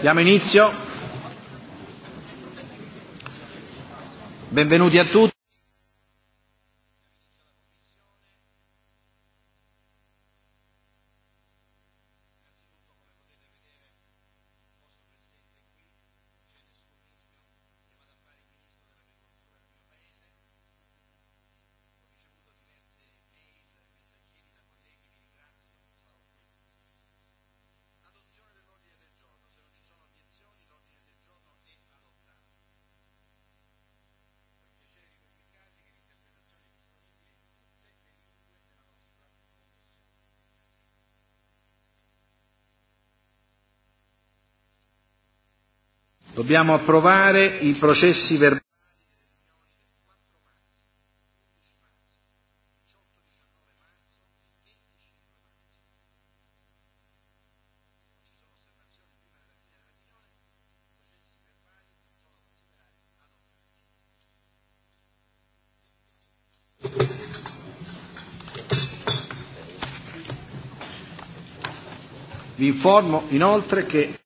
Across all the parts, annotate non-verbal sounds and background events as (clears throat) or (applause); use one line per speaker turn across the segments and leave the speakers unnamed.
Diamo inizio. Benvenuti a tutti. Dobbiamo approvare i processi verbali. Vi informo inoltre che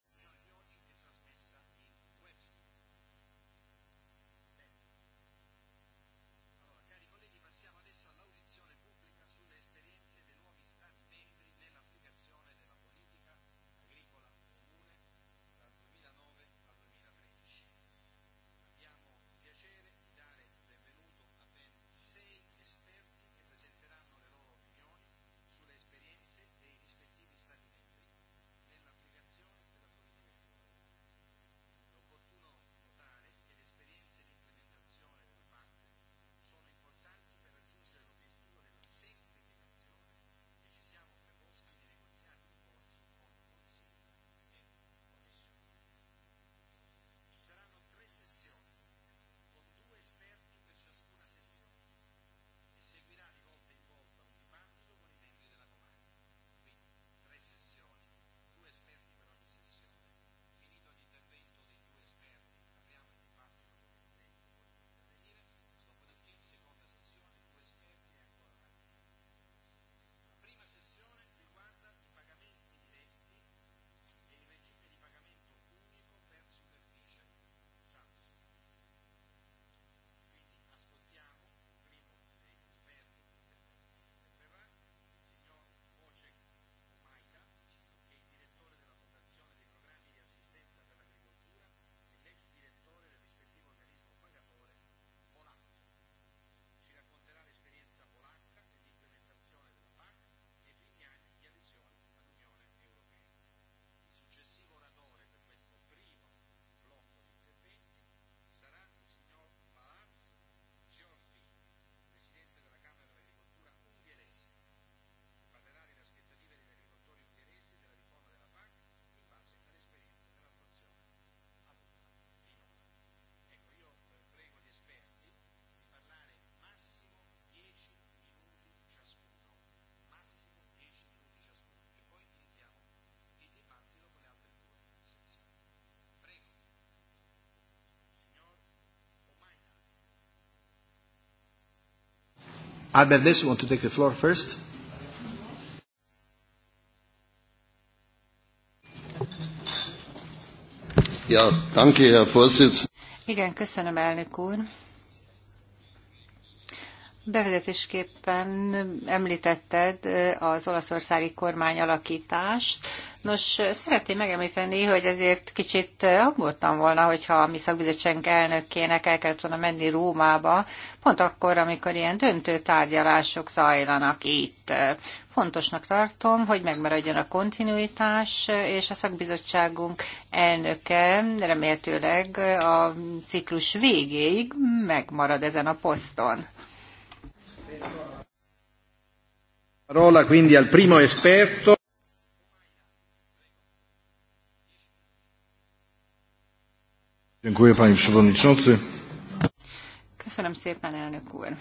Albert Dess, you want to take the
floor
first?
Ja, danke, Herr Vorsitzender.
Igen, köszönöm, elnök úr. Bevezetésképpen említetted eh, az olaszországi kormány alakítást, Nos, szeretném megemlíteni, hogy ezért kicsit aggódtam volna, hogyha a mi szakbizottság elnökének el kellett volna menni Rómába, pont akkor, amikor ilyen döntő tárgyalások zajlanak itt. Fontosnak tartom, hogy megmaradjon a kontinuitás, és a szakbizottságunk elnöke remélhetőleg a ciklus végéig megmarad ezen a poszton.
Rola quindi al primo esperto.
Köszönöm szépen, elnök úr.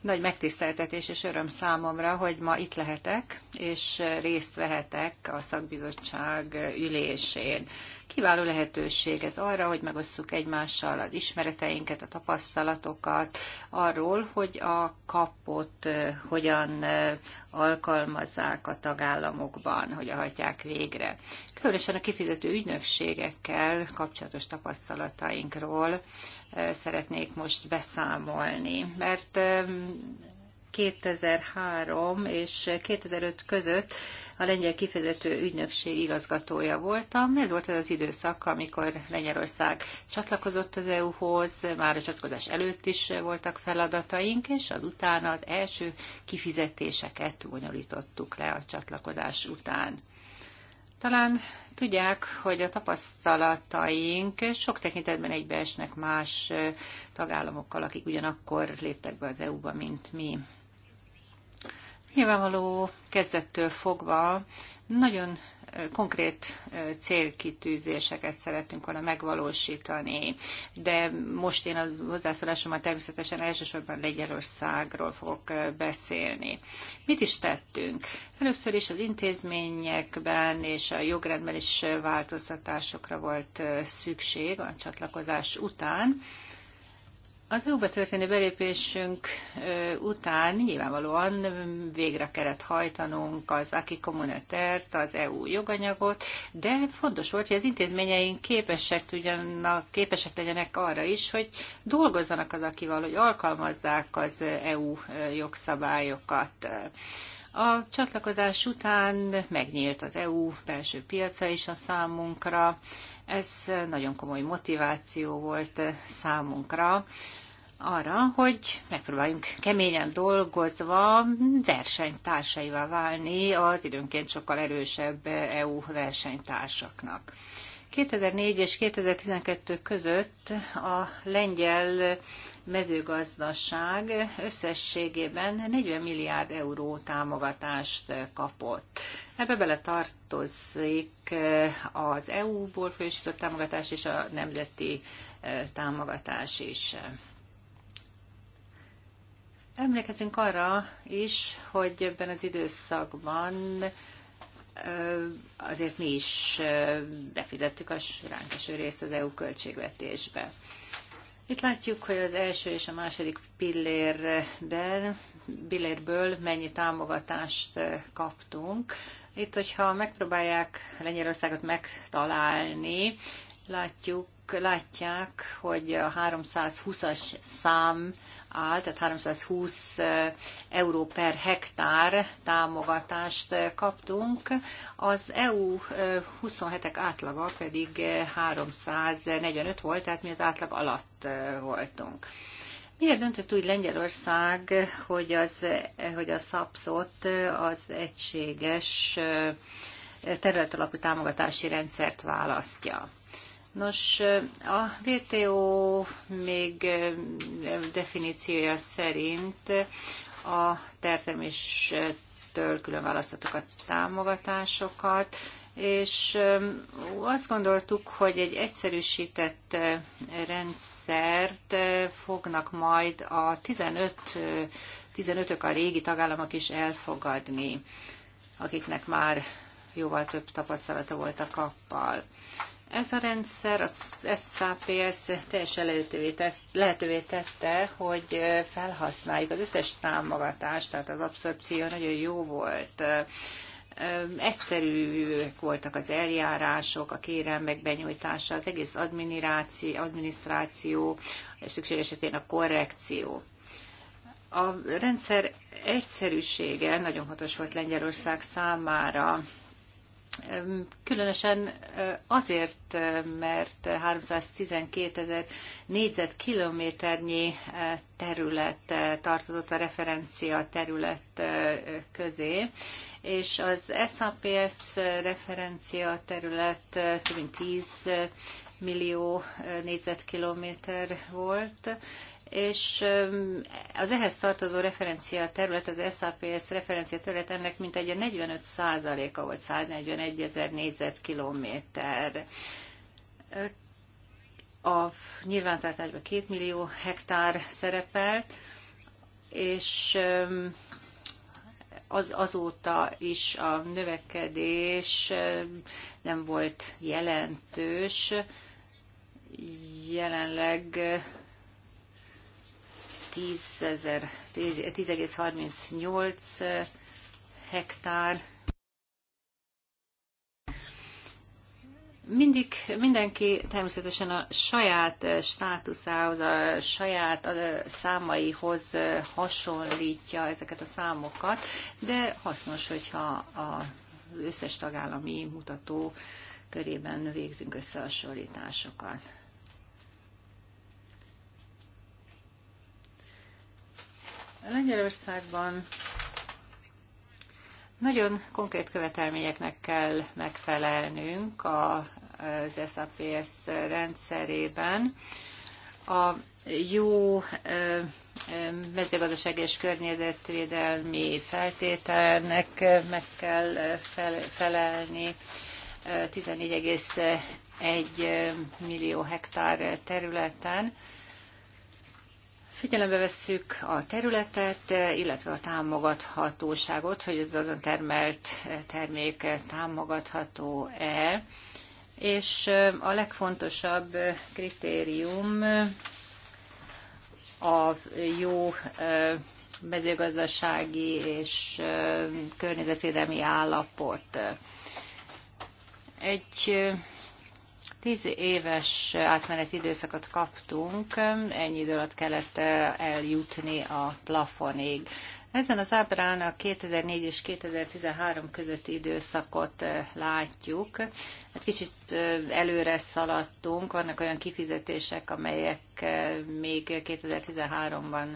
Nagy megtiszteltetés és öröm számomra, hogy ma itt lehetek, és részt vehetek a szakbizottság ülésén. Kiváló lehetőség ez arra, hogy megosszuk egymással az ismereteinket, a tapasztalatokat arról, hogy a kapot hogyan alkalmazzák a tagállamokban, a hajtják végre. Különösen a kifizető ügynökségekkel kapcsolatos tapasztalatainkról szeretnék most beszámolni, mert 2003 és 2005 között a lengyel kifejezető ügynökség igazgatója voltam. Ez volt az az időszak, amikor Lengyelország csatlakozott az EU-hoz, már a csatlakozás előtt is voltak feladataink, és az utána az első kifizetéseket bonyolítottuk le a csatlakozás után. Talán tudják, hogy a tapasztalataink sok tekintetben egybeesnek más tagállamokkal, akik ugyanakkor léptek be az EU-ba, mint mi. Nyilvánvaló kezdettől fogva nagyon konkrét célkitűzéseket szeretünk volna megvalósítani, de most én a hozzászólásommal természetesen elsősorban Lengyelországról fogok beszélni. Mit is tettünk? Először is az intézményekben és a jogrendben is változtatásokra volt szükség a csatlakozás után, az EU-ba történő belépésünk után nyilvánvalóan végre kellett hajtanunk az aki kommunetert, az EU joganyagot, de fontos volt, hogy az intézményeink képesek, tudjanak, képesek legyenek arra is, hogy dolgozzanak az akival, hogy alkalmazzák az EU jogszabályokat. A csatlakozás után megnyílt az EU belső piaca is a számunkra, ez nagyon komoly motiváció volt számunkra arra, hogy megpróbáljunk keményen dolgozva versenytársaival válni az időnként sokkal erősebb EU versenytársaknak. 2004 és 2012 között a lengyel mezőgazdaság összességében 40 milliárd euró támogatást kapott. Ebbe bele tartozik eh, az EU-ból folyosított támogatás és a nemzeti eh, támogatás is. Emlékezünk arra is, hogy ebben az időszakban eh, azért mi is befizettük a ránk eső részt az EU költségvetésbe. Itt látjuk, hogy az első és a második pillérben, pillérből mennyi támogatást eh, kaptunk. Itt, hogyha megpróbálják Lengyelországot megtalálni, látjuk, látják, hogy a 320-as szám áll, tehát 320 eh, euró per hektár támogatást eh, kaptunk, az EU 27-ek eh, átlaga pedig 345 volt, tehát mi az átlag alatt voltunk. Miért döntött úgy Lengyelország, hogy, az, hogy a szapszot az egységes területalapú támogatási rendszert választja? Nos, a WTO még definíciója szerint a termeléstől külön választatokat, támogatásokat, és azt gondoltuk, hogy egy egyszerűsített rendszert fognak majd a 15, 15-ök a régi tagállamok is elfogadni, akiknek már jóval több tapasztalata volt a kappal. Ez a rendszer, az SAPS teljesen lehetővé, tett, lehetővé tette, hogy felhasználjuk az összes támogatást, tehát az abszorpció nagyon jó volt. Egyszerűek voltak az eljárások, a kérelmek benyújtása, az egész adminisztráció, szükség esetén a korrekció. A rendszer egyszerűsége nagyon fontos volt Lengyelország számára. Különösen azért, mert 312 ezer négyzetkilométernyi terület tartozott a referencia terület közé, és az SAPFS referencia terület több mint 10 millió négyzetkilométer volt, és az ehhez tartozó referencia terület, az SAPS referencia terület ennek mintegy 45 százaléka volt 141 ezer négyzetkilométer. A nyilvántartásban 2 millió hektár szerepelt, és az azóta is a növekedés nem volt jelentős. Jelenleg 10,38 10, eh, hektár. Mindig mindenki természetesen a saját eh, státuszához, a saját eh, számaihoz hasonlítja ezeket a számokat, de hasznos, hogyha az összes tagállami mutató körében végzünk összehasonlításokat. Lengyelországban nagyon konkrét követelményeknek kell megfelelnünk az SAPS rendszerében. A jó mezőgazdaság és környezetvédelmi feltételnek meg kell felelni. 14,1 millió hektár területen Figyelembe vesszük a területet, illetve a támogathatóságot, hogy az azon termelt termék támogatható-e. És a legfontosabb kritérium a jó mezőgazdasági és környezetvédelmi állapot. Egy Tíz éves átmeneti időszakot kaptunk, ennyi idő alatt kellett eljutni a plafonig. Ezen az ábrán a 2004 és 2013 közötti időszakot látjuk. Hát kicsit előre szaladtunk, vannak olyan kifizetések, amelyek még 2013-ban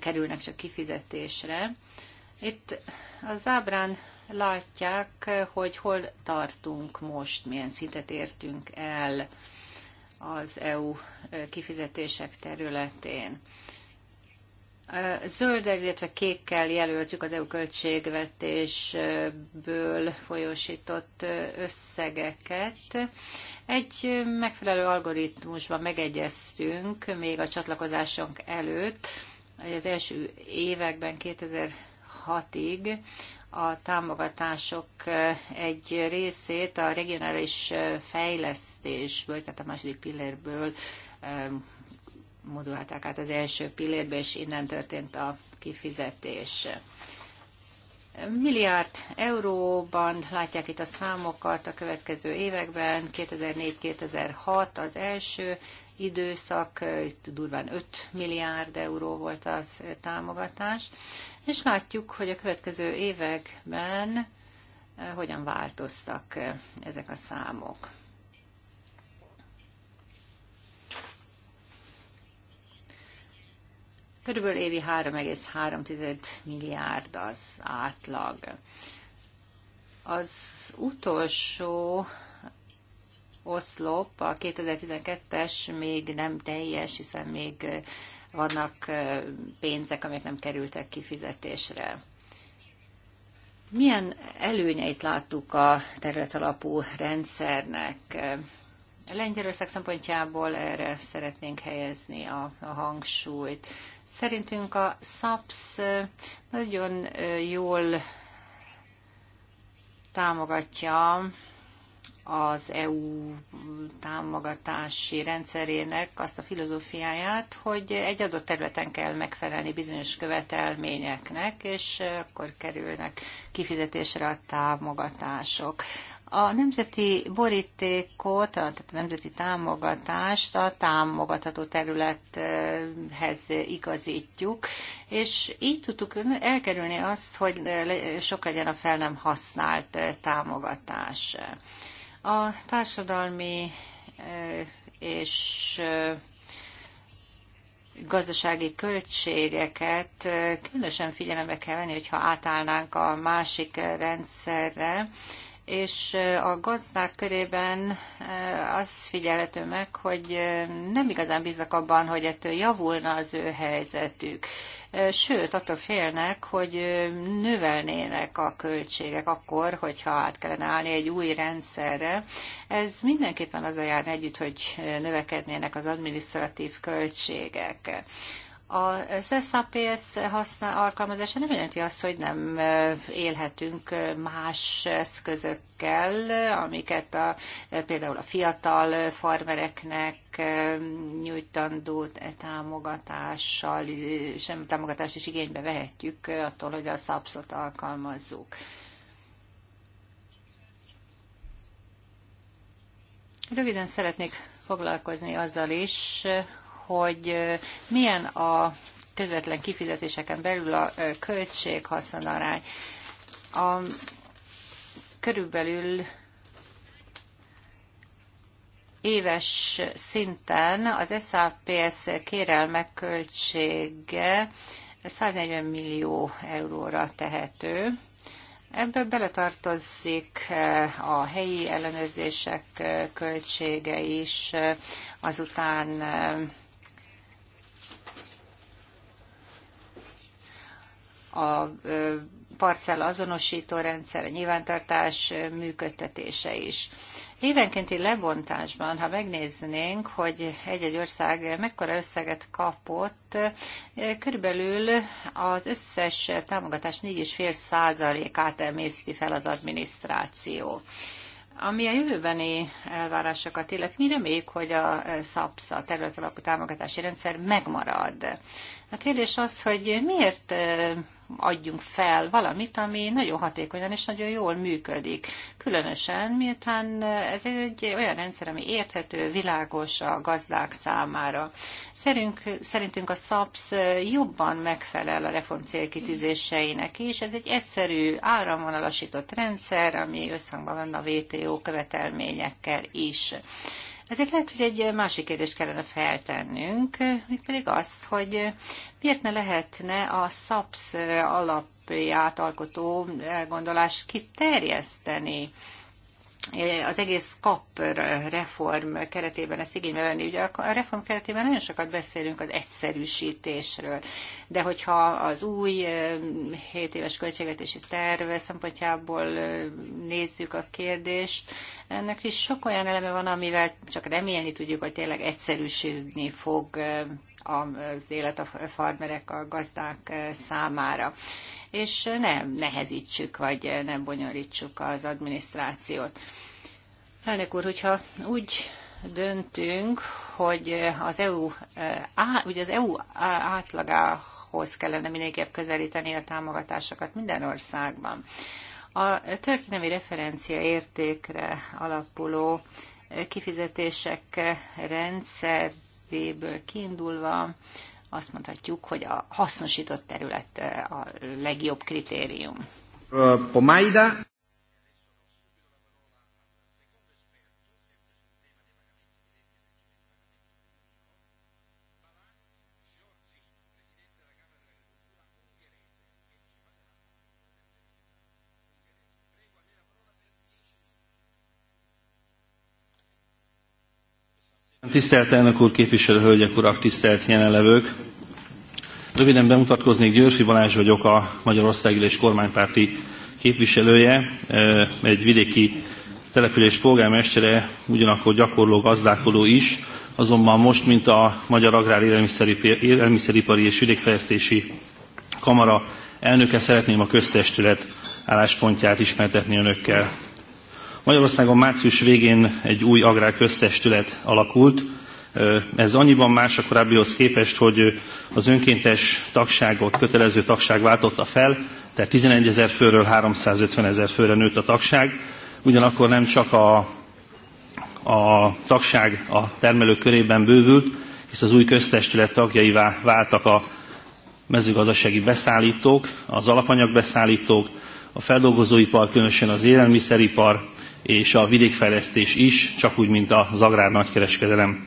kerülnek csak kifizetésre. Itt az ábrán látják, hogy hol tartunk most, milyen szintet értünk el az EU kifizetések területén. Zöldel, illetve kékkel jelöltjük az EU költségvetésből folyósított összegeket. Egy megfelelő algoritmusban megegyeztünk még a csatlakozásunk előtt, az első években 2006-ig a támogatások egy részét a regionális fejlesztésből, tehát a második pillérből modulálták át az első pillérbe, és innen történt a kifizetés. Milliárd euróban látják itt a számokat a következő években, 2004-2006 az első időszak, itt durván 5 milliárd euró volt az támogatás, és látjuk, hogy a következő években eh, hogyan változtak eh, ezek a számok. Körülbelül évi 3,3 milliárd az átlag. Az utolsó oszlop, a 2012-es még nem teljes, hiszen még vannak pénzek, amelyek nem kerültek kifizetésre. Milyen előnyeit láttuk a területalapú rendszernek? Lengyelország szempontjából erre szeretnénk helyezni a, a hangsúlyt. Szerintünk a SAPS nagyon jól támogatja az EU támogatási rendszerének azt a filozófiáját, hogy egy adott területen kell megfelelni bizonyos követelményeknek, és akkor kerülnek kifizetésre a támogatások. A nemzeti borítékot, tehát a nemzeti támogatást a támogatható területhez igazítjuk, és így tudtuk elkerülni azt, hogy sok legyen a fel nem használt támogatás. A társadalmi e, és e, gazdasági költségeket e, különösen figyelembe kell venni, hogyha átállnánk a másik rendszerre, és a gazdák körében az figyelhető meg, hogy nem igazán bíznak abban, hogy ettől javulna az ő helyzetük. Sőt, attól félnek, hogy növelnének a költségek akkor, hogyha át kellene állni egy új rendszerre. Ez mindenképpen az a jár együtt, hogy növekednének az administratív költségek. A SESAPS használ, alkalmazása nem jelenti azt, hogy nem élhetünk más eszközökkel, amiket a, például a fiatal farmereknek nyújtandó támogatással, sem támogatás is igénybe vehetjük attól, hogy a SAPS-ot alkalmazzuk. Röviden szeretnék foglalkozni azzal is, hogy milyen a közvetlen kifizetéseken belül a költség-haszonarány. A, körülbelül éves szinten az SAPS kérelmek költsége 140 millió euróra tehető. Ebből beletartozik a helyi ellenőrzések költsége is, azután a parcella azonosító rendszer, a nyilvántartás működtetése is. Évenkénti lebontásban, ha megnéznénk, hogy egy-egy ország mekkora összeget kapott, körülbelül az összes támogatás 4,5 százalékát emészti fel az adminisztráció. Ami a jövőbeni elvárásokat illet, mi reméljük, hogy a SAPSZ, a területalapú támogatási rendszer megmarad. A kérdés az, hogy miért adjunk fel valamit, ami nagyon hatékonyan és nagyon jól működik. Különösen, miután ez egy olyan rendszer, ami érthető, világos a gazdák számára. Szerünk, szerintünk a SAPS jobban megfelel a reform célkitűzéseinek is. Ez egy egyszerű, áramvonalasított rendszer, ami összhangban van a WTO követelményekkel is. Ezért lehet, hogy egy másik kérdést kellene feltennünk, mégpedig azt, hogy miért ne lehetne a SAPS alapját alkotó elgondolást kiterjeszteni az egész kap reform keretében ezt igénybe venni. Ugye a reform keretében nagyon sokat beszélünk az egyszerűsítésről, de hogyha az új 7 éves költségvetési terve szempontjából nézzük a kérdést, ennek is sok olyan eleme van, amivel csak remélni tudjuk, hogy tényleg egyszerűsíteni fog az élet a farmerek, a gazdák számára. És nem nehezítsük, vagy nem bonyolítsuk az adminisztrációt. Elnök úr, hogyha úgy döntünk, hogy az EU, á, ugye az EU átlagához kellene mindenképp közelíteni a támogatásokat minden országban. A történelmi referencia értékre alapuló kifizetések rendszer elvéből kiindulva azt mondhatjuk, hogy a hasznosított terület eh, a legjobb kritérium.
Eh, Pomaida.
Tisztelt elnök úr, képviselő hölgyek, urak, tisztelt jelenlevők! Röviden bemutatkoznék, Györfi Balázs vagyok, a és kormánypárti képviselője, egy vidéki település polgármestere, ugyanakkor gyakorló gazdálkodó is, azonban most, mint a Magyar Agrár Élelmiszeripari és Vidékfejlesztési Kamara elnöke, szeretném a köztestület álláspontját ismertetni önökkel. Magyarországon március végén egy új agrárköztestület alakult. Ez annyiban más a korábbihoz képest, hogy az önkéntes tagságot kötelező tagság váltotta fel, tehát 11 ezer főről 350 ezer főre nőtt a tagság. Ugyanakkor nem csak a, a tagság a termelők körében bővült, hisz az új köztestület tagjaivá váltak a mezőgazdasági beszállítók, az alapanyagbeszállítók, a feldolgozóipar, különösen az élelmiszeripar, és a vidékfejlesztés is, csak úgy, mint az agrár nagykereskedelem.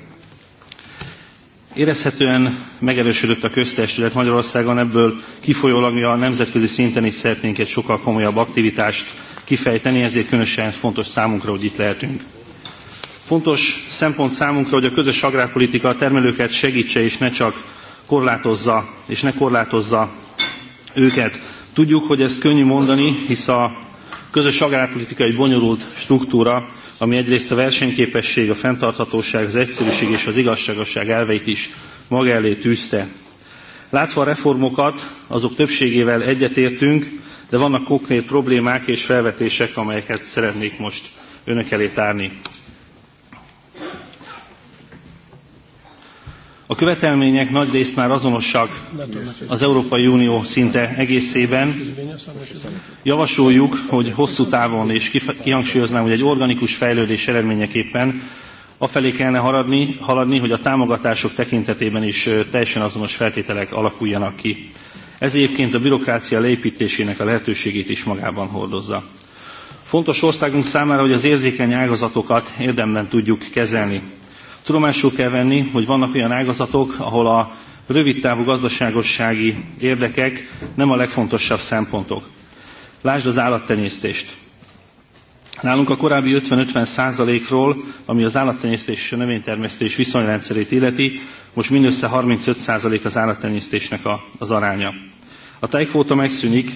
Érezhetően megerősödött a köztestület Magyarországon, ebből kifolyólag mi a nemzetközi szinten is szeretnénk egy sokkal komolyabb aktivitást kifejteni, ezért különösen fontos számunkra, hogy itt lehetünk. Fontos szempont számunkra, hogy a közös agrárpolitika a termelőket segítse és ne csak korlátozza, és ne korlátozza őket. Tudjuk, hogy ezt könnyű mondani, hisz a Közös agrárpolitika egy bonyolult struktúra, ami egyrészt a versenyképesség, a fenntarthatóság, az egyszerűség és az igazságosság elveit is maga elé tűzte. Látva a reformokat, azok többségével egyetértünk, de vannak konkrét problémák és felvetések, amelyeket szeretnék most önök elé tárni. A követelmények nagy részt már azonosak az Európai Unió szinte egészében. Javasoljuk, hogy hosszú távon, és kihangsúlyoznám, hogy egy organikus fejlődés eredményeképpen afelé kellene haradni, haladni, hogy a támogatások tekintetében is teljesen azonos feltételek alakuljanak ki. Ez egyébként a bürokrácia leépítésének a lehetőségét is magában hordozza. Fontos országunk számára, hogy az érzékeny ágazatokat érdemben tudjuk kezelni. Tudomásul kell venni, hogy vannak olyan ágazatok, ahol a rövidtávú gazdaságossági érdekek nem a legfontosabb szempontok. Lásd az állattenyésztést. Nálunk a korábbi 50-50 százalékról, ami az állattenyésztés és a növénytermesztés viszonyrendszerét illeti, most mindössze 35 százalék az állattenyésztésnek a, az aránya. A tejkvóta megszűnik,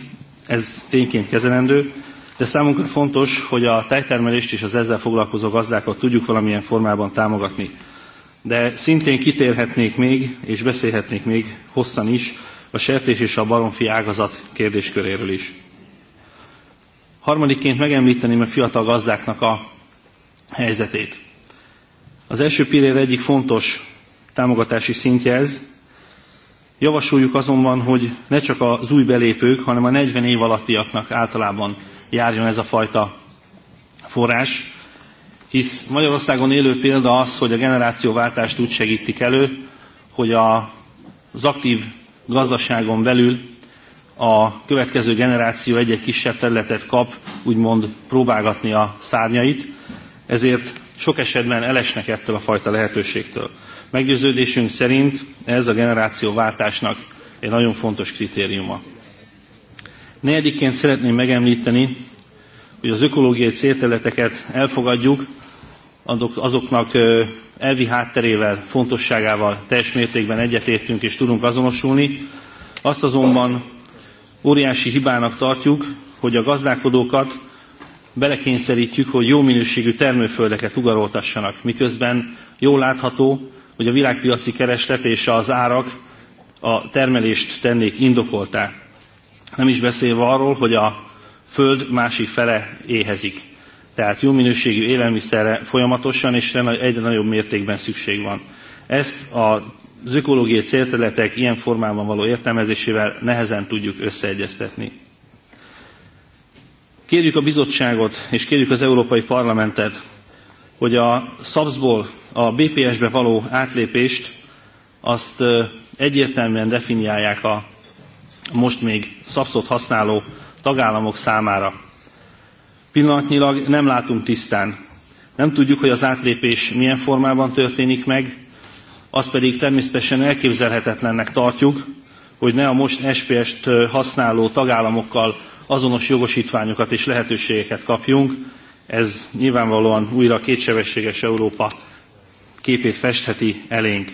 ez tényként kezelendő, de számunkra fontos, hogy a tejtermelést és az ezzel foglalkozó gazdákat tudjuk valamilyen formában támogatni. De szintén kitérhetnék még, és beszélhetnék még hosszan is, a sertés és a baromfi ágazat kérdésköréről is. Harmadikként megemlíteném a fiatal gazdáknak a helyzetét. Az első pillér egyik fontos támogatási szintje ez. Javasoljuk azonban, hogy ne csak az új belépők, hanem a 40 év alattiaknak általában járjon ez a fajta forrás, hisz Magyarországon élő példa az, hogy a generációváltást úgy segítik elő, hogy a, az aktív gazdaságon belül a következő generáció egy-egy kisebb területet kap, úgymond próbálgatni a szárnyait, ezért sok esetben elesnek ettől a fajta lehetőségtől. Meggyőződésünk szerint ez a generációváltásnak egy nagyon fontos kritériuma. Negyediként szeretném megemlíteni, hogy az ökológiai célterületeket elfogadjuk, azoknak elvi hátterével, fontosságával teljes mértékben egyetértünk és tudunk azonosulni. Azt azonban óriási hibának tartjuk, hogy a gazdálkodókat belekényszerítjük, hogy jó minőségű termőföldeket ugaroltassanak, miközben jól látható, hogy a világpiaci kereslet és az árak a termelést tennék indokoltá. Nem is beszélve arról, hogy a föld másik fele éhezik. Tehát jó minőségű élelmiszerre folyamatosan és egyre nagyobb mértékben szükség van. Ezt az ökológiai célterületek ilyen formában való értelmezésével nehezen tudjuk összeegyeztetni. Kérjük a bizottságot és kérjük az Európai Parlamentet, hogy a SZAPS-ból a BPS-be való átlépést azt egyértelműen definiálják a most még szapszot használó tagállamok számára. Pillanatnyilag nem látunk tisztán. Nem tudjuk, hogy az átlépés milyen formában történik meg, azt pedig természetesen elképzelhetetlennek tartjuk, hogy ne a most SPS-t használó tagállamokkal azonos jogosítványokat és lehetőségeket kapjunk. Ez nyilvánvalóan újra kétsebességes Európa képét festheti elénk.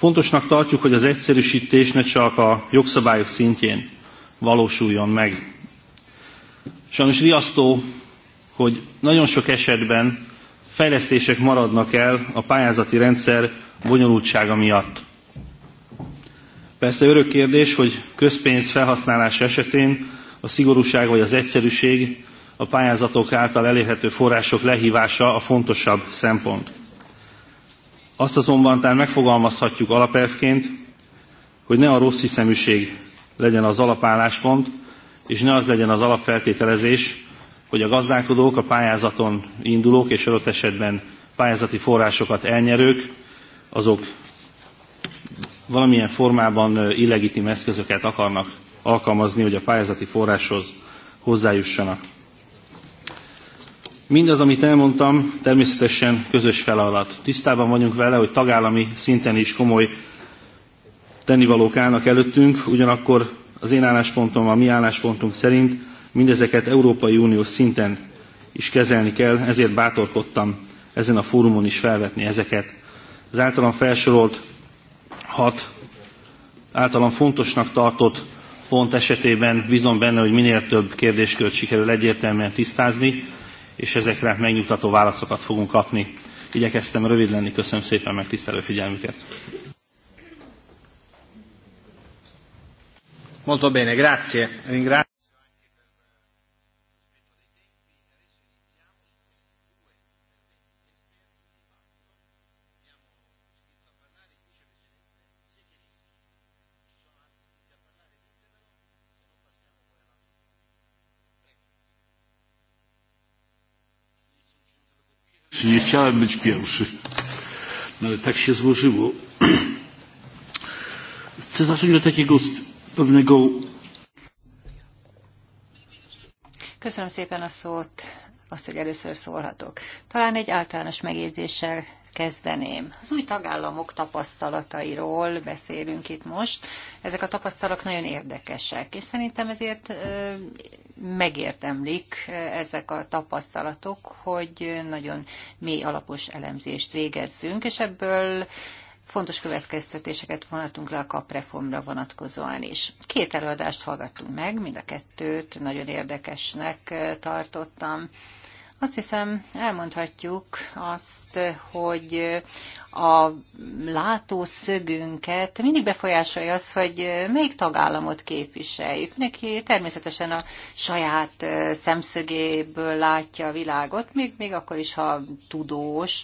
Fontosnak tartjuk, hogy az egyszerűsítés ne csak a jogszabályok szintjén valósuljon meg. Sajnos riasztó, hogy nagyon sok esetben fejlesztések maradnak el a pályázati rendszer bonyolultsága miatt. Persze örök kérdés, hogy közpénz felhasználása esetén a szigorúság vagy az egyszerűség, a pályázatok által elérhető források lehívása a fontosabb szempont. Azt azonban tán megfogalmazhatjuk alapelvként, hogy ne a rossz hiszeműség legyen az alapálláspont, és ne az legyen az alapfeltételezés, hogy a gazdálkodók, a pályázaton indulók és adott esetben pályázati forrásokat elnyerők, azok valamilyen formában illegitim eszközöket akarnak alkalmazni, hogy a pályázati forráshoz hozzájussanak. Mindaz, amit elmondtam, természetesen közös feladat. Tisztában vagyunk vele, hogy tagállami szinten is komoly tennivalók állnak előttünk, ugyanakkor az én álláspontom, a mi álláspontunk szerint mindezeket Európai Unió szinten is kezelni kell, ezért bátorkodtam ezen a fórumon is felvetni ezeket. Az általam felsorolt hat általam fontosnak tartott pont esetében bízom benne, hogy minél több kérdéskört sikerül egyértelműen tisztázni, és ezekre megnyugtató válaszokat fogunk kapni. Igyekeztem rövid lenni, köszönöm szépen megtisztelő figyelmüket.
Molto bene, grazie. Ringrazio.
czy nie chciałem być pierwszy, no ale tak się złożyło. (clears throat) Chcę zacząć od takiego pewnego.
Köszönöm szépen a szót, azt, hogy először szólhatok. Talán egy általános megjegyzéssel kezdeném. Az új tagállamok tapasztalatairól beszélünk itt most. Ezek a tapasztalatok nagyon érdekesek, és szerintem ezért megértemlik ezek a tapasztalatok, hogy nagyon mély alapos elemzést végezzünk, és ebből fontos következtetéseket vonatunk le a kapreformra vonatkozóan is. Két előadást hallgattunk meg, mind a kettőt nagyon érdekesnek tartottam. Azt hiszem, elmondhatjuk azt, hogy a látószögünket mindig befolyásolja az, hogy melyik tagállamot képviseljük. Neki természetesen a saját szemszögéből látja a világot, még, még akkor is, ha tudós,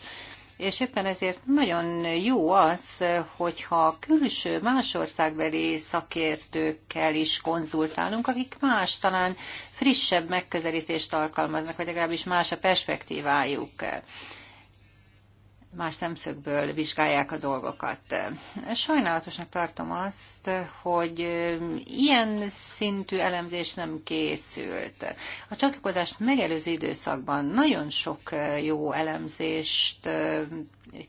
és éppen ezért nagyon jó az, hogyha külső más országbeli szakértőkkel is konzultálunk, akik más, talán frissebb megközelítést alkalmaznak, vagy legalábbis más a perspektívájuk más szemszögből vizsgálják a dolgokat. Sajnálatosnak tartom azt, hogy ilyen szintű elemzés nem készült. A csatlakozást megelőző időszakban nagyon sok jó elemzést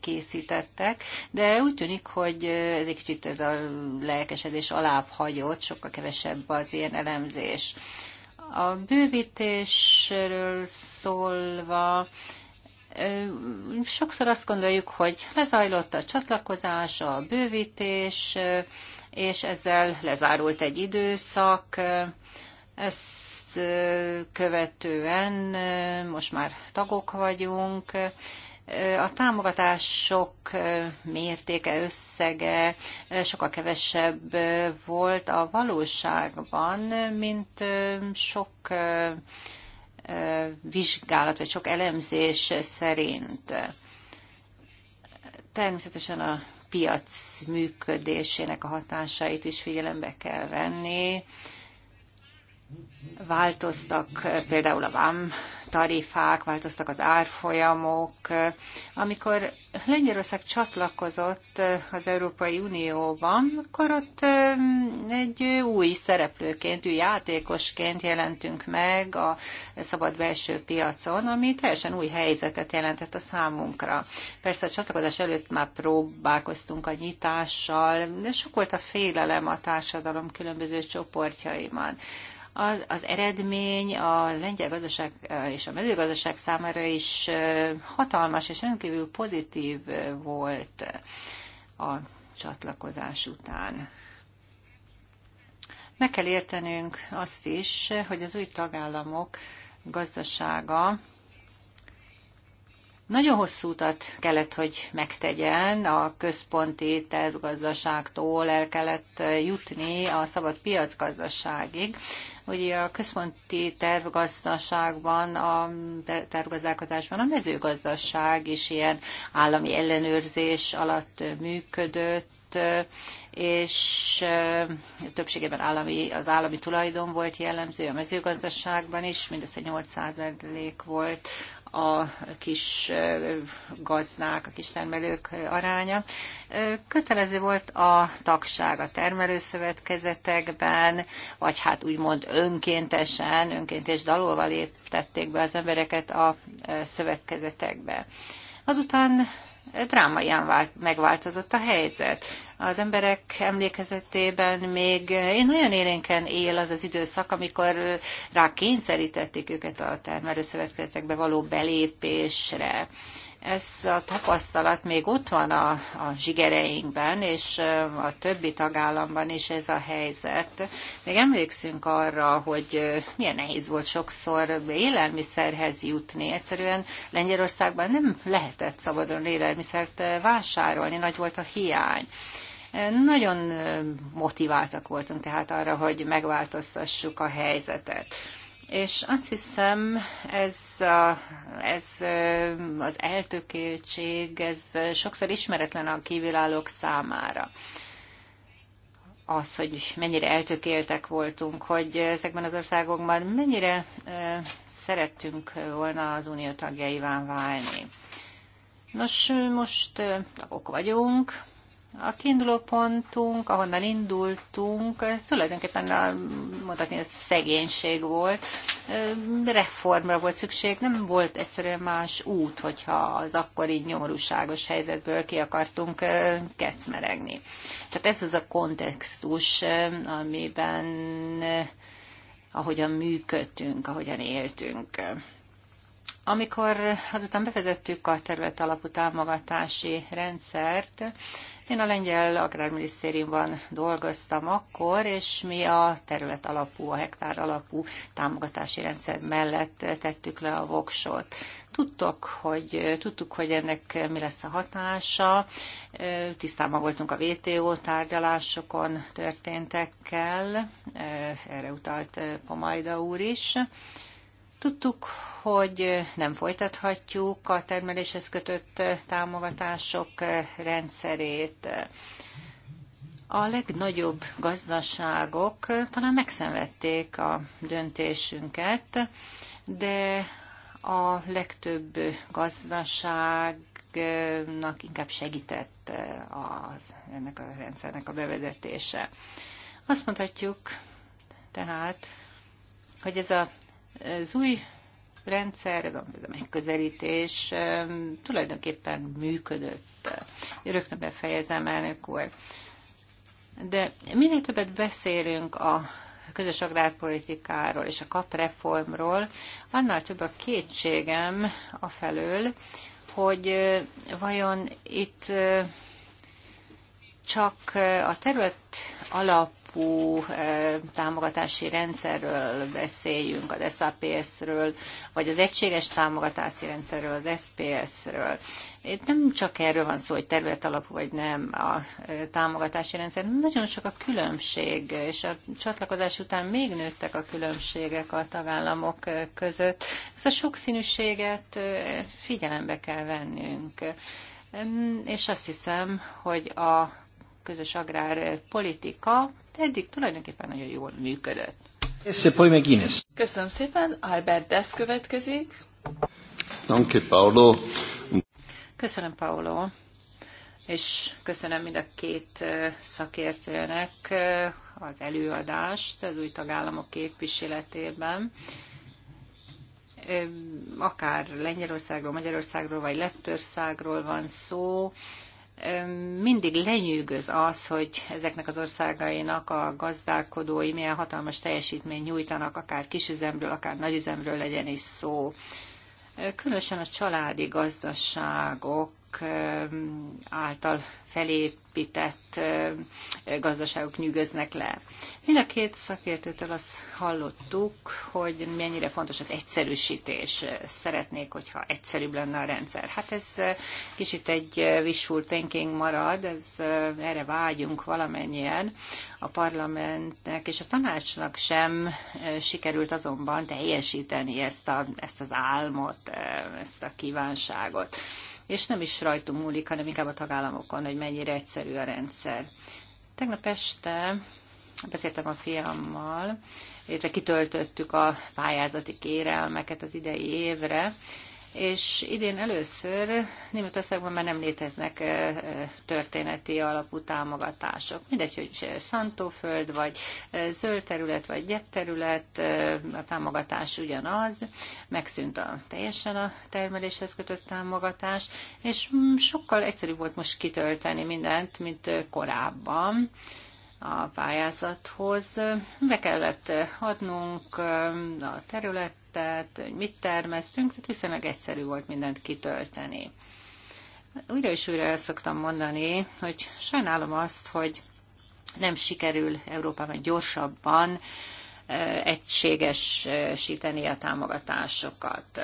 készítettek, de úgy tűnik, hogy ez egy kicsit ez a lelkesedés alább hagyott, sokkal kevesebb az ilyen elemzés. A bővítésről szólva, sokszor azt gondoljuk, hogy lezajlott a csatlakozás, a bővítés, és ezzel lezárult egy időszak. Ezt követően most már tagok vagyunk, a támogatások mértéke, összege sokkal kevesebb volt a valóságban, mint sok vizsgálat, vagy sok elemzés szerint természetesen a piac működésének a hatásait is figyelembe kell venni, változtak például a vám tarifák, változtak az árfolyamok. Amikor Lengyelország csatlakozott az Európai Unióban, akkor ott egy új szereplőként, új játékosként jelentünk meg a szabad belső piacon, ami teljesen új helyzetet jelentett a számunkra. Persze a csatlakozás előtt már próbálkoztunk a nyitással, de sok volt a félelem a társadalom különböző csoportjaiban az, az eredmény a lengyel gazdaság és a mezőgazdaság számára is hatalmas és rendkívül pozitív volt a csatlakozás után. Meg kell értenünk azt is, hogy az új tagállamok gazdasága nagyon hosszú utat kellett, hogy megtegyen, a központi tervgazdaságtól el kellett jutni a szabad piacgazdaságig, hogy a központi tervgazdaságban, a tervgazdálkodásban a mezőgazdaság is ilyen állami ellenőrzés alatt működött, és többségében állami, az állami tulajdon volt jellemző, a mezőgazdaságban is mindössze 8% volt a kis gazdák, a kis termelők aránya. Kötelező volt a tagság a termelőszövetkezetekben, vagy hát úgymond önkéntesen, önkéntes dalolva léptették be az embereket a szövetkezetekbe. Azután drámaian megváltozott a helyzet. Az emberek emlékezetében még én nagyon élénken él az az időszak, amikor rá kényszerítették őket a termelőszövetkezetekbe való belépésre ez a tapasztalat még ott van a, a zsigereinkben, és a többi tagállamban is ez a helyzet. Még emlékszünk arra, hogy milyen nehéz volt sokszor élelmiszerhez jutni. Egyszerűen Lengyelországban nem lehetett szabadon élelmiszert vásárolni, nagy volt a hiány. Nagyon motiváltak voltunk tehát arra, hogy megváltoztassuk a helyzetet. És azt hiszem, ez, a, ez az eltökéltség, ez sokszor ismeretlen a kívülállók számára az, hogy mennyire eltökéltek voltunk, hogy ezekben az országokban mennyire szerettünk volna az unió tagjaivá válni. Nos, most tagok vagyunk, a kiinduló pontunk, ahonnan indultunk, ez tulajdonképpen a, mondhatni, ez szegénység volt. Reformra volt szükség, nem volt egyszerűen más út, hogyha az akkori nyomorúságos helyzetből ki akartunk kecmeregni. Tehát ez az a kontextus, amiben ahogyan működtünk, ahogyan éltünk. Amikor azután bevezettük a terület alapú támogatási rendszert, én a lengyel agrárminisztériumban dolgoztam akkor, és mi a terület alapú, a hektár alapú támogatási rendszer mellett tettük le a voksot. Tudtok, hogy, tudtuk, hogy ennek mi lesz a hatása, tisztában voltunk a VTO tárgyalásokon történtekkel, erre utalt Pomajda úr is, Tudtuk, hogy nem folytathatjuk a termeléshez kötött támogatások rendszerét. A legnagyobb gazdaságok talán megszenvedték a döntésünket, de a legtöbb gazdaságnak inkább segített az, ennek a rendszernek a bevezetése. Azt mondhatjuk tehát, hogy ez a az új rendszer, ez a, ez a megközelítés tulajdonképpen működött. Rögtön befejezem, elnök úr. De minél többet beszélünk a közös agrárpolitikáról és a kapreformról, annál több a kétségem a felől, hogy vajon itt csak a terület alap alapú e, támogatási rendszerről beszéljünk, az SAPS-ről, vagy az egységes támogatási rendszerről, az SPS-ről. Itt nem csak erről van szó, hogy terület alapú vagy nem a e, támogatási rendszer, nagyon sok a különbség, és a csatlakozás után még nőttek a különbségek a tagállamok e, között. Ezt a sokszínűséget figyelembe kell vennünk. És azt hiszem, hogy a közös agrárpolitika
eddig tulajdonképpen nagyon jól működött. Köszönöm szépen, Albert Desz következik.
Paolo.
Köszönöm, Paolo. És köszönöm mind a két szakértőnek az előadást az új tagállamok képviseletében akár Lengyelországról, Magyarországról vagy Lettországról van szó, mindig lenyűgöz az, hogy ezeknek az országainak a gazdálkodói milyen hatalmas teljesítményt nyújtanak, akár kisüzemről, akár nagyüzemről legyen is szó. Különösen a családi gazdaságok által felépített gazdaságok nyűgöznek le. Mind a két szakértőtől azt hallottuk, hogy mennyire fontos az egyszerűsítés. Szeretnék, hogyha egyszerűbb lenne a rendszer. Hát ez kicsit egy wishful thinking marad, ez, erre vágyunk valamennyien. A parlamentnek és a tanácsnak sem sikerült azonban teljesíteni ezt, a, ezt az álmot, ezt a kívánságot és nem is rajtunk múlik, hanem inkább a tagállamokon, hogy mennyire egyszerű a rendszer. Tegnap este beszéltem a fiammal, illetve kitöltöttük a pályázati kérelmeket az idei évre, és idén először Németországban már nem léteznek történeti alapú támogatások. Mindegy, hogy szantóföld, vagy zöld terület, vagy gyep terület a támogatás ugyanaz, megszűnt a teljesen a termeléshez kötött támogatás, és mm, sokkal egyszerűbb volt most kitölteni mindent, mint korábban a pályázathoz. Be kellett adnunk a terület területet, mit termesztünk, tehát viszonylag egyszerű volt mindent kitölteni. Újra és újra el szoktam mondani, hogy sajnálom azt, hogy nem sikerül Európában gyorsabban egységesíteni a támogatásokat.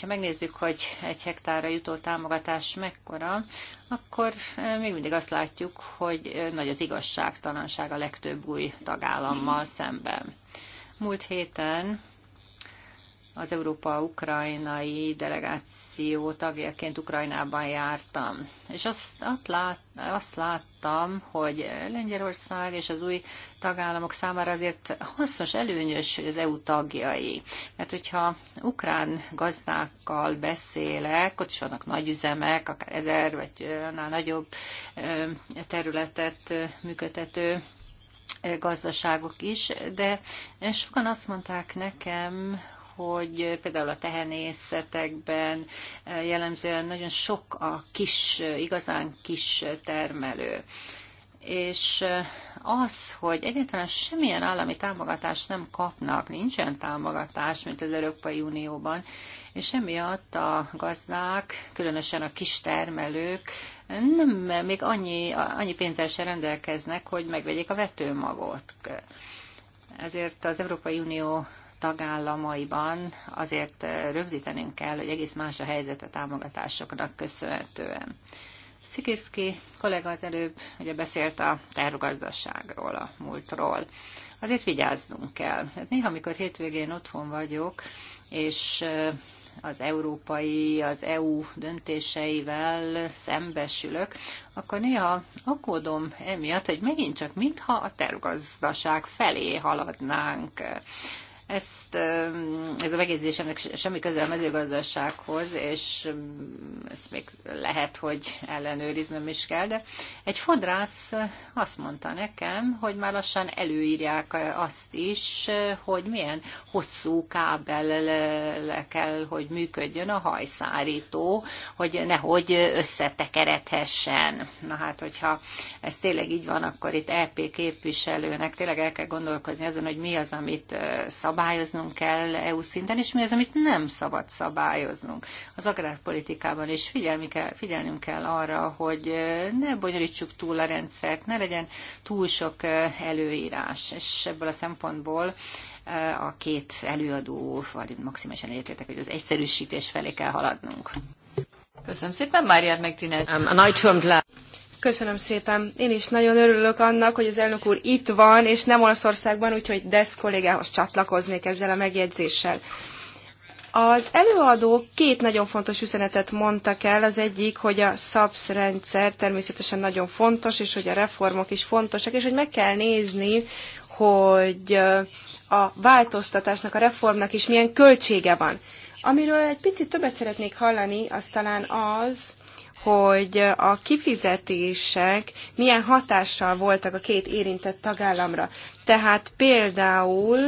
Ha megnézzük, hogy egy hektárra jutó támogatás mekkora, akkor még mindig azt látjuk, hogy nagy az igazságtalanság a legtöbb új tagállammal szemben. Múlt héten az Európa-Ukrajnai delegáció tagjaként Ukrajnában jártam. És azt, azt, lát, azt láttam, hogy Lengyelország és az új tagállamok számára azért hasznos, előnyös az EU tagjai. Mert hogyha ukrán gazdákkal beszélek, ott is vannak nagy üzemek, akár ezer vagy annál nagyobb területet működtető gazdaságok is, de sokan azt mondták nekem, hogy például a tehenészetekben eh, jellemzően nagyon sok a kis, eh, igazán kis termelő és eh, az, hogy egyáltalán semmilyen állami támogatást nem kapnak, nincsen támogatás, mint az Európai Unióban, és emiatt a gazdák, különösen a kis termelők nem még annyi, annyi pénzzel se rendelkeznek, hogy megvegyék a vetőmagot. Ezért az Európai Unió tagállamaiban azért eh, rögzítenünk kell, hogy egész más a helyzet a támogatásoknak köszönhetően. Szikirszki kollega az előbb ugye beszélt a tervgazdaságról, a múltról. Azért vigyáznunk kell. Hát néha, amikor hétvégén otthon vagyok, és eh, az európai, az EU döntéseivel szembesülök, akkor néha akódom emiatt, hogy megint csak mintha a tervgazdaság felé haladnánk. Ezt, ez a ennek semmi köze a mezőgazdasághoz, és ezt még lehet, hogy ellenőriznem is kell, de egy fodrász azt mondta nekem, hogy már lassan előírják azt is, hogy milyen hosszú kábel kell, hogy működjön a hajszárító, hogy nehogy összetekeredhessen. Na hát, hogyha ez tényleg így van, akkor itt EP képviselőnek tényleg el kell gondolkozni azon, hogy mi az, amit szab szabályoznunk kell EU szinten, és mi az, amit nem szabad szabályoznunk. Az agrárpolitikában is figyelni kell, figyelnünk kell arra, hogy ne bonyolítsuk túl a rendszert, ne legyen túl sok előírás, és ebből a szempontból a két előadó, vagy maximálisan értétek, hogy az egyszerűsítés felé kell haladnunk. Köszönöm szépen,
Máriát meg Tinez. Um, Köszönöm szépen. Én is nagyon örülök annak, hogy az elnök úr itt van, és nem Olaszországban, úgyhogy Desz kollégához csatlakoznék ezzel a megjegyzéssel. Az előadók két nagyon fontos üzenetet mondtak el. Az egyik, hogy a SAPS rendszer természetesen nagyon fontos, és hogy a reformok is fontosak, és hogy meg kell nézni, hogy a változtatásnak, a reformnak is milyen költsége van. Amiről egy picit többet szeretnék hallani, az talán az, hogy a kifizetések milyen hatással voltak a két érintett tagállamra. Tehát például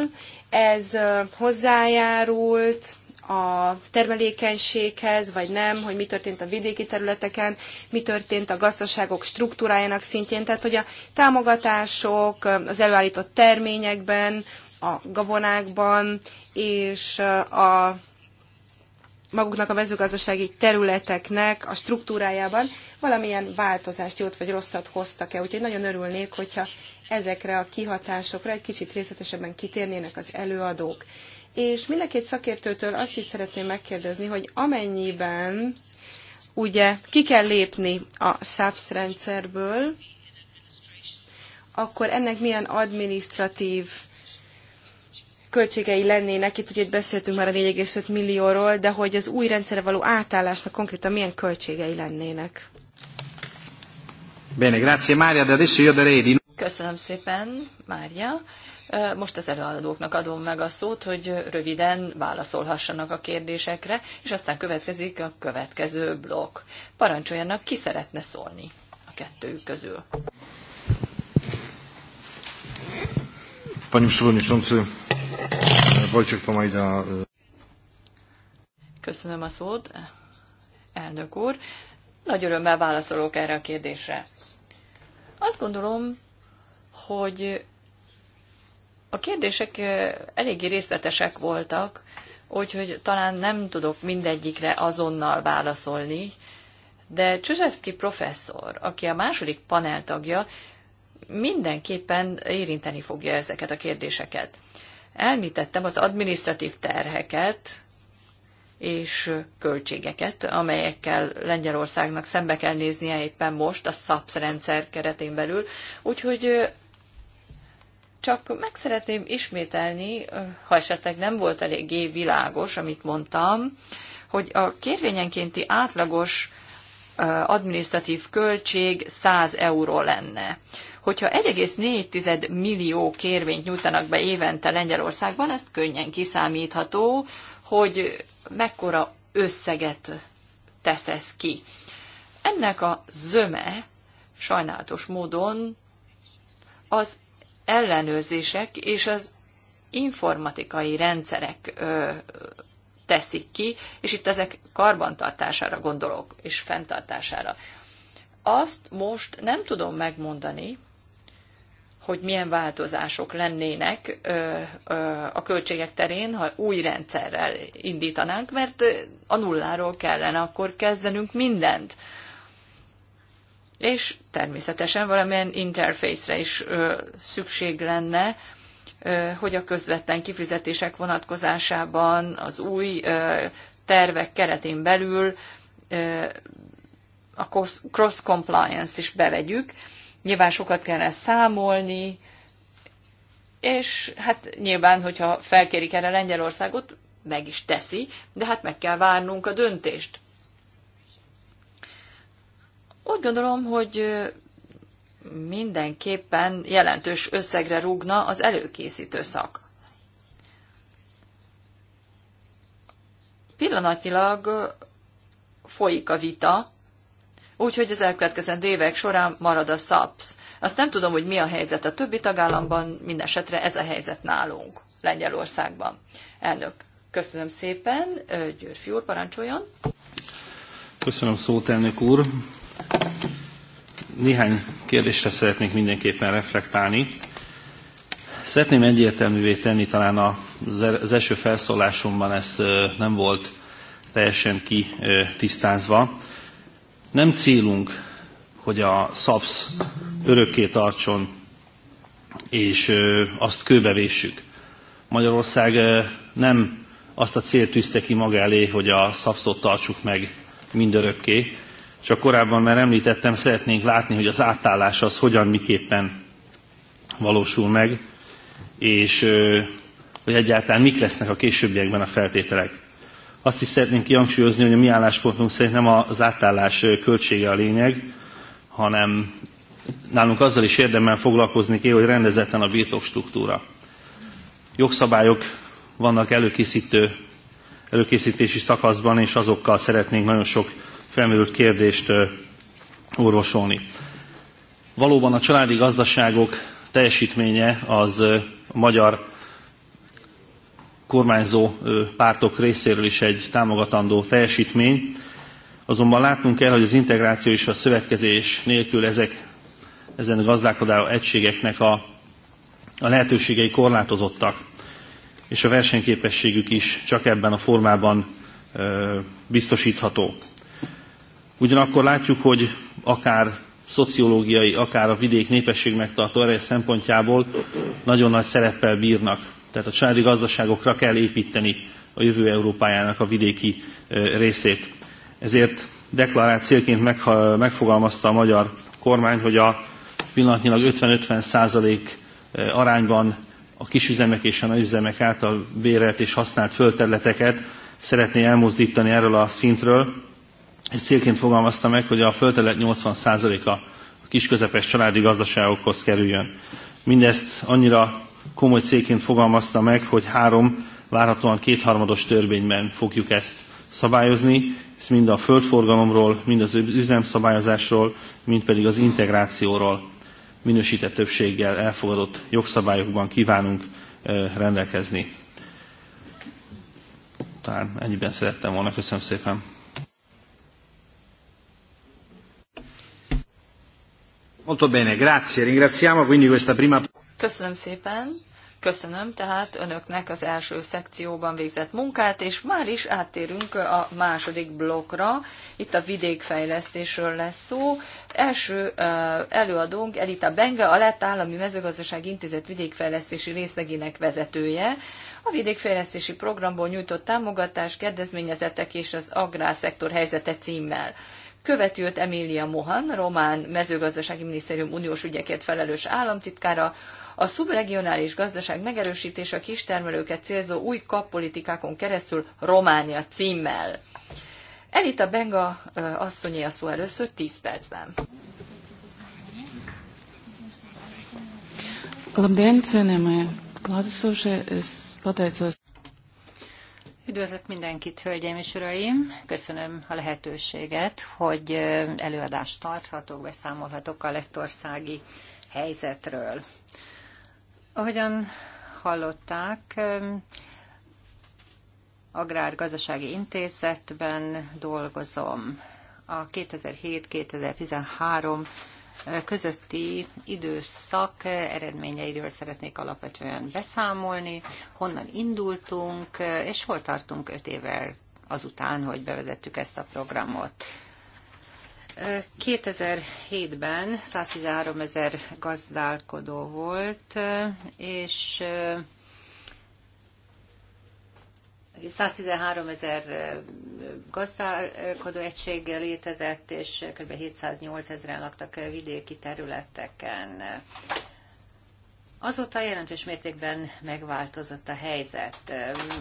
ez hozzájárult a termelékenységhez, vagy nem, hogy mi történt a vidéki területeken, mi történt a gazdaságok struktúrájának szintjén, tehát hogy a támogatások az előállított terményekben, a gabonákban és a maguknak a mezőgazdasági területeknek a struktúrájában valamilyen változást, jót vagy rosszat hoztak-e. Úgyhogy nagyon örülnék, hogyha ezekre a kihatásokra egy kicsit részletesebben kitérnének az előadók. És mind a két szakértőtől azt is szeretném megkérdezni, hogy amennyiben ugye ki kell lépni a SAPS rendszerből, akkor ennek milyen administratív költségei lennének, itt ugye beszéltünk már a 4,5 millióról, de hogy az új rendszerre való átállásnak konkrétan milyen költségei
lennének.
Bene, grazie Mária, de adesso io darei di...
Köszönöm szépen, Mária. Most az előadóknak adom meg a szót, hogy röviden válaszolhassanak a kérdésekre, és aztán következik a következő blokk. Parancsoljanak, ki szeretne szólni a kettőjük közül.
Panie Przewodniczący,
Köszönöm a szót, elnök úr. Nagy örömmel válaszolok erre a kérdésre. Azt gondolom, hogy a kérdések eléggé részletesek voltak, úgyhogy talán nem tudok mindegyikre azonnal válaszolni, de Csuzsevszki professzor, aki a második panel tagja, mindenképpen érinteni fogja ezeket a kérdéseket. Elmítettem az administratív terheket és költségeket, amelyekkel Lengyelországnak szembe kell néznie éppen most a SZAPS rendszer keretén belül. Úgyhogy csak meg szeretném ismételni, ha esetleg nem volt eléggé világos, amit mondtam, hogy a kérvényenkénti átlagos administratív költség 100 euró lenne hogyha 1,4 millió kérvényt nyújtanak be évente Lengyelországban, ezt könnyen kiszámítható, hogy mekkora összeget tesz ez ki. Ennek a zöme sajnálatos módon az ellenőrzések és az informatikai rendszerek ö, teszik ki, és itt ezek karbantartására gondolok, és fenntartására. Azt most nem tudom megmondani, hogy milyen változások lennének a költségek terén, ha új rendszerrel indítanánk, mert a nulláról kellene akkor kezdenünk mindent. És természetesen valamilyen interfészre is szükség lenne, hogy a közvetlen kifizetések vonatkozásában az új tervek keretén belül a cross-compliance-t is bevegyük, Nyilván sokat kellene számolni, és hát nyilván, hogyha felkérik erre Lengyelországot, meg is teszi, de hát meg kell várnunk a döntést. Úgy gondolom, hogy mindenképpen jelentős összegre rúgna az előkészítő szak. Pillanatnyilag folyik a vita, úgyhogy az elkövetkezendő évek során marad a SAPS. Azt nem tudom, hogy mi a helyzet a többi tagállamban, minden esetre ez a helyzet nálunk, Lengyelországban. Elnök, köszönöm szépen, Györfi úr, parancsoljon.
Köszönöm szót, elnök úr. Néhány kérdésre szeretnék mindenképpen reflektálni. Szeretném egyértelművé tenni, talán az er-, első felszólásomban ez nem volt teljesen ki tisztázva nem célunk, hogy a SZAPSZ örökké tartson, és azt kőbevéssük. Magyarország nem azt a célt tűzte ki maga elé, hogy a szapszot tartsuk meg mindörökké. Csak korábban már említettem, szeretnénk látni, hogy az átállás az hogyan, miképpen valósul meg, és hogy egyáltalán mik lesznek a későbbiekben a feltételek. Azt is szeretném kihangsúlyozni, hogy a mi álláspontunk szerint nem az átállás költsége a lényeg, hanem nálunk azzal is érdemben foglalkozni kell, hogy rendezetlen a birtokstruktúra. Jogszabályok vannak előkészítő, előkészítési szakaszban, és azokkal szeretnénk nagyon sok felmerült kérdést orvosolni. Valóban a családi gazdaságok teljesítménye az a magyar kormányzó pártok részéről is egy támogatandó teljesítmény. Azonban látnunk kell, hogy az integráció és a szövetkezés nélkül ezek, ezen gazdálkodó egységeknek a, a lehetőségei korlátozottak, és a versenyképességük is csak ebben a formában ö, biztosítható. Ugyanakkor látjuk, hogy akár szociológiai, akár a vidék népesség megtartó szempontjából nagyon nagy szereppel bírnak tehát a családi gazdaságokra kell építeni a jövő Európájának a vidéki részét. Ezért deklarált célként megfogalmazta a magyar kormány, hogy a pillanatnyilag 50-50 százalék -50 arányban a kisüzemek és a nagyüzemek által bérelt és használt földterületeket szeretné elmozdítani erről a szintről. Egy célként fogalmazta meg, hogy a földterület 80%-a a kisközepes családi gazdaságokhoz kerüljön. Mindezt annyira komoly cégként fogalmazta meg, hogy három, várhatóan kétharmados törvényben fogjuk ezt szabályozni, ez mind a földforgalomról, mind az üzemszabályozásról, mind pedig az integrációról minősített többséggel elfogadott jogszabályokban kívánunk rendelkezni. Talán ennyiben szerettem volna. Köszönöm szépen.
Molto bene, grazie. Ringraziamo quindi questa prima...
Köszönöm szépen. Köszönöm tehát önöknek az első szekcióban végzett munkát, és már is áttérünk a második blokkra. Itt a vidékfejlesztésről lesz szó. Első előadónk Elita Benge, a Lett Állami Mezőgazdasági Intézet vidékfejlesztési részlegének vezetője. A vidékfejlesztési programból nyújtott támogatás, kedvezményezetek és az agrárszektor helyzete címmel. Követi őt Emília Mohan, román mezőgazdasági minisztérium uniós ügyekért felelős államtitkára, a szubregionális gazdaság megerősítése a kistermelőket célzó új kappolitikákon keresztül Románia címmel. Elita Benga asszonyé a szó először 10 percben.
Üdvözlök mindenkit, hölgyeim és uraim! Köszönöm a lehetőséget, hogy előadást tarthatok, beszámolhatok a lettországi helyzetről. Ahogyan hallották, Agrárgazdasági Intézetben dolgozom. A 2007-2013 közötti időszak eredményeiről szeretnék alapvetően beszámolni, honnan indultunk, és hol tartunk öt évvel azután, hogy bevezettük ezt a programot. 2007-ben 113 ezer gazdálkodó volt, és 113 ezer gazdálkodó egységgel létezett, és kb. 708 ezeren laktak vidéki területeken. Azóta jelentős mértékben megváltozott a helyzet.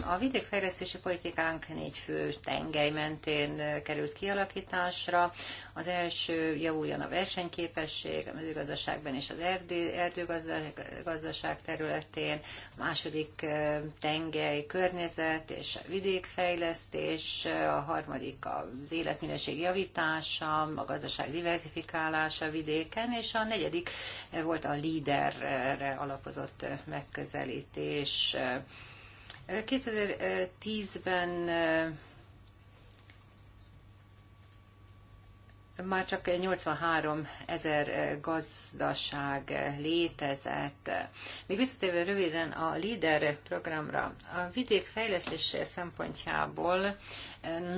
A vidékfejlesztési politikánk négy fő tengely mentén került kialakításra. Az első javuljon a versenyképesség a mezőgazdaságban és az erdőgazdaság területén. A második tengely környezet és vidékfejlesztés. A harmadik az életminőség javítása, a gazdaság diversifikálása vidéken, és a negyedik volt a líderre alapozott megközelítés. 2010-ben már csak 83 ezer gazdaság létezett. Még visszatérve röviden a LEADER programra, a vidék fejlesztés szempontjából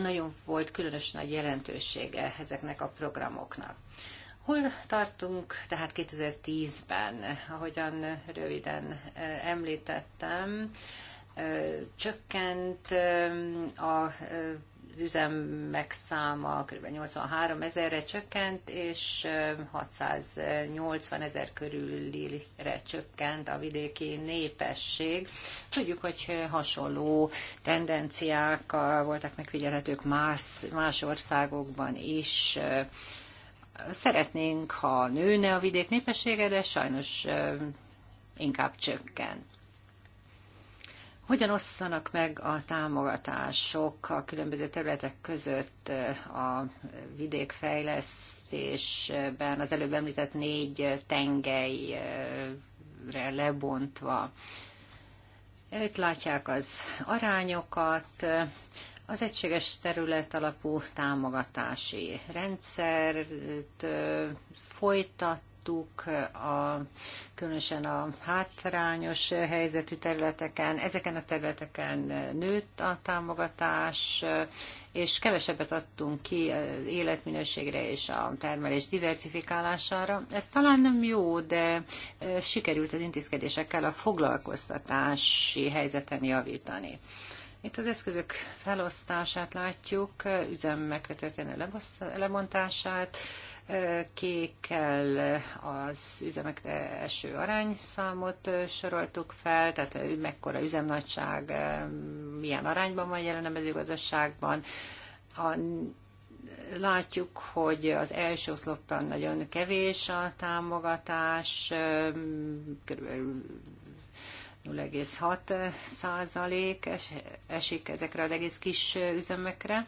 nagyon volt különös nagy jelentősége ezeknek a programoknak. Hol tartunk tehát 2010-ben, ahogyan röviden e, említettem, e, csökkent e, a az üzemek száma kb. 83 ezerre csökkent, és 680 ezer körülire csökkent a vidéki népesség. Tudjuk, hogy hasonló tendenciák voltak megfigyelhetők más, más országokban is Szeretnénk, ha nőne a vidék népessége, de sajnos inkább csökken. Hogyan osszanak meg a támogatások a különböző területek között a vidékfejlesztésben, az előbb említett négy tengelyre lebontva? Itt látják az arányokat. Az egységes terület alapú támogatási rendszert folytat a, különösen a hátrányos helyzetű területeken. Ezeken a területeken nőtt a támogatás, és kevesebbet adtunk ki az életminőségre és a termelés diversifikálására. Ez talán nem jó, de sikerült az intézkedésekkel a foglalkoztatási helyzeten javítani. Itt az eszközök felosztását látjuk, üzemekre történő lebontását kékkel az üzemekre eső arányszámot soroltuk fel, tehát mekkora üzemnagyság, milyen arányban van jelen a mezőgazdaságban. A, látjuk, hogy az első oszlopban nagyon kevés a támogatás, kb. 0,6 százalék esik ezekre az egész kis üzemekre.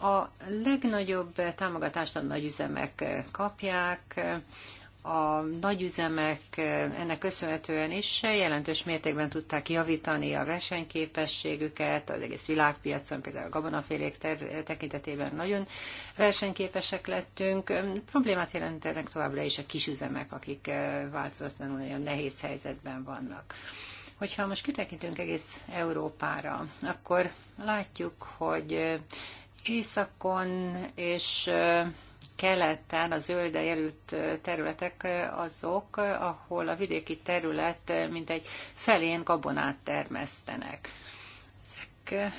A legnagyobb támogatást a nagyüzemek kapják, a nagyüzemek ennek köszönhetően is jelentős mértékben tudták javítani a versenyképességüket, az egész világpiacon, például a gabonafélék tekintetében nagyon versenyképesek lettünk. Problémát jelentenek továbbra is a kisüzemek, akik változatlanul nagyon nehéz helyzetben vannak. Hogyha most kitekintünk egész Európára, akkor látjuk, hogy északon és keleten a zölde jelült területek azok, ahol a vidéki terület mintegy felén gabonát termesztenek. Ezek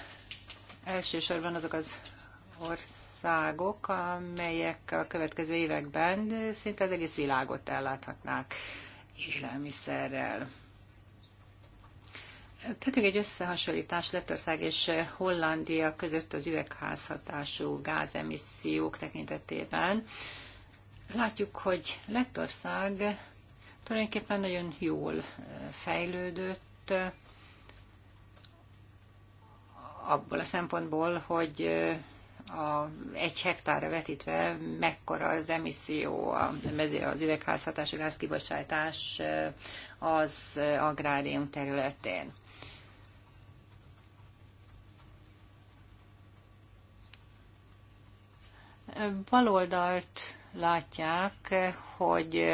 elsősorban azok az országok, amelyek a következő években szinte az egész világot elláthatnák élelmiszerrel. Tettünk egy összehasonlítás Lettország és Hollandia között az üvegházhatású gázemissziók tekintetében. Látjuk, hogy Lettország tulajdonképpen nagyon jól eh, fejlődött eh, abból a szempontból, hogy eh, a, egy hektára vetítve mekkora az emisszió, a, az üvegházhatású gázkibocsátás az agrárium területén. baloldalt látják, hogy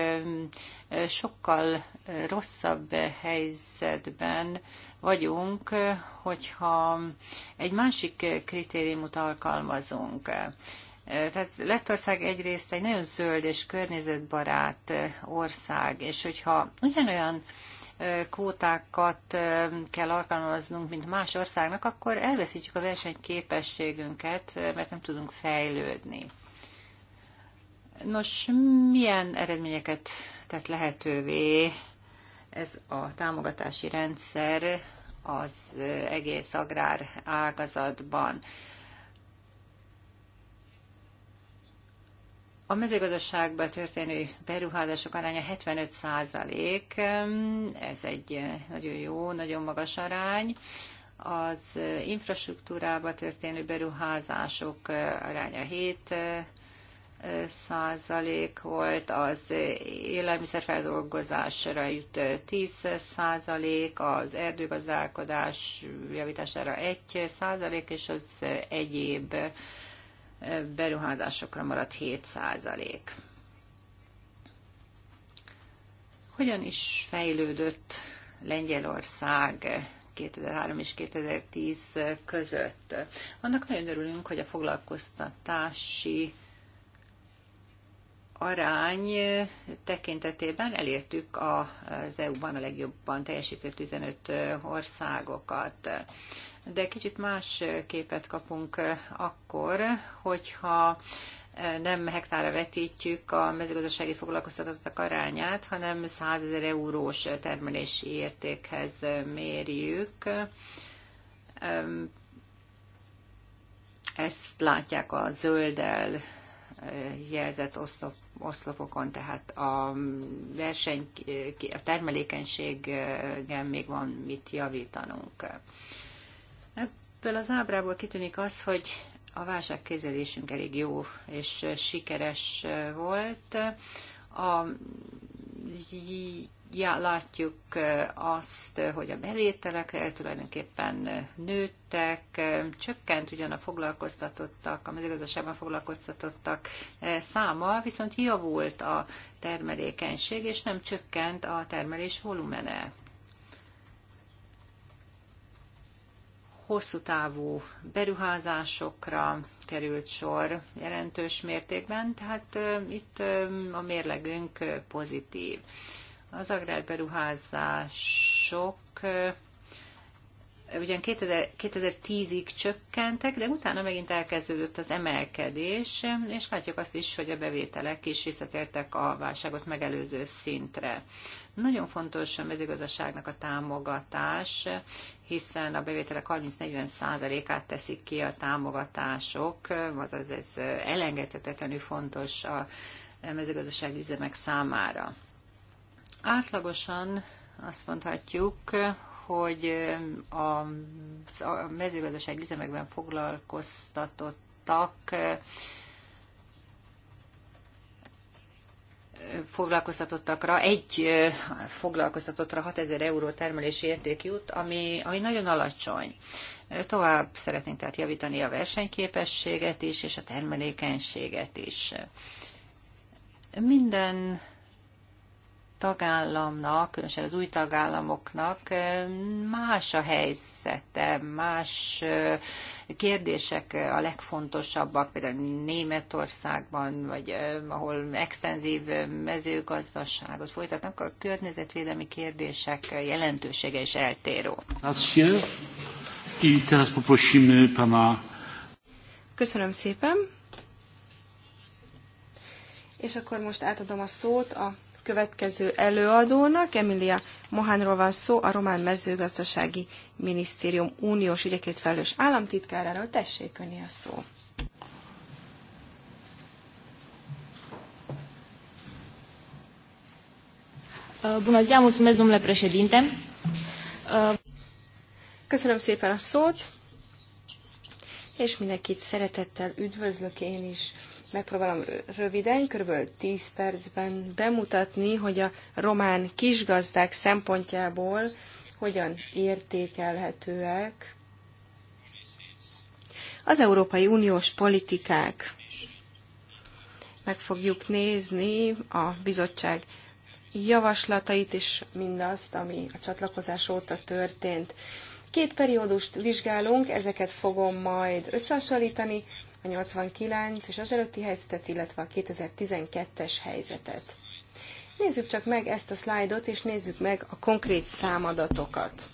sokkal rosszabb helyzetben vagyunk, hogyha egy másik kritériumot alkalmazunk. Tehát Lettország egyrészt egy nagyon zöld és környezetbarát ország, és hogyha ugyanolyan kvótákat kell alkalmaznunk, mint más országnak, akkor elveszítjük a versenyképességünket, mert nem tudunk fejlődni. Nos, milyen eredményeket tett lehetővé ez a támogatási rendszer az egész agrár ágazatban? A mezőgazdaságban történő beruházások aránya 75 százalék, ez egy eh, nagyon jó, nagyon magas arány. Az eh, infrastruktúrába történő beruházások eh, aránya 7 százalék volt, az élelmiszerfeldolgozásra jut 10 százalék, az erdőgazdálkodás javítására 1 százalék, és az egyéb beruházásokra maradt 7 százalék. Hogyan is fejlődött Lengyelország 2003 és 2010 között? Annak nagyon örülünk, hogy a foglalkoztatási arány tekintetében elértük az EU-ban a legjobban teljesítő 15 országokat. De kicsit más képet kapunk akkor, hogyha nem hektára vetítjük a mezőgazdasági foglalkoztatottak arányát, hanem 100 ezer eurós termelési értékhez mérjük. Ezt látják a zöldel jelzett oszlop, oszlopokon, tehát a verseny, a termelékenységen még van mit javítanunk. Ebből az ábrából kitűnik az, hogy a válságkezelésünk elég jó és sikeres volt. A látjuk azt, hogy a bevételek tulajdonképpen nőttek, csökkent ugyan a foglalkoztatottak, a mezőgazdaságban foglalkoztatottak száma, viszont javult a termelékenység, és nem csökkent a termelés volumene. hosszú távú beruházásokra került sor jelentős mértékben, tehát itt a mérlegünk pozitív. Az agrárberuházások ugyan 2000, 2010-ig csökkentek, de utána megint elkezdődött az emelkedés, és látjuk azt is, hogy a bevételek is visszatértek a válságot megelőző szintre. Nagyon fontos a mezőgazdaságnak a támogatás, hiszen a bevételek 30-40%-át teszik ki a támogatások, azaz ez elengedhetetlenül fontos a mezőgazdasági üzemek számára. Átlagosan azt mondhatjuk, hogy a mezőgazdaság üzemekben foglalkoztatottak foglalkoztatottakra, egy foglalkoztatottra 6000 euró termelési érték jut, ami, ami nagyon alacsony. Tovább szeretnénk tehát javítani a versenyképességet is, és a termelékenységet is. Minden tagállamnak, különösen az új tagállamoknak más a helyzete, más kérdések a legfontosabbak, például Németországban, vagy ahol extenzív mezőgazdaságot folytatnak, a környezetvédelmi kérdések jelentősége is eltérő. Köszönöm szépen.
És akkor most átadom a szót a következő előadónak, Emilia Mohánról van szó, a Román Mezőgazdasági Minisztérium uniós ügyekért felelős államtitkáráról. Tessék önni a szó. Uh, bună ziua, mulțumesc, domnule președinte. Uh, Köszönöm szépen a szót, és mindenkit szeretettel üdvözlök én is megpróbálom röviden, kb. 10 percben bemutatni, hogy a román kisgazdák szempontjából hogyan értékelhetőek az Európai Uniós politikák. Meg fogjuk nézni a bizottság javaslatait és mindazt, ami a csatlakozás óta történt. Két periódust vizsgálunk, ezeket fogom majd összehasonlítani, a 89 és az előtti helyzetet, illetve a 2012-es helyzetet. Nézzük csak meg ezt a szlájdot, és nézzük meg a konkrét számadatokat.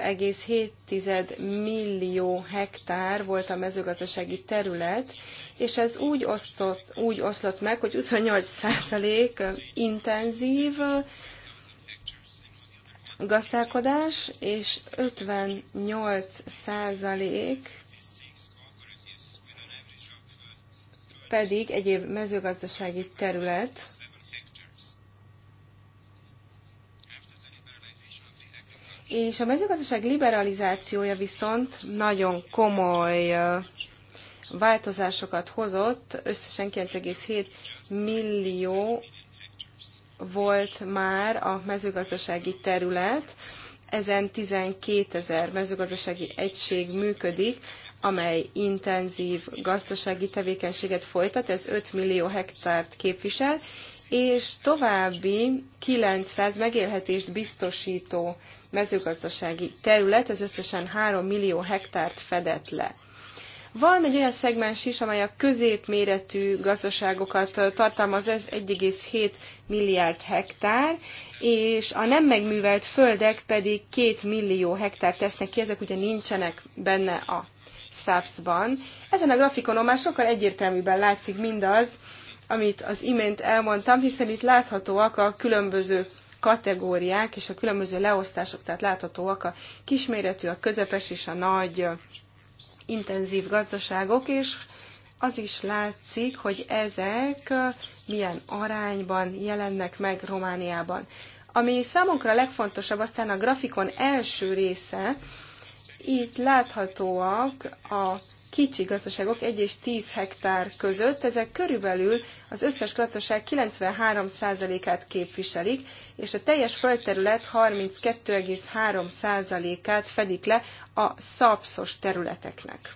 egész millió hektár volt a mezőgazdasági terület, és ez úgy, osztott, úgy oszlott meg, hogy 28% intenzív gazdálkodás, és 58% pedig egyéb mezőgazdasági terület, És a mezőgazdaság liberalizációja viszont nagyon komoly változásokat hozott, összesen 9,7 millió volt már a mezőgazdasági terület, ezen 12 ezer mezőgazdasági egység működik, amely intenzív gazdasági tevékenységet folytat, ez 5 millió hektárt képvisel, és további 900 megélhetést biztosító mezőgazdasági terület, ez összesen 3 millió hektárt fedett le. Van egy olyan szegmens is, amely a középméretű gazdaságokat tartalmaz, ez 1,7 milliárd hektár, és a nem megművelt földek pedig 2 millió hektár tesznek ki, ezek ugye nincsenek benne a SAPS-ban. Ezen a grafikonon már sokkal egyértelműbben látszik mindaz, amit az imént elmondtam, hiszen itt láthatóak a különböző kategóriák és a különböző leosztások, tehát láthatóak a kisméretű, a közepes és a nagy intenzív gazdaságok, és az is látszik, hogy ezek milyen arányban jelennek meg Romániában. Ami számunkra legfontosabb, aztán a grafikon első része, itt láthatóak a kicsi gazdaságok 1 és 10 hektár között, ezek körülbelül az összes gazdaság 93%-át képviselik, és a teljes földterület 32,3%-át fedik le a szapszos területeknek.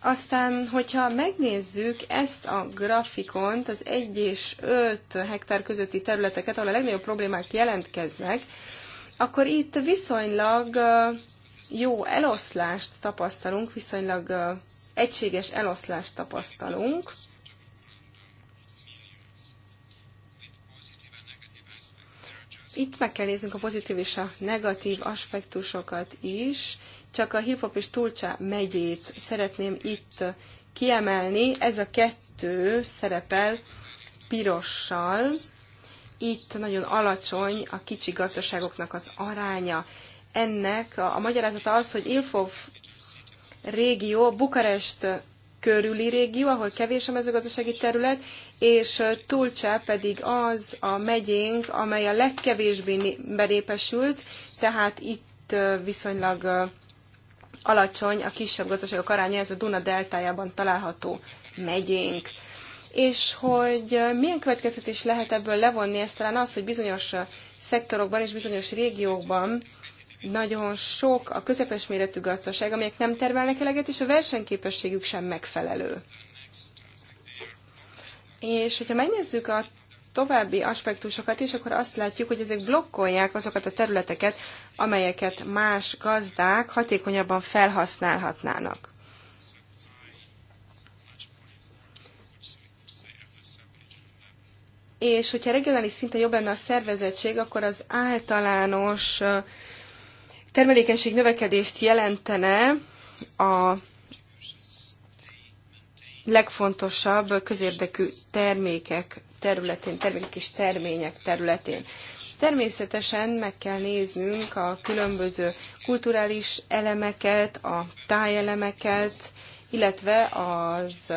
Aztán, hogyha megnézzük ezt a grafikont, az 1 és 5 hektár közötti területeket, ahol a legnagyobb problémák jelentkeznek, akkor itt viszonylag jó eloszlást tapasztalunk, viszonylag egységes eloszlást tapasztalunk. Itt meg kell néznünk a pozitív és a negatív aspektusokat is, csak a Hillhop és Tulcsa megyét szeretném itt kiemelni. Ez a kettő szerepel pirossal. Itt nagyon alacsony a kicsi gazdaságoknak az aránya ennek a, a magyarázata az, hogy Ilfov régió, Bukarest körüli régió, ahol kevés a mezőgazdasági terület, és Tulcsa pedig az a megyénk, amely a legkevésbé benépesült, tehát itt viszonylag alacsony a kisebb gazdaságok aránya, ez a Duna deltájában található megyénk. És hogy milyen következtetés lehet ebből levonni, ez talán az, hogy bizonyos szektorokban és bizonyos régiókban nagyon sok a közepes méretű gazdaság, amelyek nem termelnek eleget, és a versenyképességük sem megfelelő. És hogyha megnézzük a további aspektusokat is, akkor azt látjuk, hogy ezek blokkolják azokat a területeket, amelyeket más gazdák hatékonyabban felhasználhatnának. És hogyha regionális szinten jobb lenne a szervezettség, akkor az általános termelékenység növekedést jelentene a legfontosabb közérdekű termékek területén, termékek és termények területén. Természetesen meg kell néznünk a különböző kulturális elemeket, a tájelemeket, illetve az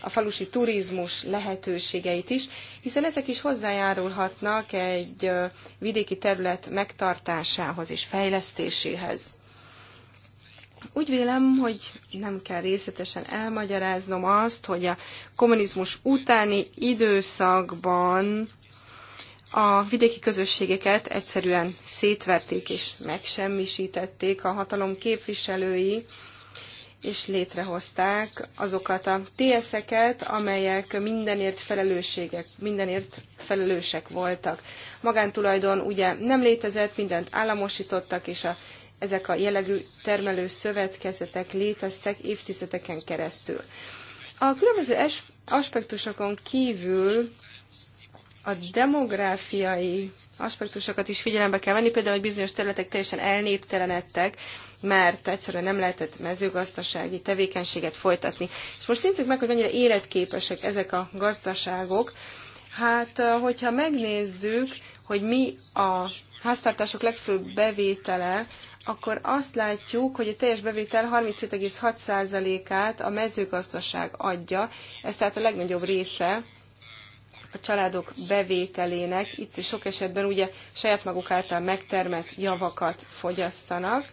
a falusi turizmus lehetőségeit is, hiszen ezek is hozzájárulhatnak egy vidéki terület megtartásához és fejlesztéséhez. Úgy vélem, hogy nem kell részletesen elmagyaráznom azt, hogy a kommunizmus utáni időszakban a vidéki közösségeket egyszerűen szétverték és megsemmisítették a hatalom képviselői, és létrehozták azokat a TS-eket, amelyek mindenért felelősségek, mindenért felelősek voltak. Magántulajdon ugye nem létezett, mindent államosítottak, és a, ezek a jellegű termelő szövetkezetek léteztek évtizedeken keresztül. A különböző aspektusokon kívül a demográfiai aspektusokat is figyelembe kell venni, például, hogy bizonyos területek teljesen elnéptelenedtek, mert egyszerűen nem lehetett mezőgazdasági tevékenységet folytatni. És most nézzük meg, hogy mennyire életképesek ezek a gazdaságok. Hát, eh, hogyha megnézzük, hogy mi a háztartások legfőbb bevétele, akkor azt látjuk, hogy a teljes bevétel 37,6%-át a mezőgazdaság adja, ez tehát a legnagyobb része a családok bevételének. Itt is sok esetben ugye saját maguk által megtermelt javakat fogyasztanak,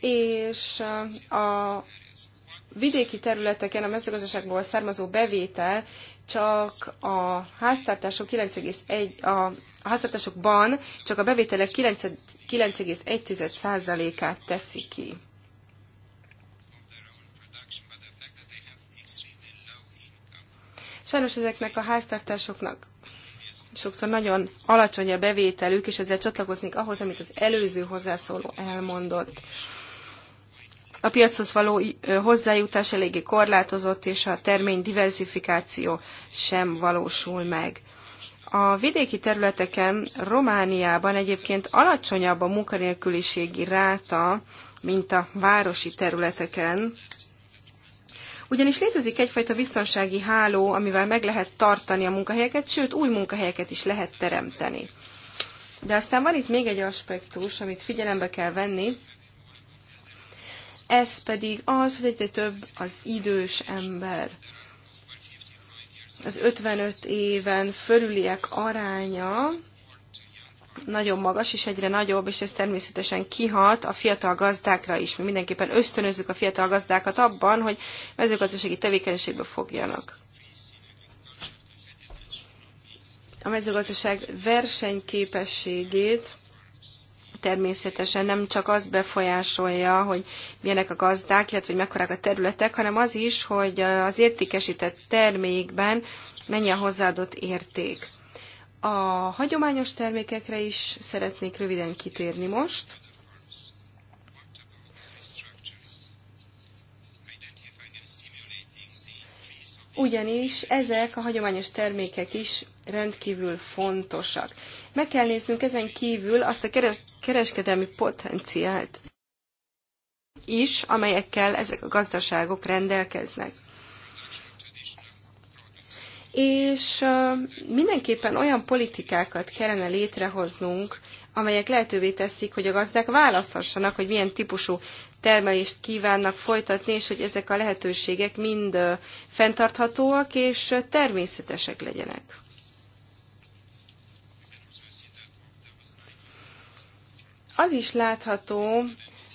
és a vidéki területeken a mezőgazdaságból származó bevétel csak a háztartások 9,1, a a háztartásokban csak a bevételek 9,1%-át teszi ki. Sajnos ezeknek a háztartásoknak sokszor nagyon alacsony a bevételük, és ezzel csatlakoznék ahhoz, amit az előző hozzászóló elmondott a piachoz való hozzájutás eléggé korlátozott, és a termény diversifikáció sem valósul meg. A vidéki területeken, Romániában egyébként alacsonyabb a munkanélküliségi ráta, mint a városi területeken, ugyanis létezik egyfajta biztonsági háló, amivel meg lehet tartani a munkahelyeket, sőt új munkahelyeket is lehet teremteni. De aztán van itt még egy aspektus, amit figyelembe kell venni, ez pedig az, hogy egyre több az idős ember. Az 55 éven fölüliek aránya nagyon magas, és egyre nagyobb, és ez természetesen kihat a fiatal gazdákra is. Mi mindenképpen ösztönözzük a fiatal gazdákat abban, hogy mezőgazdasági tevékenységbe fogjanak. A mezőgazdaság versenyképességét természetesen nem csak az befolyásolja, hogy milyenek a gazdák, illetve hogy mekkorák a területek, hanem az is, hogy az értékesített termékben mennyi a hozzáadott érték. A hagyományos termékekre is szeretnék röviden kitérni most. Ugyanis ezek a hagyományos termékek is rendkívül fontosak. Meg kell néznünk ezen kívül azt a keres kereskedelmi potenciált is, amelyekkel ezek a gazdaságok rendelkeznek. És mindenképpen olyan politikákat kellene létrehoznunk, amelyek lehetővé teszik, hogy a gazdák választhassanak, hogy milyen típusú termelést kívánnak folytatni, és hogy ezek a lehetőségek mind fenntarthatóak és természetesek legyenek. az is látható,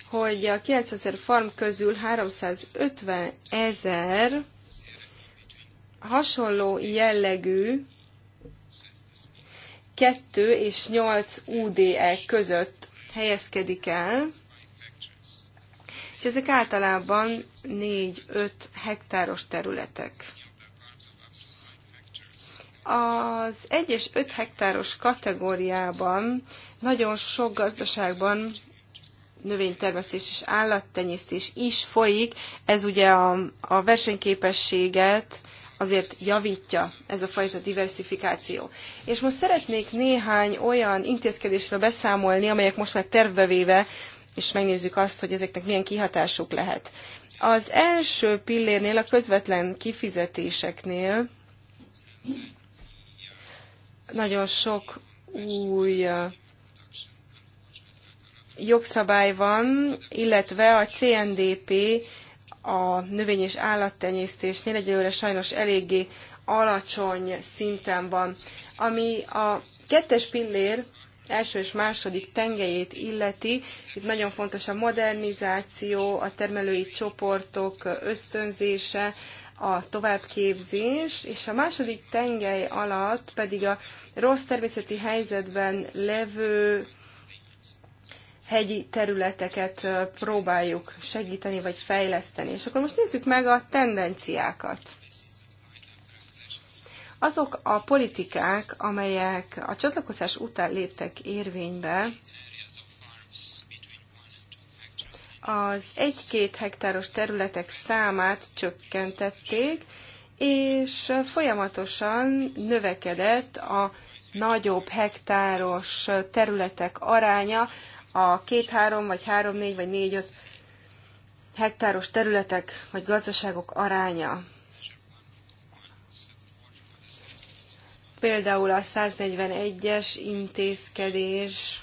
hogy a 9000 farm közül 350 ezer hasonló jellegű 2 és 8 UDE között helyezkedik el, és ezek általában 4-5 hektáros területek. Az 1 és 5 hektáros kategóriában nagyon sok gazdaságban növénytermesztés és állattenyésztés is folyik, ez ugye a, a versenyképességet azért javítja ez a fajta diversifikáció. És most szeretnék néhány olyan intézkedésről beszámolni, amelyek most már tervbe véve, és megnézzük azt, hogy ezeknek milyen kihatásuk lehet. Az első pillérnél, a közvetlen kifizetéseknél nagyon sok új jogszabály van, illetve a CNDP a növény- és állattenyésztésnél egyelőre sajnos eléggé alacsony szinten van. Ami a kettes pillér első és második tengelyét illeti, itt nagyon fontos a modernizáció, a termelői csoportok ösztönzése, a továbbképzés, és a második tengely alatt pedig a rossz természeti helyzetben levő hegyi területeket próbáljuk segíteni vagy fejleszteni. És akkor most nézzük meg a tendenciákat. Azok a politikák, amelyek a csatlakozás után léptek érvénybe, az egy-két hektáros területek számát csökkentették, és folyamatosan növekedett a nagyobb hektáros területek aránya, a két-három, vagy három-négy, vagy négy-öt hektáros területek, vagy gazdaságok aránya. Például a 141-es intézkedés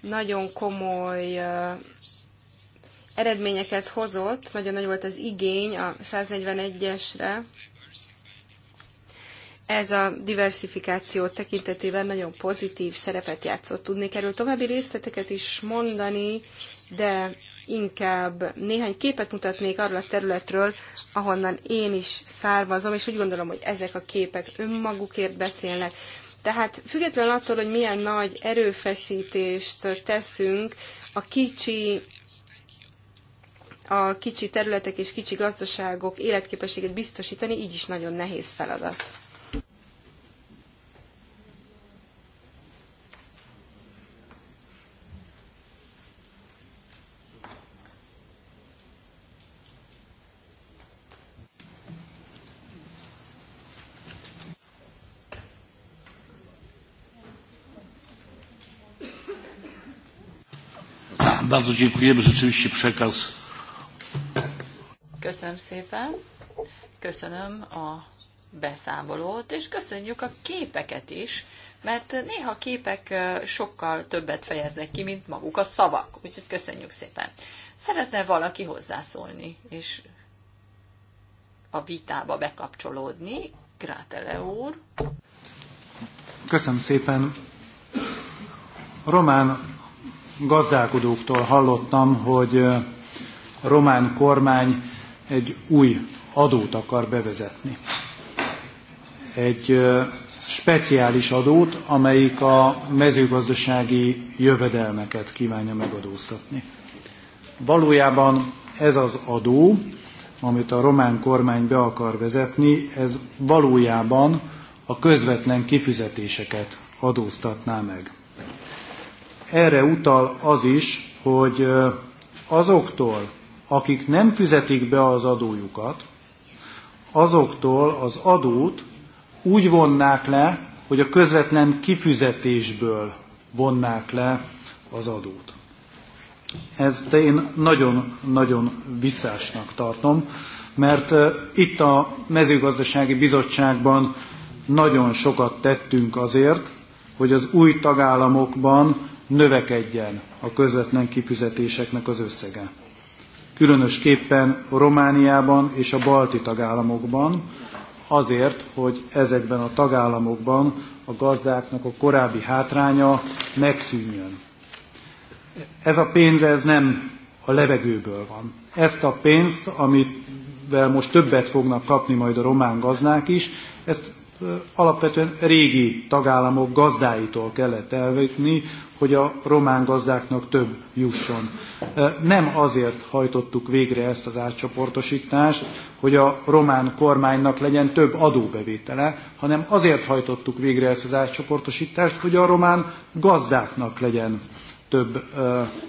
nagyon komoly eredményeket hozott, nagyon nagy volt az igény a 141-esre, ez a diversifikáció tekintetében nagyon pozitív szerepet játszott. Tudnék erről további részleteket is mondani, de inkább néhány képet mutatnék arról a területről, ahonnan én is származom, és úgy gondolom, hogy ezek a képek önmagukért beszélnek. Tehát függetlenül attól, hogy milyen nagy erőfeszítést teszünk, a kicsi a kicsi területek és kicsi gazdaságok életképességét biztosítani így is nagyon nehéz feladat.
Bardzo dziękujemy. Rzeczywiście przekaz.
Köszönöm szépen. Köszönöm a beszámolót, és köszönjük a képeket is, mert néha képek sokkal többet fejeznek ki, mint maguk a szavak. Úgyhogy köszönjük szépen. Szeretne valaki hozzászólni, és a vitába bekapcsolódni. Grátele úr!
Köszönöm szépen! román gazdálkodóktól hallottam, hogy a román kormány egy új adót akar bevezetni. Egy speciális adót, amelyik a mezőgazdasági jövedelmeket kívánja megadóztatni. Valójában ez az adó, amit a román kormány be akar vezetni, ez valójában a közvetlen kifizetéseket adóztatná meg erre utal az is, hogy azoktól, akik nem fizetik be az adójukat, azoktól az adót úgy vonnák le, hogy a közvetlen kifizetésből vonnák le az adót. Ezt én nagyon-nagyon visszásnak tartom, mert itt a mezőgazdasági bizottságban nagyon sokat tettünk azért, hogy az új tagállamokban növekedjen a közvetlen kifizetéseknek az összege. Különösképpen Romániában és a balti tagállamokban, azért, hogy ezekben a tagállamokban a gazdáknak a korábbi hátránya megszűnjön. Ez a pénz ez nem a levegőből van. Ezt a pénzt, amivel most többet fognak kapni majd a román gazdák is, ezt alapvetően régi tagállamok gazdáitól kellett elvetni, hogy a román gazdáknak több jusson. Nem azért hajtottuk végre ezt az átcsoportosítást, hogy a román kormánynak legyen több adóbevétele, hanem azért hajtottuk végre ezt az átcsoportosítást, hogy a román gazdáknak legyen több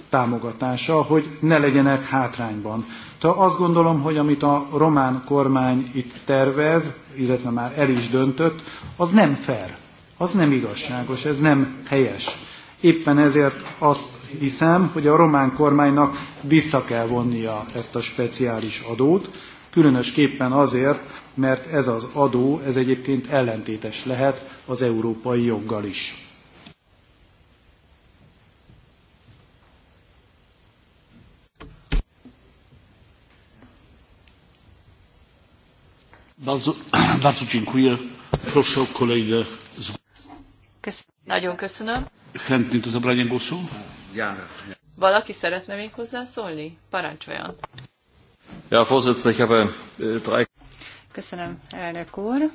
támogatása, hogy ne legyenek hátrányban. Tehát azt gondolom, hogy amit a román kormány itt tervez, illetve már el is döntött, az nem fair, az nem igazságos, ez nem helyes Éppen ezért azt hiszem, hogy a román kormánynak vissza kell vonnia ezt a speciális adót, különösképpen azért, mert ez az adó, ez egyébként ellentétes lehet az európai joggal is.
Bardzo, bardzo dziękuję. Proszę o kolejne.
Nagyon köszönöm.
Chętny a zabrania głosu?
Valaki szeretne még hozzászólni? Parancsoljon.
Ja, Vorsitzender, ich habe äh, drei...
Köszönöm, elnök
úr.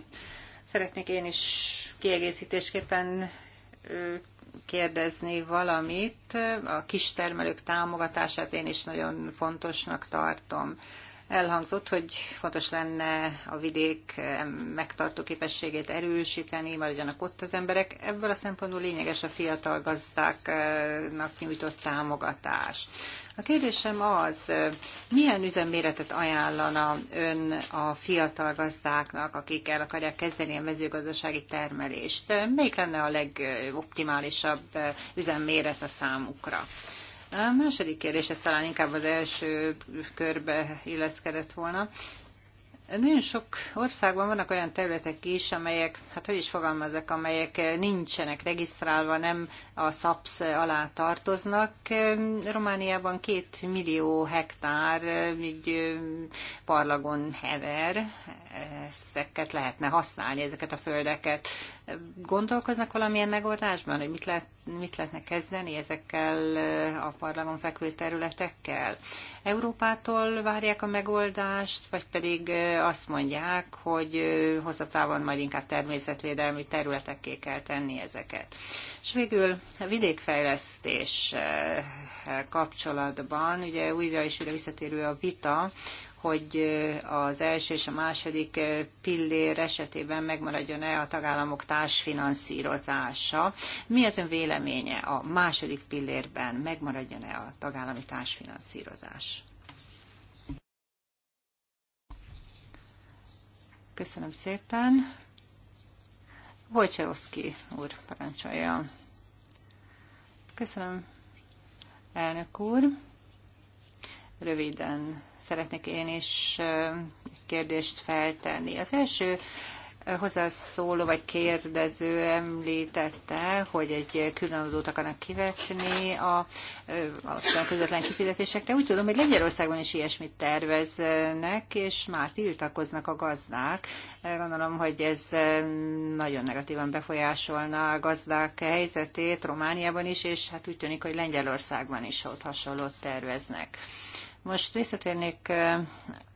Szeretnék én is kiegészítésképpen kérdezni valamit. A kistermelők támogatását én is nagyon fontosnak tartom. Elhangzott, hogy fontos lenne a vidék megtartó képességét erősíteni, maradjanak ott az emberek. Ebből a szempontból lényeges a fiatal gazdáknak nyújtott támogatás. A kérdésem az, milyen üzemméretet ajánlana ön a fiatal gazdáknak, akik el akarják kezdeni a mezőgazdasági termelést? Melyik lenne a legoptimálisabb üzemméret a számukra? A második kérdés, ez talán inkább az első körbe illeszkedett volna. Nagyon sok országban vannak olyan területek is, amelyek, hát hogy is fogalmazok, amelyek nincsenek regisztrálva, nem a SAPS alá tartoznak. Romániában két millió hektár így parlagon hever, ezeket lehetne használni, ezeket a földeket. Gondolkoznak valamilyen megoldásban, hogy mit, lehet, mit lehetne kezdeni ezekkel eh, a parlagon fekvő területekkel? Európától várják a megoldást, vagy pedig eh, azt mondják, hogy eh, hosszabb távon majd inkább természetvédelmi területekké kell tenni ezeket. És végül a vidékfejlesztés kapcsolatban, ugye újra és újra visszatérő a vita, hogy az első és a második pillér esetében megmaradjon-e a tagállamok társfinanszírozása. Mi az ön véleménye a második pillérben? Megmaradjon-e a tagállami társfinanszírozás? Köszönöm szépen. Wojciechowski úr parancsolja. Köszönöm, elnök úr. Röviden szeretnék én is egy kérdést feltenni. Az első hozzászóló vagy kérdező említette, hogy egy különadót akarnak kivetni a, a közvetlen kifizetésekre. Úgy tudom, hogy Lengyelországban is ilyesmit terveznek, és már tiltakoznak a gazdák. Gondolom, hogy ez nagyon negatívan befolyásolna a gazdák helyzetét Romániában is, és hát úgy tűnik, hogy Lengyelországban is ott hasonlót terveznek. Most visszatérnék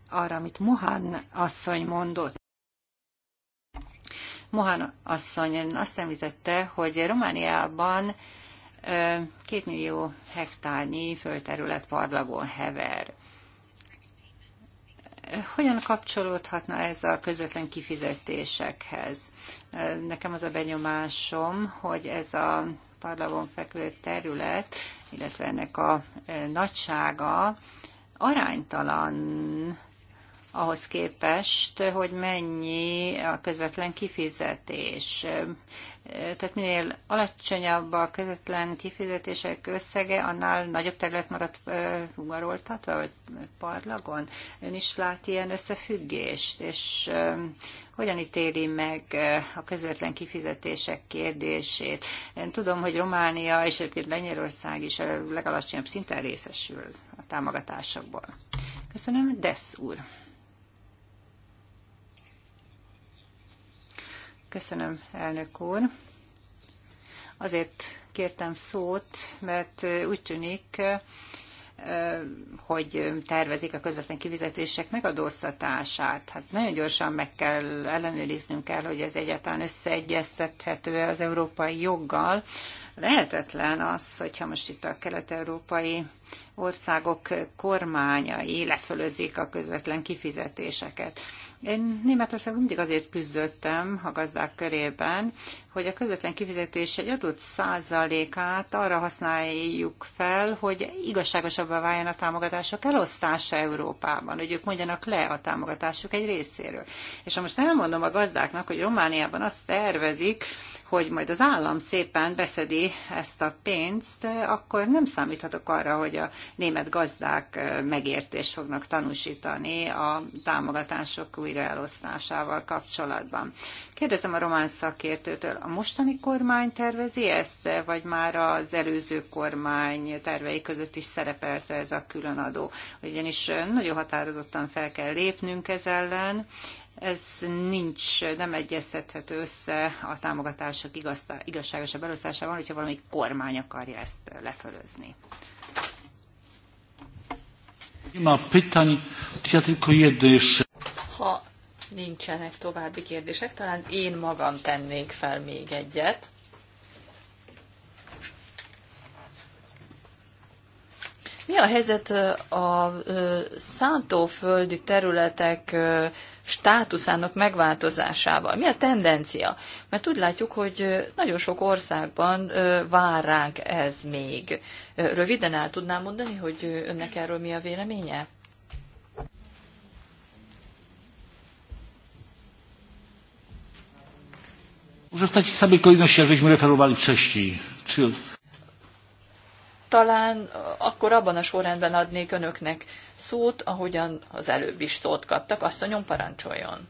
arra, amit Mohan asszony mondott. Mohan asszony azt említette, hogy Romániában két millió hektárnyi földterület parlagon hever. Hogyan kapcsolódhatna ez a közvetlen kifizetésekhez? Nekem az a benyomásom, hogy ez a parlagon fekvő terület, illetve ennek a nagysága aránytalan ahhoz képest, hogy mennyi a közvetlen kifizetés. Tehát minél alacsonyabb a közvetlen kifizetések összege, annál nagyobb terület maradt ugaroltatva, vagy parlagon. Ön is lát ilyen összefüggést, és hogyan ítéli meg a közvetlen kifizetések kérdését? Én tudom, hogy Románia és egyébként Lengyelország is a legalacsonyabb szinten részesül a támogatásokból. Köszönöm, Desz úr! Köszönöm, elnök úr. Azért kértem szót, mert úgy tűnik, hogy tervezik a közvetlen kivizetések megadóztatását. Hát nagyon gyorsan meg kell ellenőriznünk kell, hogy ez egyáltalán összeegyeztethető az európai joggal. Lehetetlen az, hogyha most itt a kelet-európai országok kormányai lefölözik a közvetlen kifizetéseket. Én Németországban mindig azért küzdöttem a gazdák körében, hogy a közvetlen kifizetés egy adott százalékát arra használjuk fel, hogy igazságosabbá váljon a támogatások elosztása Európában, hogy ők mondjanak le a támogatásuk egy részéről. És ha most elmondom a gazdáknak, hogy Romániában azt tervezik, hogy majd az állam szépen beszedi ezt a pénzt, akkor nem számíthatok arra, hogy a német gazdák megértést fognak tanúsítani a támogatások újraelosztásával kapcsolatban. Kérdezem a román szakértőtől, a mostani kormány tervezi ezt, vagy már az előző kormány tervei között is szerepelte ez a különadó? Ugyanis nagyon határozottan fel kell lépnünk ez ellen, ez nincs, nem egyeztethető össze a támogatások igazságosabb elosztásával, hogyha valami kormány akarja ezt lefölözni.
Ha nincsenek további kérdések, talán én magam tennék fel még egyet. Mi a helyzet a szántóföldi területek státuszának megváltozásával? Mi a tendencia? Mert úgy látjuk, hogy nagyon sok országban vár ránk ez még. Röviden el tudnám mondani, hogy önnek erről mi a véleménye?
Może w takiej samej kolejności, jak żeśmy referowali wcześniej. Czy...
Talán akkor abban a sorrendben adnék önöknek szót, ahogyan az előbb is szót kaptak. Asszonyom, parancsoljon.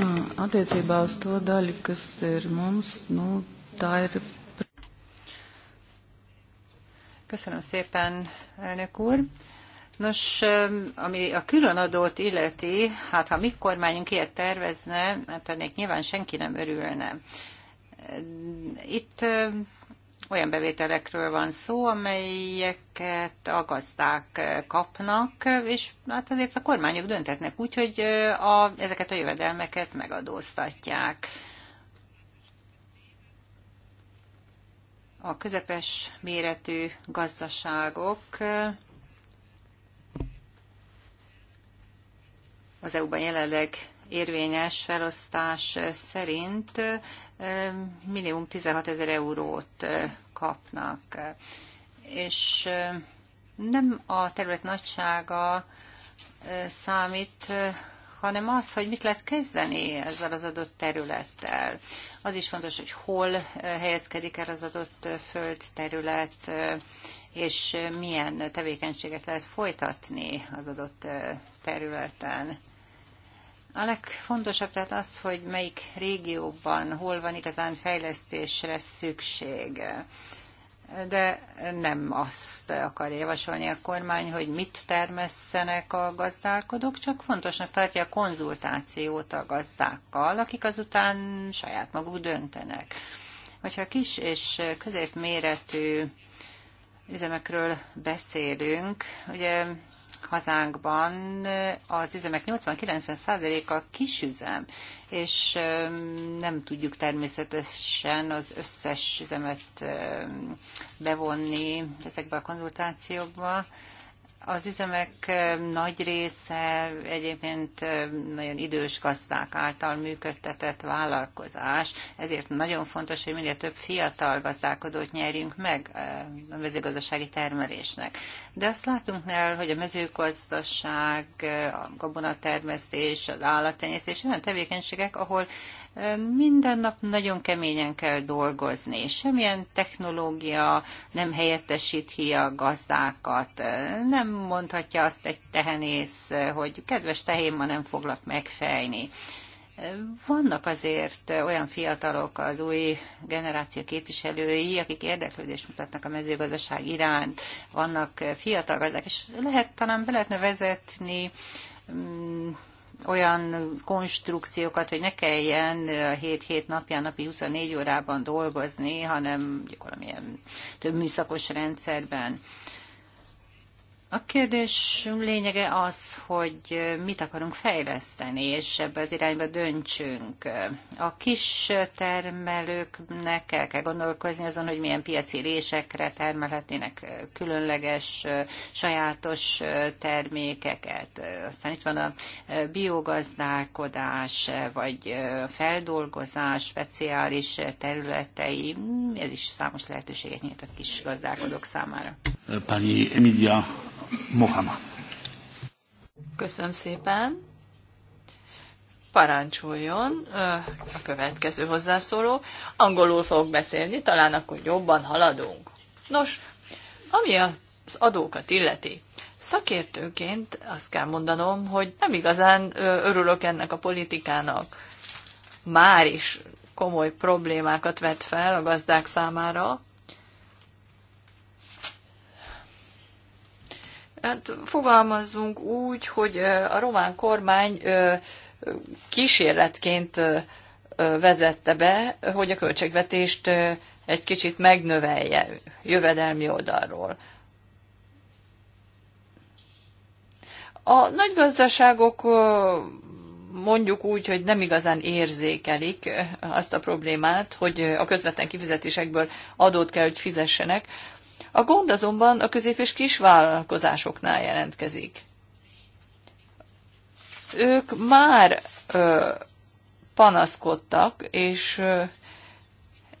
Mm, Attiecībā uz
Köszönöm szépen, elnök úr. Nos, ami a különadót illeti, hát ha mi kormányunk ilyet tervezne, hát ennek nyilván senki nem örülne. Itt olyan bevételekről van szó, amelyeket a gazdák kapnak, és hát azért a kormányok döntetnek úgy, hogy a, ezeket a jövedelmeket megadóztatják. A közepes méretű gazdaságok az EU-ban jelenleg érvényes felosztás szerint minimum 16 ezer eurót kapnak. És nem a terület nagysága számít, hanem az, hogy mit lehet kezdeni ezzel az adott területtel. Az is fontos, hogy hol helyezkedik el az adott földterület, és milyen tevékenységet lehet folytatni az adott területen. A legfontosabb tehát az, hogy melyik régióban, hol van igazán fejlesztésre szükség. De nem azt akar javasolni a kormány, hogy mit termesszenek a gazdálkodók, csak fontosnak tartja a konzultációt a gazdákkal, akik azután saját maguk döntenek. Hogyha kis és középméretű üzemekről beszélünk, ugye hazánkban az üzemek 80-90%-a kisüzem, és nem tudjuk természetesen az összes üzemet bevonni ezekbe a konzultációkba. Az üzemek nagy része egyébként nagyon idős gazdák által működtetett vállalkozás, ezért nagyon fontos, hogy minél több fiatal gazdálkodót nyerjünk meg a mezőgazdasági termelésnek. De azt látunk el, hogy a mezőgazdaság, a gabonatermesztés, az állattenyésztés olyan tevékenységek, ahol minden nap nagyon keményen kell dolgozni. Semmilyen technológia nem helyettesíti a gazdákat. Nem mondhatja azt egy tehenész, hogy kedves tehén, ma nem foglak megfejni. Vannak azért olyan fiatalok, az új generáció képviselői, akik érdeklődést mutatnak a mezőgazdaság iránt, vannak fiatal gazdák, és lehet talán be lehetne vezetni mm, olyan konstrukciókat, hogy ne kelljen 7-7 napján napi 24 órában dolgozni, hanem valamilyen több műszakos rendszerben. A kérdés lényege az, hogy mit akarunk fejleszteni, és ebbe az irányba döntsünk. A kis termelőknek el kell gondolkozni azon, hogy milyen piaci résekre termelhetnének különleges, sajátos termékeket. Aztán itt van a biogazdálkodás, vagy feldolgozás speciális területei. Ez is számos lehetőséget nyit a kis gazdálkodók számára.
Pani Emilia Mohama.
Köszönöm szépen. Parancsoljon a következő hozzászóló. Angolul fogok beszélni, talán akkor jobban haladunk. Nos, ami az adókat illeti, szakértőként azt kell mondanom, hogy nem igazán örülök ennek a politikának. Már is komoly problémákat vet fel a gazdák számára, Hát fogalmazzunk úgy, hogy a román kormány kísérletként vezette be, hogy a költségvetést egy kicsit megnövelje jövedelmi oldalról. A nagy gazdaságok mondjuk úgy, hogy nem igazán érzékelik azt a problémát, hogy a közvetlen kifizetésekből adót kell, hogy fizessenek, a gond azonban a közép- és kisvállalkozásoknál jelentkezik. Ők már ö, panaszkodtak, és ö,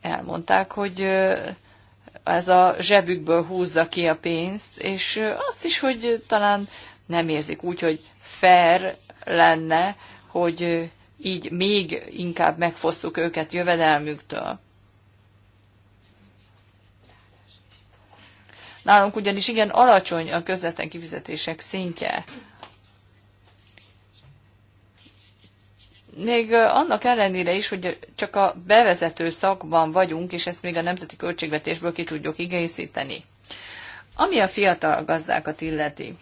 elmondták, hogy ö, ez a zsebükből húzza ki a pénzt, és ö, azt is, hogy talán nem érzik úgy, hogy fair lenne, hogy így még inkább megfosszuk őket jövedelmüktől. Nálunk ugyanis igen alacsony a közvetlen kifizetések szintje. Még annak ellenére is, hogy csak a bevezető szakban vagyunk, és ezt még a nemzeti költségvetésből ki tudjuk igészíteni. Ami a fiatal gazdákat illeti,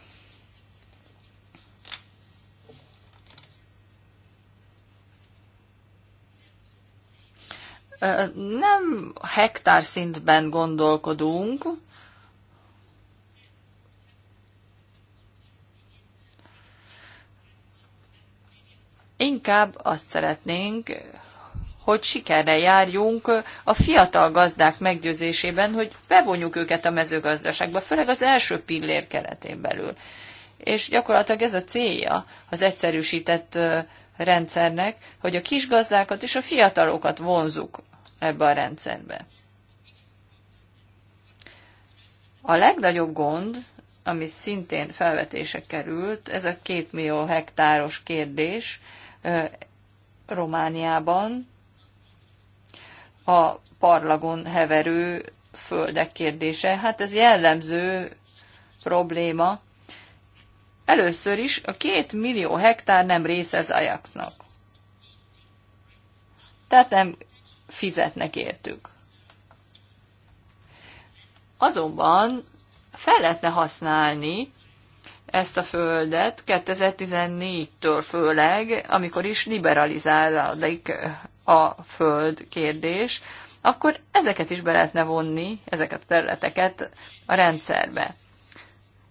nem hektár szintben gondolkodunk, inkább azt szeretnénk, hogy sikerre járjunk a fiatal gazdák meggyőzésében, hogy bevonjuk őket a mezőgazdaságba, főleg az első pillér keretén belül. És gyakorlatilag ez a célja az egyszerűsített rendszernek, hogy a kis gazdákat és a fiatalokat vonzuk ebbe a rendszerbe. A legnagyobb gond, ami szintén felvetése került, ez a két millió hektáros kérdés, Romániában a parlagon heverő földek kérdése. Hát ez jellemző probléma. Először is a két millió hektár nem része az Ajaxnak. Tehát nem fizetnek értük. Azonban fel lehetne használni ezt a földet 2014-től főleg, amikor is liberalizálódik a föld kérdés, akkor ezeket is be lehetne vonni, ezeket a területeket a rendszerbe.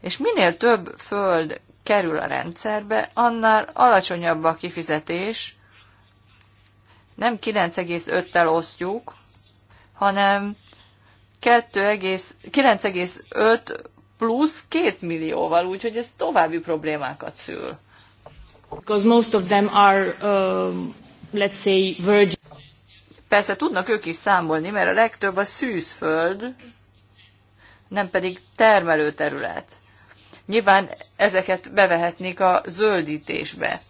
És minél több föld kerül a rendszerbe, annál alacsonyabb a kifizetés, nem 9,5-tel osztjuk, hanem 9,5 plusz két millióval, úgyhogy ez további problémákat szül. Because most of them are, uh, let's say, virgin. Persze tudnak ők is számolni, mert a legtöbb a szűzföld, nem pedig termelő terület. Nyilván ezeket bevehetnék a zöldítésbe.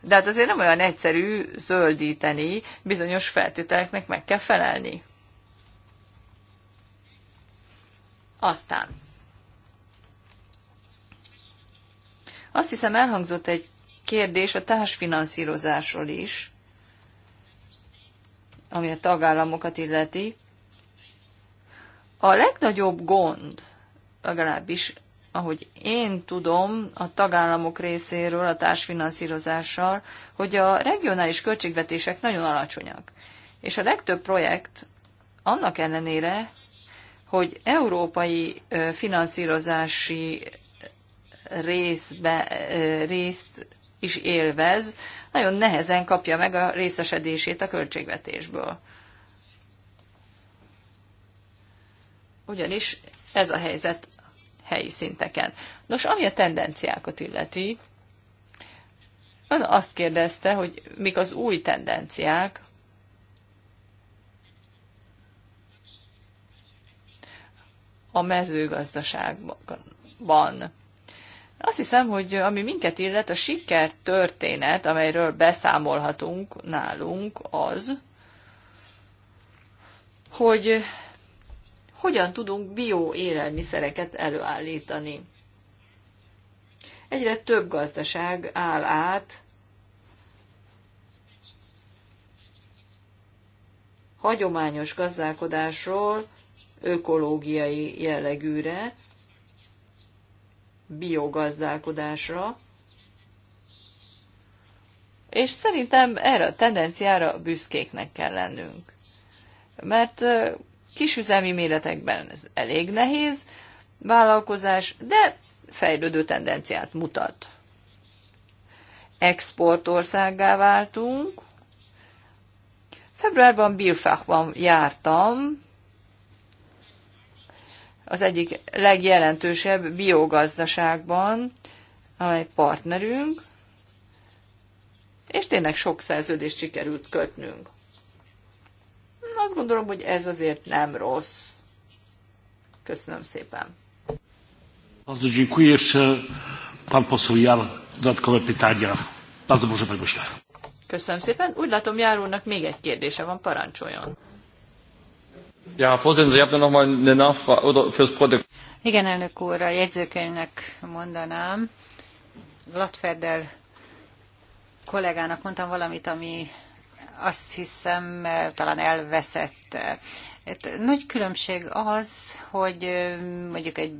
De hát azért nem olyan egyszerű zöldíteni, bizonyos feltételeknek meg kell felelni. Aztán Azt hiszem elhangzott egy kérdés a társfinanszírozásról is, ami a tagállamokat illeti. A legnagyobb gond, legalábbis ahogy én tudom, a tagállamok részéről a társfinanszírozással, hogy a regionális költségvetések nagyon alacsonyak. És a legtöbb projekt annak ellenére, hogy európai finanszírozási részbe, részt is élvez, nagyon nehezen kapja meg a részesedését a költségvetésből. Ugyanis ez a helyzet helyi szinteken. Nos, ami a tendenciákat illeti, ön azt kérdezte, hogy mik az új tendenciák, a mezőgazdaságban. Azt hiszem, hogy ami minket illet, a siker történet, amelyről beszámolhatunk nálunk, az, hogy hogyan tudunk bio élelmiszereket előállítani. Egyre több gazdaság áll át hagyományos gazdálkodásról ökológiai jellegűre, biogazdálkodásra, és szerintem erre a tendenciára büszkéknek kell lennünk. Mert kisüzemi méretekben ez elég nehéz vállalkozás, de fejlődő tendenciát mutat. Exportországá váltunk. Februárban Bilfachban jártam, az egyik legjelentősebb biogazdaságban, amely partnerünk, és tényleg sok szerződést sikerült kötnünk. Azt gondolom, hogy ez azért nem rossz. Köszönöm szépen.
Bardzo dziękuję. Jeszcze pan poseł Jar, dodatkowe pytania. Bardzo proszę, panie
Köszönöm szépen. Úgy látom, Jár még egy kérdése van, parancsoljon. Ja, ich habe nur noch mal eine Nachfrage oder fürs Protokoll.
Igen, elnök úr, a jegyzőkönyvnek mondanám. Gladfeder kollégának mondtam valamit, ami azt hiszem eh, talán elveszett. Eh, itt hát nagy különbség az, hogy mondjuk egy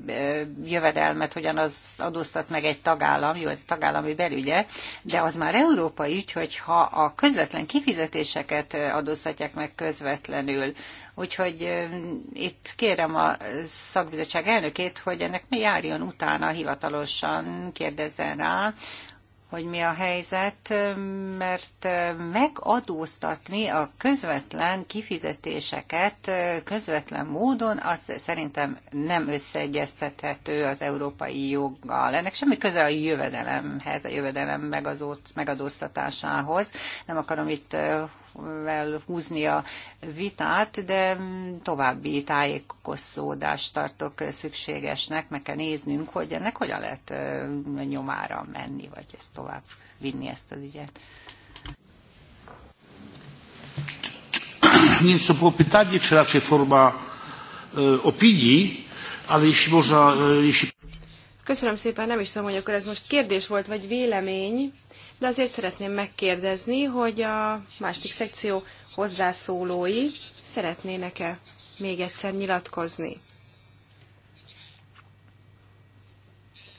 jövedelmet hogyan az adóztat meg egy tagállam, jó, ez tagállami belügye, de az már európai ügy, hogyha a közvetlen kifizetéseket adóztatják meg közvetlenül. Úgyhogy itt kérem a szakbizottság elnökét, hogy ennek mi járjon utána hivatalosan, kérdezzen rá, hogy mi a helyzet, mert megadóztatni a közvetlen kifizetéseket közvetlen módon, az szerintem nem összeegyeztethető az európai joggal. Ennek semmi köze a jövedelemhez, a jövedelem megadóztatásához. Nem akarom itt vel húzni a vitát, de további tájékozódást tartok szükségesnek, meg kell néznünk, hogy ennek hogyan lehet nyomára menni, vagy ezt tovább vinni ezt az ügyet.
Nie wiem, czy to było pytanie, czy raczej forma e, opinii, ale jeśli można, e, jeśli...
Köszönöm szépen, nem is tudom, hogy akkor ez most kérdés volt, vagy vélemény de azért szeretném megkérdezni, hogy a másik szekció hozzászólói szeretnének-e még egyszer nyilatkozni.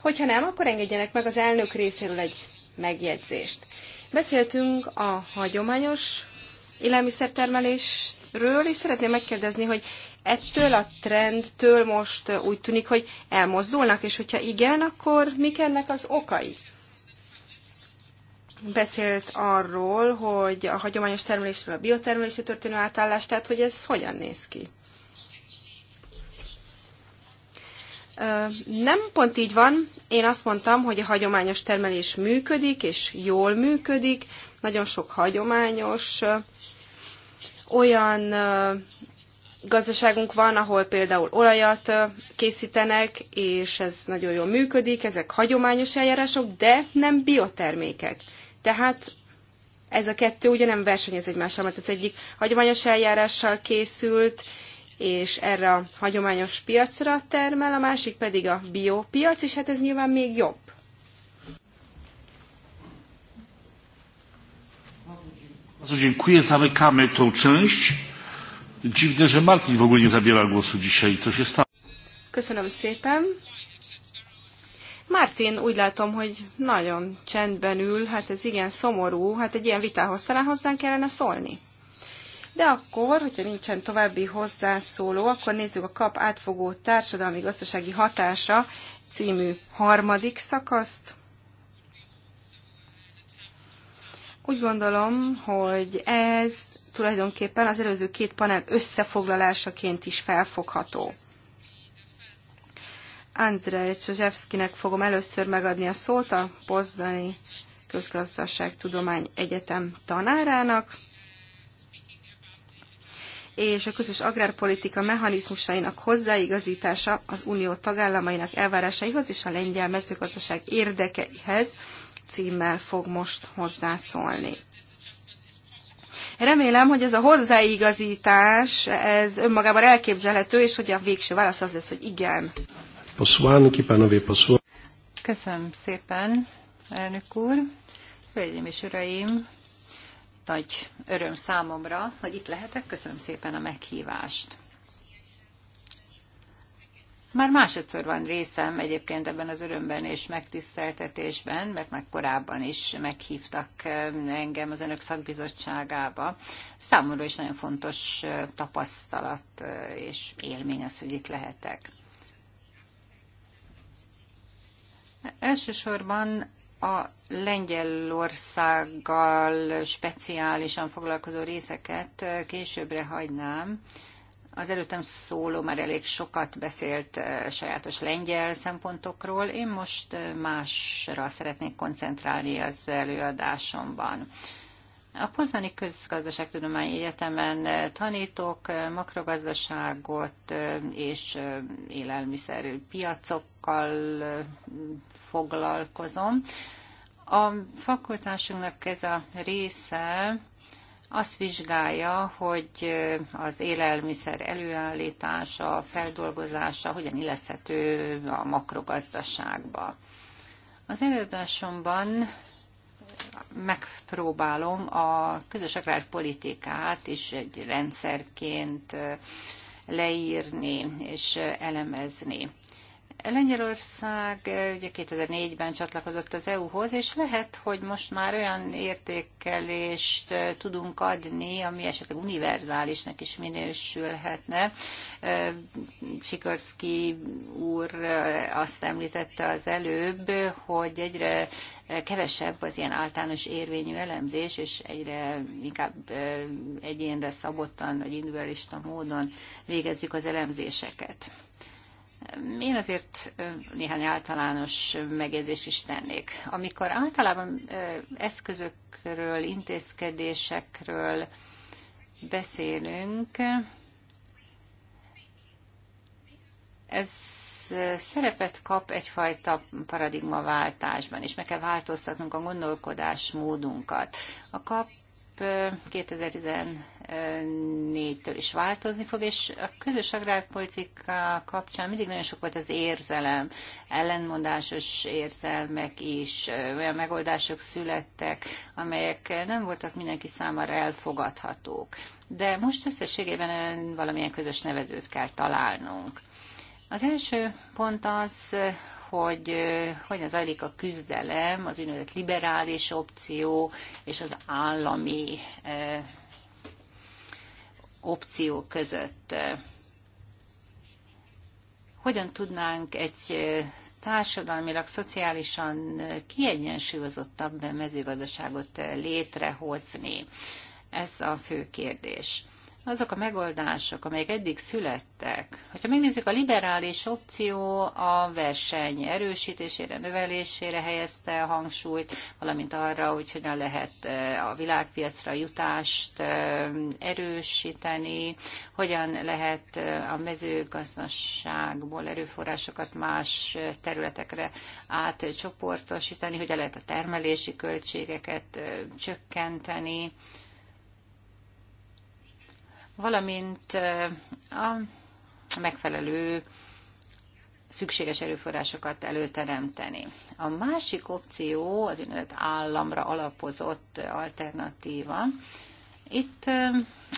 Hogyha nem, akkor engedjenek meg az elnök részéről egy megjegyzést. Beszéltünk a hagyományos élelmiszertermelésről, és szeretném megkérdezni, hogy ettől a trendtől most úgy tűnik, hogy elmozdulnak, és hogyha igen, akkor mik ennek az okai? beszélt arról, hogy a hagyományos termelésről a biotermelésre történő átállás, tehát hogy ez hogyan néz ki? Nem pont így van. Én azt mondtam, hogy a hagyományos termelés működik, és jól működik. Nagyon sok hagyományos olyan gazdaságunk van, ahol például olajat készítenek, és ez nagyon jól működik, ezek hagyományos eljárások, de nem biotermékek. Tehát ez a kettő ugye nem versenyez egymással, mert az egyik hagyományos eljárással készült, és erre a hagyományos piacra termel, a másik pedig a biopiac, és hát ez nyilván még jobb.
Bardzo dziękuję. Zamykamy tą część. Dziwne, że Martin w ogóle nie zabiera głosu dzisiaj. Co się stało?
Köszönöm szépen. Martin úgy látom, hogy nagyon csendben ül, hát ez igen szomorú, hát egy ilyen vitához talán hozzánk kellene szólni. De akkor, hogyha nincsen további hozzászóló, akkor nézzük a kap átfogó társadalmi-gazdasági hatása című harmadik szakaszt. Úgy gondolom, hogy ez tulajdonképpen az előző két panel összefoglalásaként is felfogható. Andrzej Csazsevszkinek fogom először megadni a szót a Pozdani Közgazdaságtudomány Egyetem tanárának, és a közös agrárpolitika mechanizmusainak hozzáigazítása az unió tagállamainak elvárásaihoz és a lengyel mezőgazdaság érdekeihez címmel fog most hozzászólni. Remélem, hogy ez a hozzáigazítás, ez önmagában elképzelhető, és hogy a végső válasz az lesz, hogy igen
panowie posłowie.
Köszönöm szépen, elnök úr. Hölgyeim és uraim, nagy öröm számomra, hogy itt lehetek. Köszönöm szépen a meghívást. Már másodszor van részem egyébként ebben az örömben és megtiszteltetésben, mert már korábban is meghívtak eh, engem az önök szakbizottságába. Számomra is nagyon fontos eh, tapasztalat eh, és élmény az, hogy itt lehetek. Elsősorban a Lengyelországgal speciálisan foglalkozó részeket későbbre hagynám. Az előttem szóló már elég sokat beszélt eh, sajátos lengyel szempontokról, én most eh, másra szeretnék koncentrálni az előadásomban. A Poznani Közgazdaságtudományi Egyetemen eh, tanítok eh, makrogazdaságot eh, és élelmiszerpiacokkal foglalkozom. A fakultásunknak ez a része azt vizsgálja, hogy az élelmiszer előállítása, feldolgozása hogyan illeszhető a makrogazdaságba. Az előadásomban megpróbálom a közös agrárpolitikát is egy rendszerként leírni és elemezni. Lengyelország ugye 2004-ben csatlakozott az EU-hoz, és lehet, hogy most már olyan értékelést tudunk adni, ami esetleg univerzálisnak is minősülhetne. Sikorszki úr azt említette az előbb, hogy egyre kevesebb az ilyen általános érvényű elemzés, és egyre inkább egyénre szabottan vagy individualista módon végezzük az elemzéseket. Én azért néhány általános megjegyzést is tennék. Amikor általában eszközökről, intézkedésekről beszélünk, ez szerepet kap egyfajta paradigmaváltásban, és meg kell változtatnunk a gondolkodásmódunkat. A kap 2014-től is változni fog, és a közös agrárpolitika kapcsán mindig nagyon sok volt az érzelem, ellenmondásos érzelmek is, olyan megoldások születtek, amelyek nem voltak mindenki számára elfogadhatók. De most összességében valamilyen közös nevezőt kell találnunk. Az első pont az, hogy hogyan zajlik a küzdelem, az úgynevezett liberális opció és az állami opció között. Hogyan tudnánk egy társadalmilag, szociálisan kiegyensúlyozottabb mezőgazdaságot létrehozni? Ez a fő kérdés azok a megoldások, amelyek eddig születtek, hogyha megnézzük, a liberális opció a verseny erősítésére, növelésére helyezte a hangsúlyt, valamint arra, hogy hogyan lehet eh, a világpiacra jutást eh, erősíteni, hogyan lehet eh, a mezőgazdaságból erőforrásokat más területekre átcsoportosítani, hogyan lehet a termelési költségeket csökkenteni, valamint a megfelelő szükséges erőforrásokat előteremteni. A másik opció az úgynevezett államra alapozott alternatíva. Itt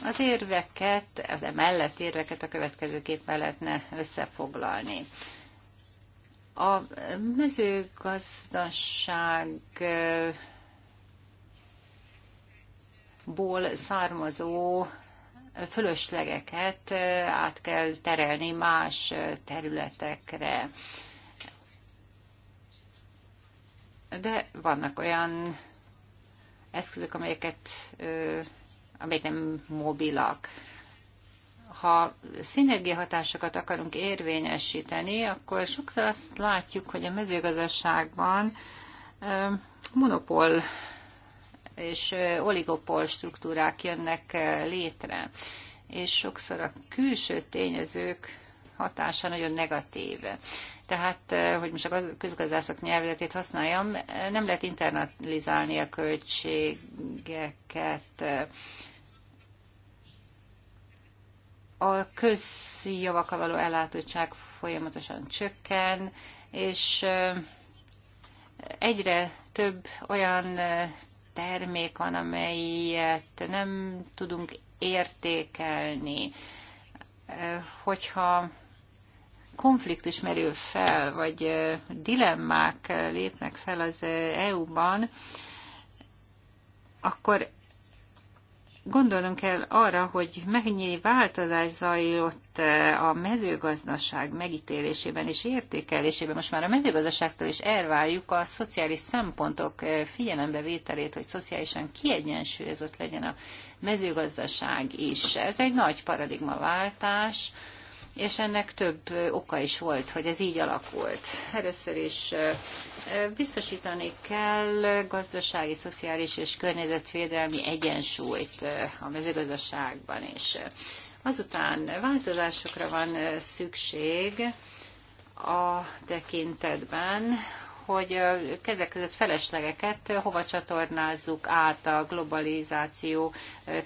az érveket, az emellett érveket a következőképpen lehetne összefoglalni. A mezőgazdaságból származó fölöslegeket át kell terelni más területekre. De vannak olyan eszközök, amelyeket, amelyek nem mobilak ha szinergiahatásokat akarunk érvényesíteni, akkor sokszor azt látjuk, hogy a mezőgazdaságban monopól és oligopol struktúrák jönnek létre. És sokszor a külső tényezők hatása nagyon negatív. Tehát, hogy most a közgazdászok nyelvezetét használjam, nem lehet internalizálni a költségeket. A közjavakkal való ellátottság folyamatosan csökken, és egyre több olyan termék van, amelyet nem tudunk értékelni. Hogyha konfliktus merül fel, vagy dilemmák lépnek fel az EU-ban, akkor gondolnunk kell arra, hogy mennyi változás zajlott eh, a mezőgazdaság megítélésében és értékelésében. Most már a mezőgazdaságtól is elvárjuk a szociális szempontok eh, figyelembevételét, hogy szociálisan kiegyensúlyozott legyen a mezőgazdaság is. Ez egy nagy paradigmaváltás, váltás és ennek több oka is volt, hogy ez így alakult. Először is biztosítani kell gazdasági, szociális és környezetvédelmi egyensúlyt a mezőgazdaságban is. Azután változásokra van szükség a tekintetben, hogy kezek között feleslegeket hova csatornázzuk át a globalizáció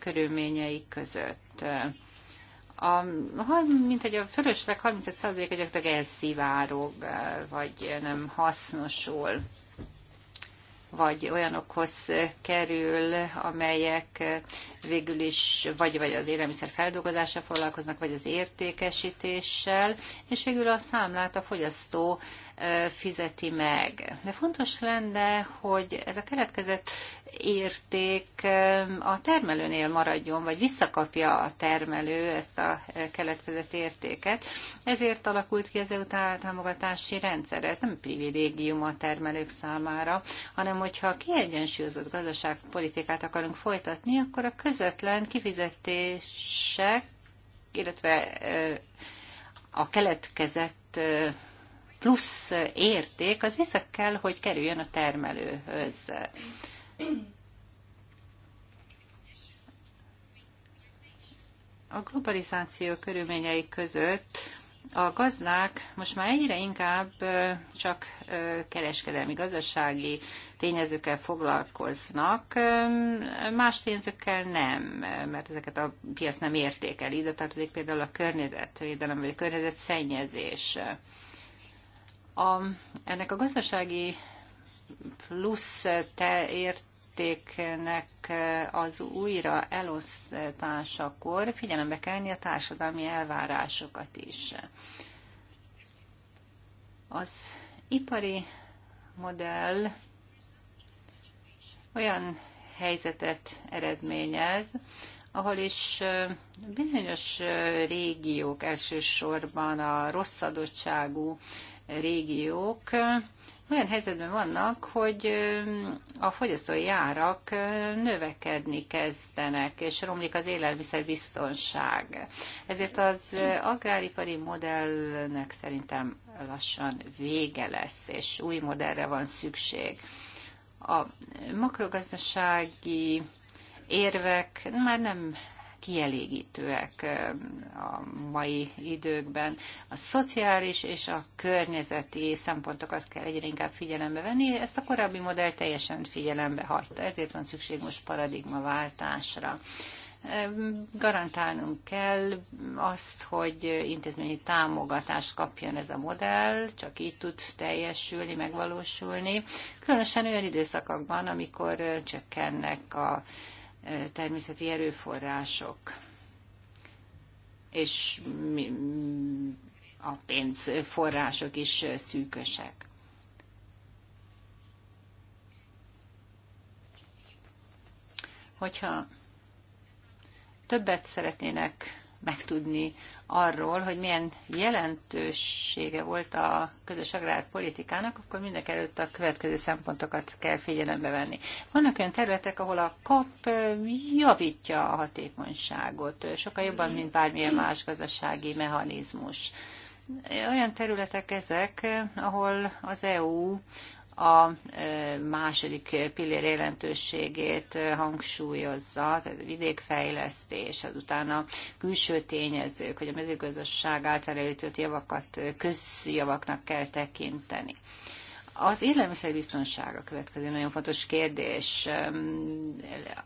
körülményeik között a, mint egy a fölösleg 35%-a gyakorlatilag elszivárog, vagy nem hasznosul, vagy olyanokhoz kerül, amelyek végül is vagy, vagy az élelmiszer feldolgozással foglalkoznak, vagy az értékesítéssel, és végül a számlát a fogyasztó fizeti meg. De fontos lenne, hogy ez a keletkezett érték a termelőnél maradjon, vagy visszakapja a termelő ezt a keletkezett értéket. Ezért alakult ki az EU támogatási rendszer. Ez nem privilégium a termelők számára, hanem hogyha kiegyensúlyozott gazdaságpolitikát akarunk folytatni, akkor a közvetlen kifizetések, illetve a keletkezett plusz érték, az vissza kell, hogy kerüljön a termelőhöz. A globalizáció körülményei között a gazdák most már egyre inkább csak kereskedelmi, gazdasági tényezőkkel foglalkoznak, más tényezőkkel nem, mert ezeket a piac nem értékel. Ide tartozik például a környezetvédelem, vagy a környezetszennyezés. szennyezés a, ennek a gazdasági plusz te ért értéknek az újra elosztásakor figyelembe kellni a társadalmi elvárásokat is. Az ipari modell olyan helyzetet eredményez, ahol is bizonyos régiók, elsősorban a rossz adottságú régiók olyan helyzetben vannak, hogy a fogyasztói árak növekedni kezdenek, és romlik az élelmiszerbiztonság. Ezért az agráripari modellnek szerintem lassan vége lesz, és új modellre van szükség. A makrogazdasági érvek már nem kielégítőek a mai időkben. A szociális és a környezeti szempontokat kell egyre inkább figyelembe venni, ezt a korábbi modell teljesen figyelembe hagyta, ezért van szükség most paradigmaváltásra garantálnunk kell azt, hogy intézményi támogatást kapjon ez a modell, csak így tud teljesülni, megvalósulni, különösen olyan időszakokban, amikor csökkennek a természeti erőforrások és a pénzforrások is szűkösek. Hogyha többet szeretnének megtudni arról, hogy milyen jelentősége volt a közös agrárpolitikának, akkor mindek előtt a következő szempontokat kell figyelembe venni. Vannak olyan területek, ahol a kap javítja a hatékonyságot, sokkal jobban, mint bármilyen más gazdasági mechanizmus. Olyan területek ezek, ahol az EU a második pillér jelentőségét hangsúlyozza, tehát a vidékfejlesztés, azután a külső tényezők, hogy a mezőgazdaság által előtött javakat közjavaknak kell tekinteni. Az élelmiszerbiztonság a következő nagyon fontos kérdés.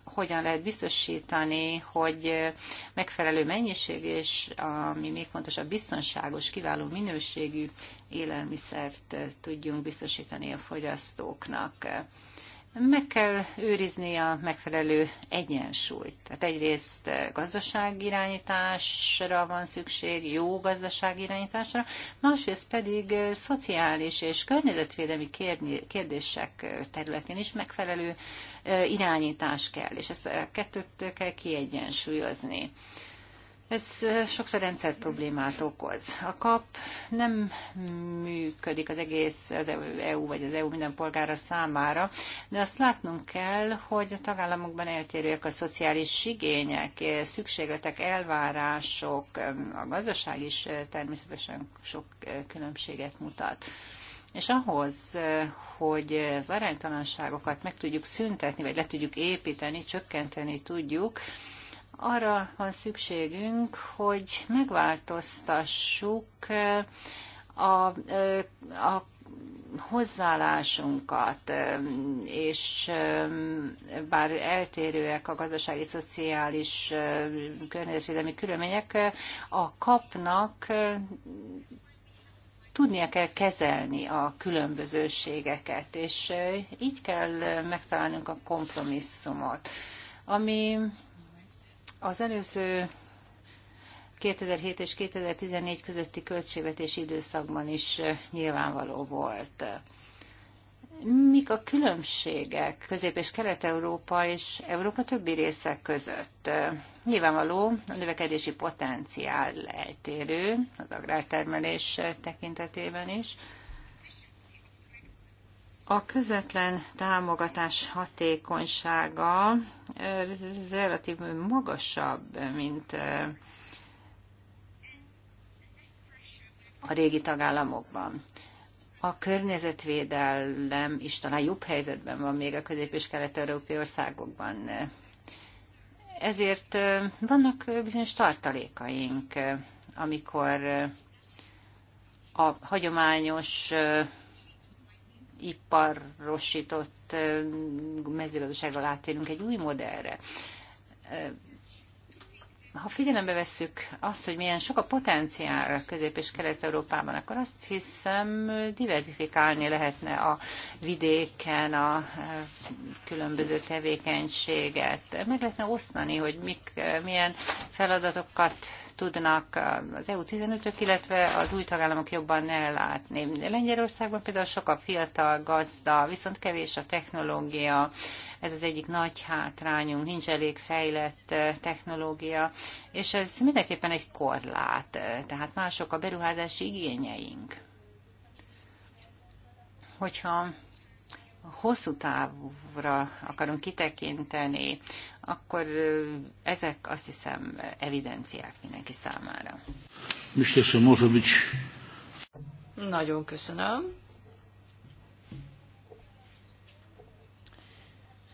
Hogyan lehet biztosítani, hogy megfelelő mennyiség és, ami még fontosabb, biztonságos, kiváló minőségű élelmiszert tudjunk biztosítani a fogyasztóknak meg kell őrizni a megfelelő egyensúlyt. Tehát egyrészt gazdaságirányításra van szükség, jó gazdaságirányításra, másrészt pedig szociális és környezetvédelmi kérdések területén is megfelelő irányítás kell, és ezt a kettőt kell kiegyensúlyozni. Ez sokszor rendszer problémát okoz. A kap nem működik az egész az EU e vagy az EU minden polgára számára, de azt látnunk kell, hogy a tagállamokban eltérőek a szociális igények, szükségletek, elvárások, a gazdaság is természetesen sok különbséget mutat. És ahhoz, hogy az aránytalanságokat meg tudjuk szüntetni, vagy le tudjuk építeni, csökkenteni tudjuk, arra van szükségünk, hogy megváltoztassuk eh, a, eh, a hozzáállásunkat, eh, és bár eltérőek a gazdasági, szociális, környezetvédelmi körülmények, a kapnak tudnia kell kezelni a különbözőségeket, és így kell megtalálnunk a kompromisszumot, ami az előző 2007 és 2014 közötti költségvetési időszakban is nyilvánvaló volt. Mik a különbségek Közép- és Kelet-Európa és Európa többi része között? Nyilvánvaló, a növekedési potenciál eltérő az agrártermelés tekintetében is, a közvetlen támogatás hatékonysága relatív magasabb, mint a régi tagállamokban. A környezetvédelem is talán jobb helyzetben van még a közép- és kelet-európai országokban. Ezért vannak bizonyos tartalékaink, amikor a hagyományos iparosított mezőgazdaságról áttérünk egy új modellre. Ha figyelembe vesszük azt, hogy milyen sok a potenciál Közép- és Kelet-Európában, akkor azt hiszem diversifikálni lehetne a vidéken a különböző tevékenységet. Meg lehetne osztani, hogy mik, milyen feladatokat tudnak eh, az EU-15-ök, illetve az új tagállamok jobban ellátni. Lengyelországban például sok a fiatal gazda, viszont kevés a technológia, ez az egyik nagy hátrányunk, nincs elég fejlett eh, technológia, és ez mindenképpen egy korlát, eh, tehát mások a beruházási igényeink. Hogyha hosszú távra akarunk kitekinteni, akkor ezek azt hiszem evidenciák
mindenki számára. Myślę, że Nagyon köszönöm.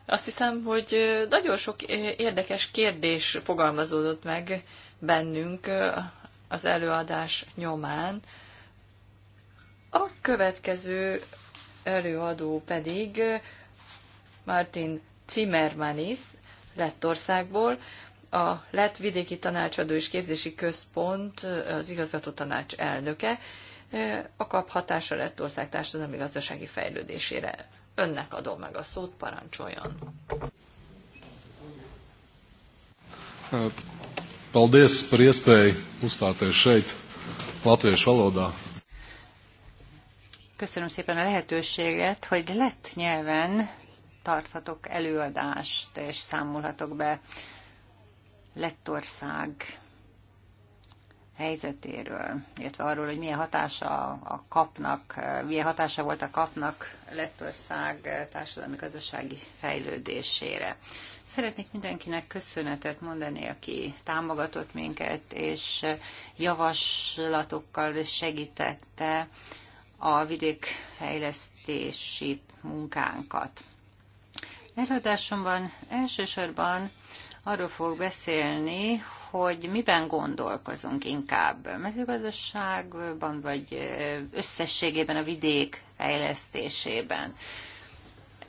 Azt hiszem, hogy nagyon sok érdekes kérdés fogalmazódott meg bennünk az előadás nyomán. A következő előadó pedig Martin Zimmermanis Lettországból, a Lett Vidéki Tanácsadó és Képzési Központ az igazgató tanács elnöke, a kap hatása Lettország társadalmi gazdasági fejlődésére. Önnek adom meg a szót, parancsoljon.
Paldies par iespēju sejt, latvés valóda,
köszönöm szépen a lehetőséget, hogy lett nyelven tarthatok előadást, és számolhatok be Lettország helyzetéről, illetve arról, hogy milyen hatása a kapnak, milyen hatása volt a kapnak Lettország társadalmi gazdasági fejlődésére. Szeretnék mindenkinek köszönetet mondani, aki támogatott minket, és javaslatokkal segítette a vidékfejlesztési munkánkat. Előadásomban elsősorban arról fog beszélni, hogy miben gondolkozunk inkább mezőgazdaságban, vagy összességében a vidék fejlesztésében.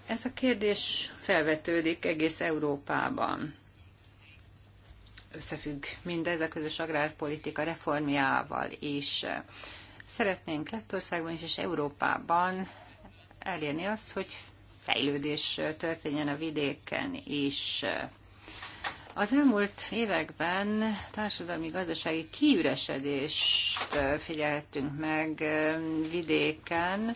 Ez a kérdés felvetődik egész Európában. Összefügg mindez a közös agrárpolitika reformjával is. Szeretnénk Lettországban is és Európában elérni azt, hogy fejlődés történjen a vidéken is. Az elmúlt években társadalmi-gazdasági kiüresedést figyelhettünk meg vidéken.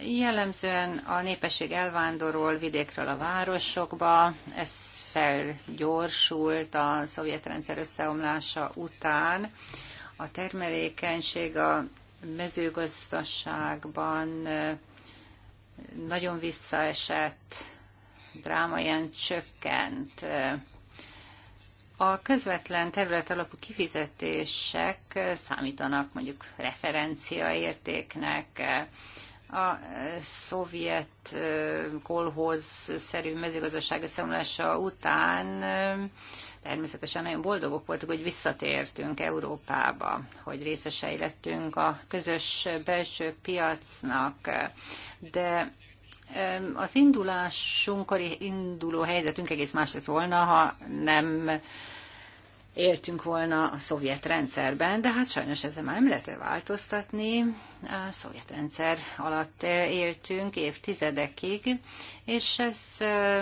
Jellemzően a népesség elvándorol vidékről a városokba, ez felgyorsult a szovjet rendszer összeomlása után. A termelékenység, a mezőgazdaságban nagyon visszaesett, drámaján csökkent. A közvetlen terület alapú kifizetések számítanak mondjuk referenciaértéknek, a eh, szovjet eh, kolhoz-szerű mezőgazdaság összeomlása után eh, természetesen nagyon boldogok voltunk, hogy visszatértünk Európába, hogy részesei lettünk a közös belső piacnak, de az indulásunkori induló helyzetünk egész más lett volna, ha nem éltünk volna a szovjet rendszerben, de hát sajnos ezzel már nem lehet változtatni. A szovjet rendszer alatt éltünk évtizedekig, és ez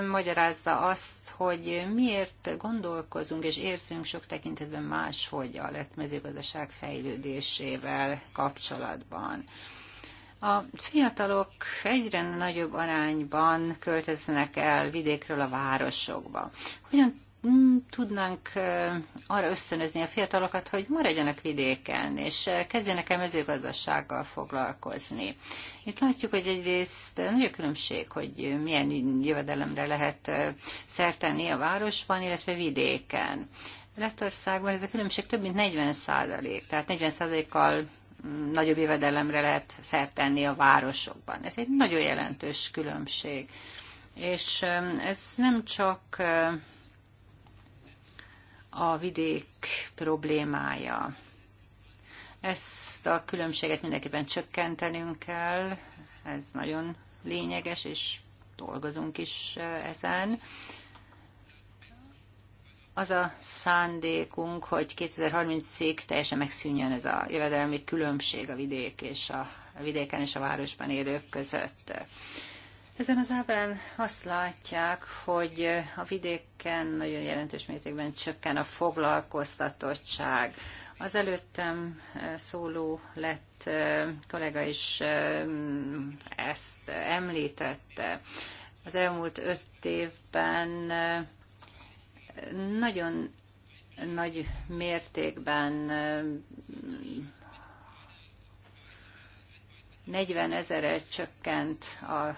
magyarázza azt, hogy miért gondolkozunk és érzünk sok tekintetben máshogy a lett mezőgazdaság fejlődésével kapcsolatban. A fiatalok egyre nagyobb arányban költöznek el vidékről a városokba. Hogyan Mm, tudnánk arra ösztönözni a fiatalokat, hogy maradjanak vidéken, és kezdjenek el mezőgazdasággal foglalkozni. Itt látjuk, hogy egyrészt nagy a különbség, hogy milyen jövedelemre lehet szertenni a városban, illetve vidéken. Lettországban ez a különbség több mint 40 százalék, tehát 40 kal mm, nagyobb jövedelemre lehet szertenni a városokban. Ez egy nagyon jelentős különbség. És ez nem csak a vidék problémája. Ezt a különbséget mindenképpen csökkentenünk kell, ez nagyon lényeges, és dolgozunk is eh, ezen. Az a szándékunk, hogy 2030-ig teljesen megszűnjön ez a jövedelmi különbség a vidék és a, a vidéken és a városban élők között. Ezen az ábrán azt látják, hogy a vidéken nagyon jelentős mértékben csökken a foglalkoztatottság. Az előttem eh, szóló lett eh, kollega is eh, ezt említette. Az elmúlt öt évben nagyon nagy mértékben 40 ezerre csökkent a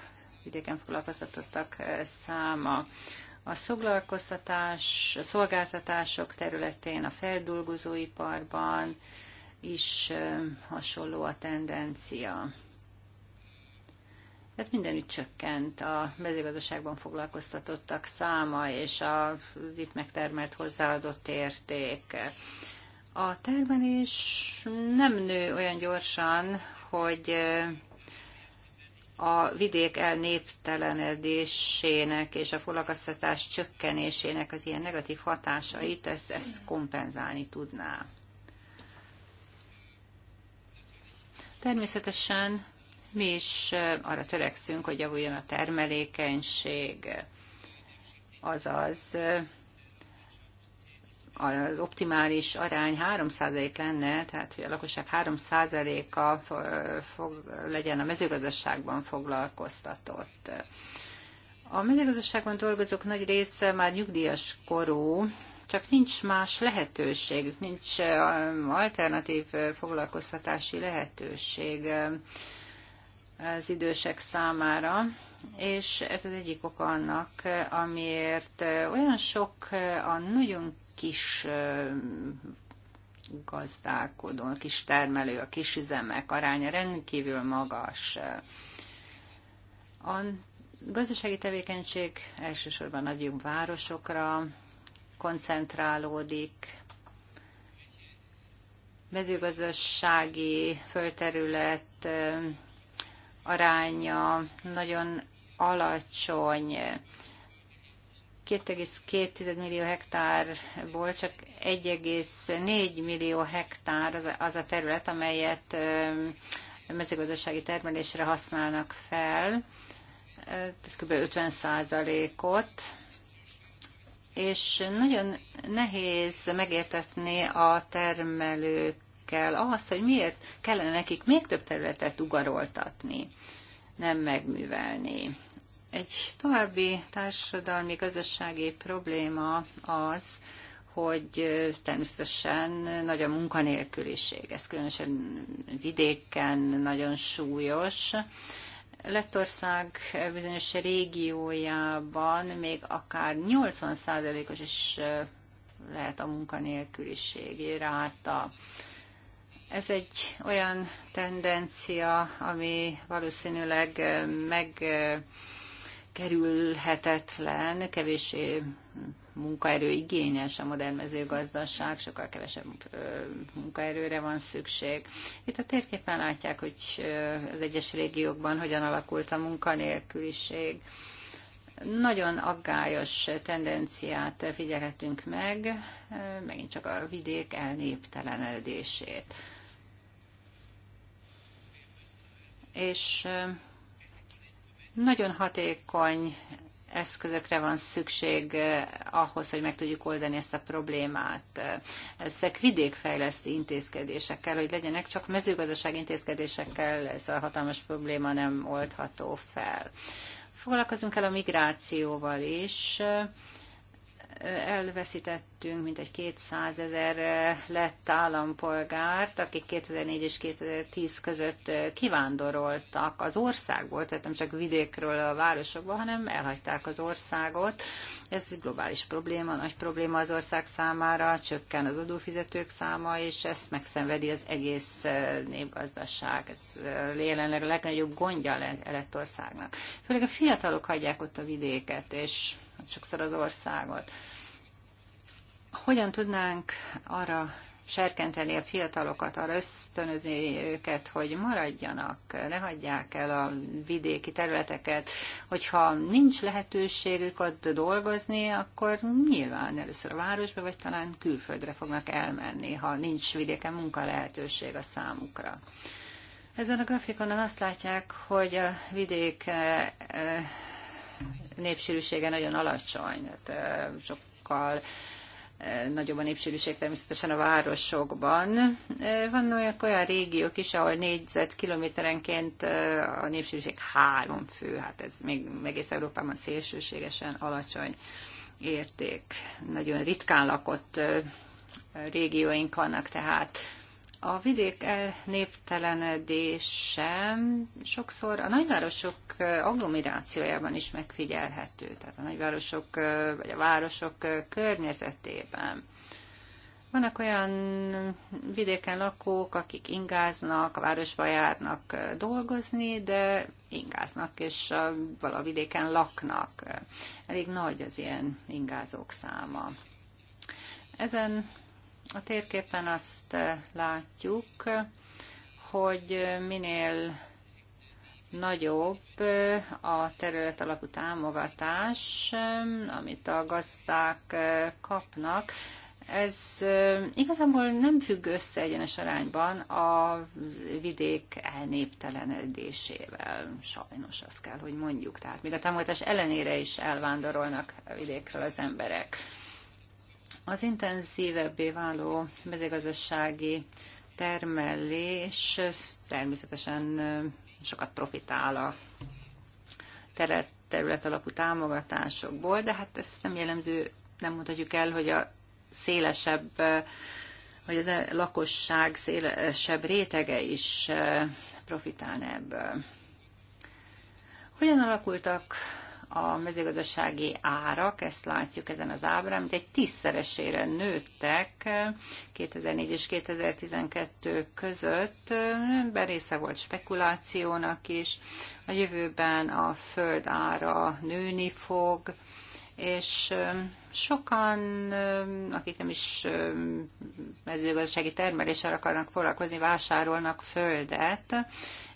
idegen foglalkoztatottak száma. A szoglalkoztatás, a szolgáltatások területén, a feldolgozóiparban is hasonló a tendencia. Tehát mindenütt csökkent a mezőgazdaságban foglalkoztatottak száma és a itt megtermelt hozzáadott érték. A termelés nem nő olyan gyorsan, hogy a vidék elnéptelenedésének és a foglalkoztatás csökkenésének az ilyen negatív hatásait, ez, ezt kompenzálni tudná. Természetesen mi is arra törekszünk, hogy javuljon a termelékenység, azaz az optimális arány 3% lenne, tehát hogy a lakosság 3%-a fog, legyen a mezőgazdaságban foglalkoztatott. A mezőgazdaságban dolgozók nagy része már nyugdíjas korú, csak nincs más lehetőségük, nincs uh, alternatív uh, foglalkoztatási lehetőség uh, az idősek számára, és ez az egyik oka annak, amiért olyan sok a nagyon kis gazdálkodó, a kis termelő, a kis üzemek aránya rendkívül magas. A gazdasági tevékenység elsősorban nagyobb városokra koncentrálódik, mezőgazdasági földterület aránya nagyon alacsony, 2,2 millió hektárból csak 1,4 millió hektár az a, az a terület, amelyet mezőgazdasági termelésre használnak fel, kb. 50 százalékot, és nagyon nehéz megértetni a termelőkkel azt, hogy miért kellene nekik még több területet ugaroltatni, nem megművelni. Egy további társadalmi gazdasági probléma az, hogy természetesen nagy a munkanélküliség. Ez különösen vidéken nagyon súlyos. Lettország bizonyos régiójában még akár 80%-os is lehet a munkanélküliség ráta. Ez egy olyan tendencia, ami valószínűleg meg kerülhetetlen, kevésé igényes a modern mezőgazdaság, sokkal kevesebb munkaerőre van szükség. Itt a térképen látják, hogy az egyes régiókban hogyan alakult a munkanélküliség. Nagyon aggályos tendenciát figyelhetünk meg, megint csak a vidék elnéptelenedését. És nagyon hatékony eszközökre van szükség eh, ahhoz, hogy meg tudjuk oldani ezt a problémát. Eh, ezek vidékfejlesztő intézkedésekkel, hogy legyenek, csak mezőgazdaság intézkedésekkel ez a hatalmas probléma nem oldható fel. Foglalkozunk el a migrációval is. Eh, elveszítettünk mintegy 200 ezer eh, lett állampolgárt, akik 2004 és 2010 között eh, kivándoroltak az országból, tehát nem csak vidékről a városokba, hanem elhagyták az országot. Ez globális probléma, nagy probléma az ország számára, csökken az adófizetők száma, és ezt megszenvedi az egész eh, népgazdaság. Ez jelenleg a legnagyobb gondja lett országnak. Főleg a fiatalok hagyják ott a vidéket, és sokszor az országot. Hogyan tudnánk arra serkenteni a fiatalokat, arra ösztönözni őket, hogy maradjanak, ne hagyják el a vidéki területeket. Hogyha nincs lehetőségük ott dolgozni, akkor nyilván először a városba, vagy talán külföldre fognak elmenni, ha nincs vidéken munka lehetőség a számukra. Ezen a grafikonon azt látják, hogy a vidék eh, eh, népsűrűsége nagyon alacsony, tehát sokkal nagyobb a népsűrűség természetesen a városokban. Vannak olyan régiók is, ahol négyzetkilométerenként a népsűrűség három fő, hát ez még egész Európában szélsőségesen alacsony érték. Nagyon ritkán lakott régióink vannak tehát. A vidék elnéptelenedése sokszor a nagyvárosok eh, agglomerációjában is megfigyelhető, tehát a nagyvárosok eh, vagy a városok eh, környezetében. Vannak olyan vidéken lakók, akik ingáznak, a városba járnak dolgozni, de ingáznak, és vala vidéken laknak. Elég nagy az ilyen ingázók száma. Ezen a térképen azt eh, látjuk, hogy minél nagyobb eh, a terület alapú támogatás, eh, amit a gazdák kapnak, ez igazából nem függ össze egyenes arányban a vidék elnéptelenedésével. Sajnos azt kell, hogy mondjuk. Tehát még a támogatás ellenére is elvándorolnak a vidékről az emberek. Az intenzívebbé váló mezőgazdasági termelés természetesen sokat profitál a terület, terület alapú támogatásokból, de hát ezt nem jellemző, nem mutatjuk el, hogy a szélesebb, vagy az a lakosság szélesebb rétege is profitálna ebből. Hogyan alakultak a mezőgazdasági árak, ezt látjuk ezen az ábrán, mint egy tízszeresére nőttek 2004 és 2012 között. Berésze volt spekulációnak is. A jövőben a föld ára nőni fog, és sokan, akik nem is mezőgazdasági termeléssel akarnak foglalkozni, vásárolnak földet,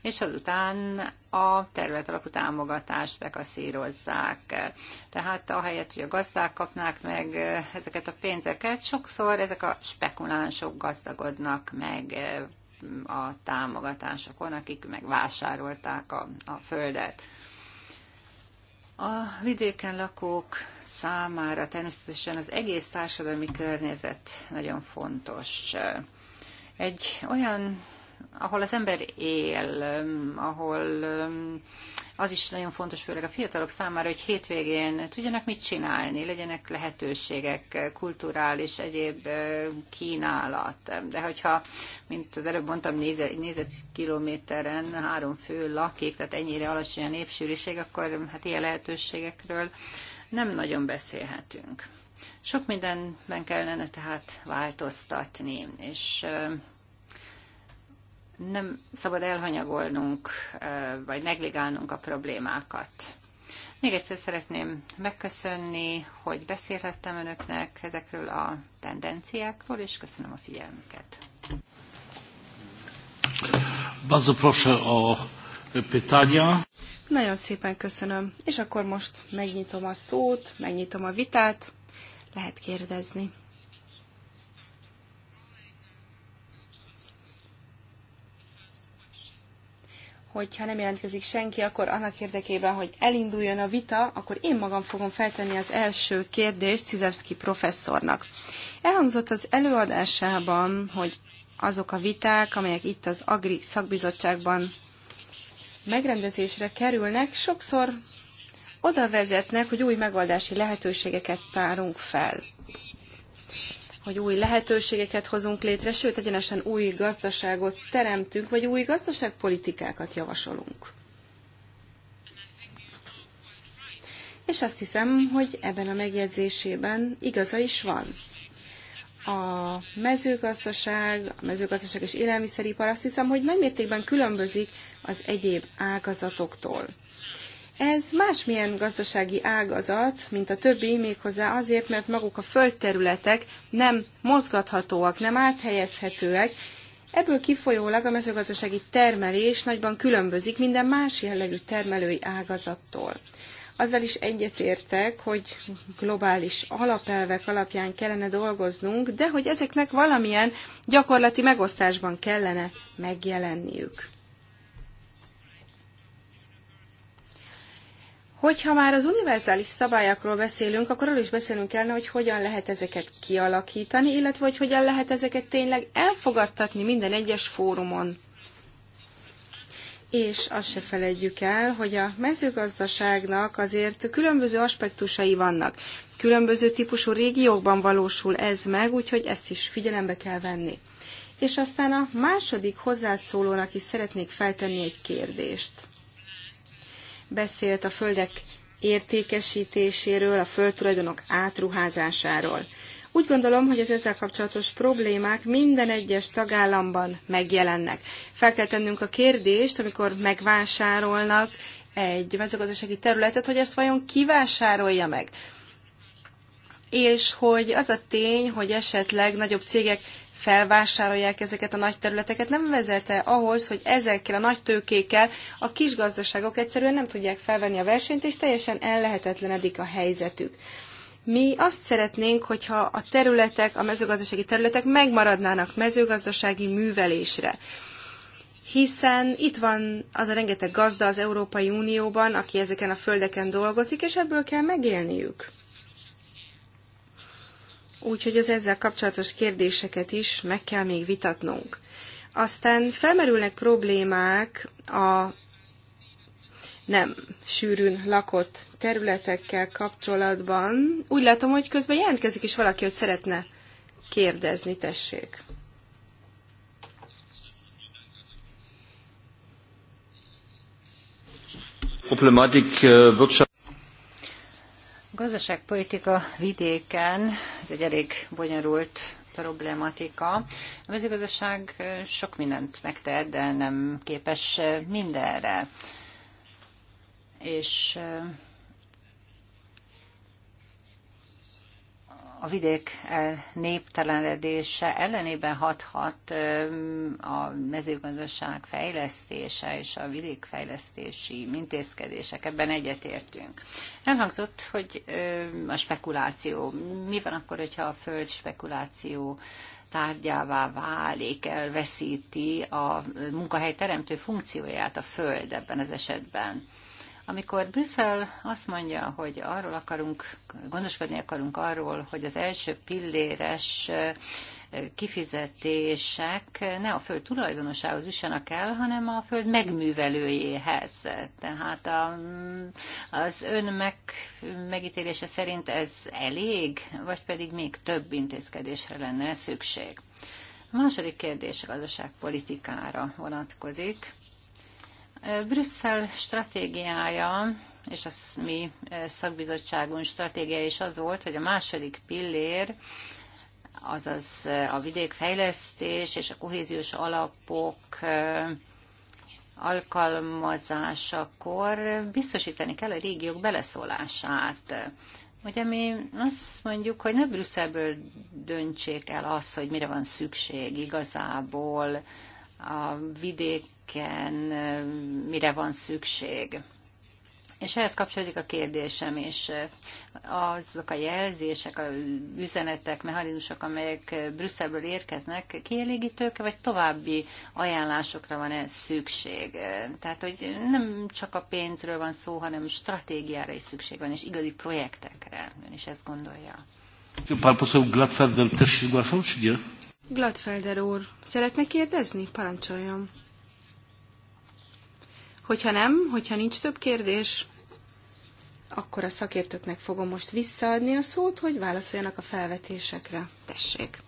és azután a terület alapú támogatást bekaszírozzák. Tehát ahelyett, hogy a gazdák kapnák meg ezeket a pénzeket, sokszor ezek a spekulánsok gazdagodnak meg a támogatásokon, akik megvásárolták a, a földet. A vidéken lakók számára természetesen az egész társadalmi környezet nagyon fontos. Egy olyan, ahol az ember él, ahol az is nagyon fontos, főleg a fiatalok számára, hogy hétvégén tudjanak mit csinálni, legyenek lehetőségek, kulturális, egyéb kínálat. De hogyha, mint az előbb mondtam, kilométeren három fő lakik, tehát ennyire alacsony a népsűrűség, akkor hát ilyen lehetőségekről nem nagyon beszélhetünk. Sok mindenben kellene tehát változtatni, és nem szabad elhanyagolnunk, vagy negligálnunk a problémákat. Még egyszer szeretném megköszönni, hogy beszélhettem önöknek ezekről a tendenciákról, és köszönöm a figyelmüket.
Bardzo proszę o pytania.
Nagyon szépen köszönöm. És akkor most megnyitom a szót, megnyitom a vitát, lehet kérdezni. hogyha nem jelentkezik senki, akkor annak érdekében, hogy elinduljon a vita, akkor én magam fogom feltenni az első kérdést Cizevski professzornak. Elhangzott az előadásában, hogy azok a viták, amelyek itt az Agri szakbizottságban megrendezésre kerülnek, sokszor oda vezetnek, hogy új megoldási lehetőségeket tárunk fel hogy új lehetőségeket hozunk létre, sőt, egyenesen új gazdaságot teremtünk, vagy új gazdaságpolitikákat javasolunk. És azt hiszem, hogy ebben a megjegyzésében igaza is van. A mezőgazdaság, a mezőgazdaság és élelmiszeripar azt hiszem, hogy nagymértékben különbözik az egyéb ágazatoktól. Ez másmilyen gazdasági ágazat, mint a többi, méghozzá azért, mert maguk a földterületek nem mozgathatóak, nem áthelyezhetőek, Ebből kifolyólag a mezőgazdasági termelés nagyban különbözik minden más jellegű termelői ágazattól. Azzal is egyetértek, hogy globális alapelvek alapján kellene dolgoznunk, de hogy ezeknek valamilyen gyakorlati megosztásban kellene megjelenniük. Hogyha már az univerzális szabályokról beszélünk, akkor arról is beszélünk kellene, hogy hogyan lehet ezeket kialakítani, illetve hogy hogyan lehet ezeket tényleg elfogadtatni minden egyes fórumon. És azt se felejtjük el, hogy a mezőgazdaságnak azért különböző aspektusai vannak. Különböző típusú régiókban valósul ez meg, úgyhogy ezt is figyelembe kell venni. És aztán a második hozzászólónak is szeretnék feltenni egy kérdést beszélt a földek értékesítéséről, a földtulajdonok átruházásáról. Úgy gondolom, hogy az ezzel kapcsolatos problémák minden egyes tagállamban megjelennek. Fel kell tennünk a kérdést, amikor megvásárolnak egy mezőgazdasági területet, hogy ezt vajon kivásárolja meg. És hogy az a tény, hogy esetleg nagyobb cégek felvásárolják ezeket a nagy területeket, nem vezete ahhoz, hogy ezekkel a nagy tőkékkel a kis gazdaságok egyszerűen nem tudják felvenni a versenyt, és teljesen ellehetetlenedik a helyzetük. Mi azt szeretnénk, hogyha a területek, a mezőgazdasági területek megmaradnának mezőgazdasági művelésre hiszen itt van az a rengeteg gazda az Európai Unióban, aki ezeken a földeken dolgozik, és ebből kell megélniük úgyhogy az ezzel kapcsolatos kérdéseket is meg kell még vitatnunk. Aztán felmerülnek problémák a nem sűrűn lakott területekkel kapcsolatban. Úgy látom, hogy közben jelentkezik is valaki, hogy szeretne kérdezni, tessék.
Problematik e,
a gazdaságpolitika vidéken, ez egy elég bonyolult problématika. A mezőgazdaság sok mindent megtehet, de nem képes mindenre. És a vidék néptelenedése ellenében hathat a mezőgazdaság fejlesztése és a vidékfejlesztési intézkedések. Ebben egyetértünk. Elhangzott, hogy a spekuláció. Mi van akkor, hogyha a föld spekuláció tárgyává válik, elveszíti a munkahely teremtő funkcióját a föld ebben az esetben? Amikor Brüsszel azt mondja, hogy arról akarunk, gondoskodni akarunk arról, hogy az első pilléres kifizetések ne a föld tulajdonosához üssenek el, hanem a föld megművelőjéhez. Tehát a, az ön meg, megítélése szerint ez elég, vagy pedig még több intézkedésre lenne szükség? A második kérdés a gazdaságpolitikára vonatkozik. Brüsszel stratégiája, és az mi eh, szakbizottságunk stratégiája is az volt, hogy a második pillér, azaz eh, a vidékfejlesztés és a kohéziós alapok eh, alkalmazásakor biztosítani kell a régiók beleszólását. Ugye mi azt mondjuk, hogy ne Brüsszelből döntsék el azt, hogy mire van szükség igazából a vidék helyeken mire van szükség. És ehhez kapcsolódik a kérdésem is. Azok a jelzések, a üzenetek, mechanizmusok, amelyek Brüsszelből érkeznek, kielégítők, vagy további ajánlásokra van ez szükség? Tehát, hogy nem csak a pénzről van szó, hanem stratégiára is szükség van, és igazi projektekre. Ön is ezt gondolja.
Pán poseł Gladfelder też
Gladfelder úr,
szeretne kérdezni? Parancsoljon. Hogyha nem, hogyha nincs több kérdés, akkor a szakértőknek fogom most visszaadni a szót, hogy válaszoljanak a felvetésekre. Tessék!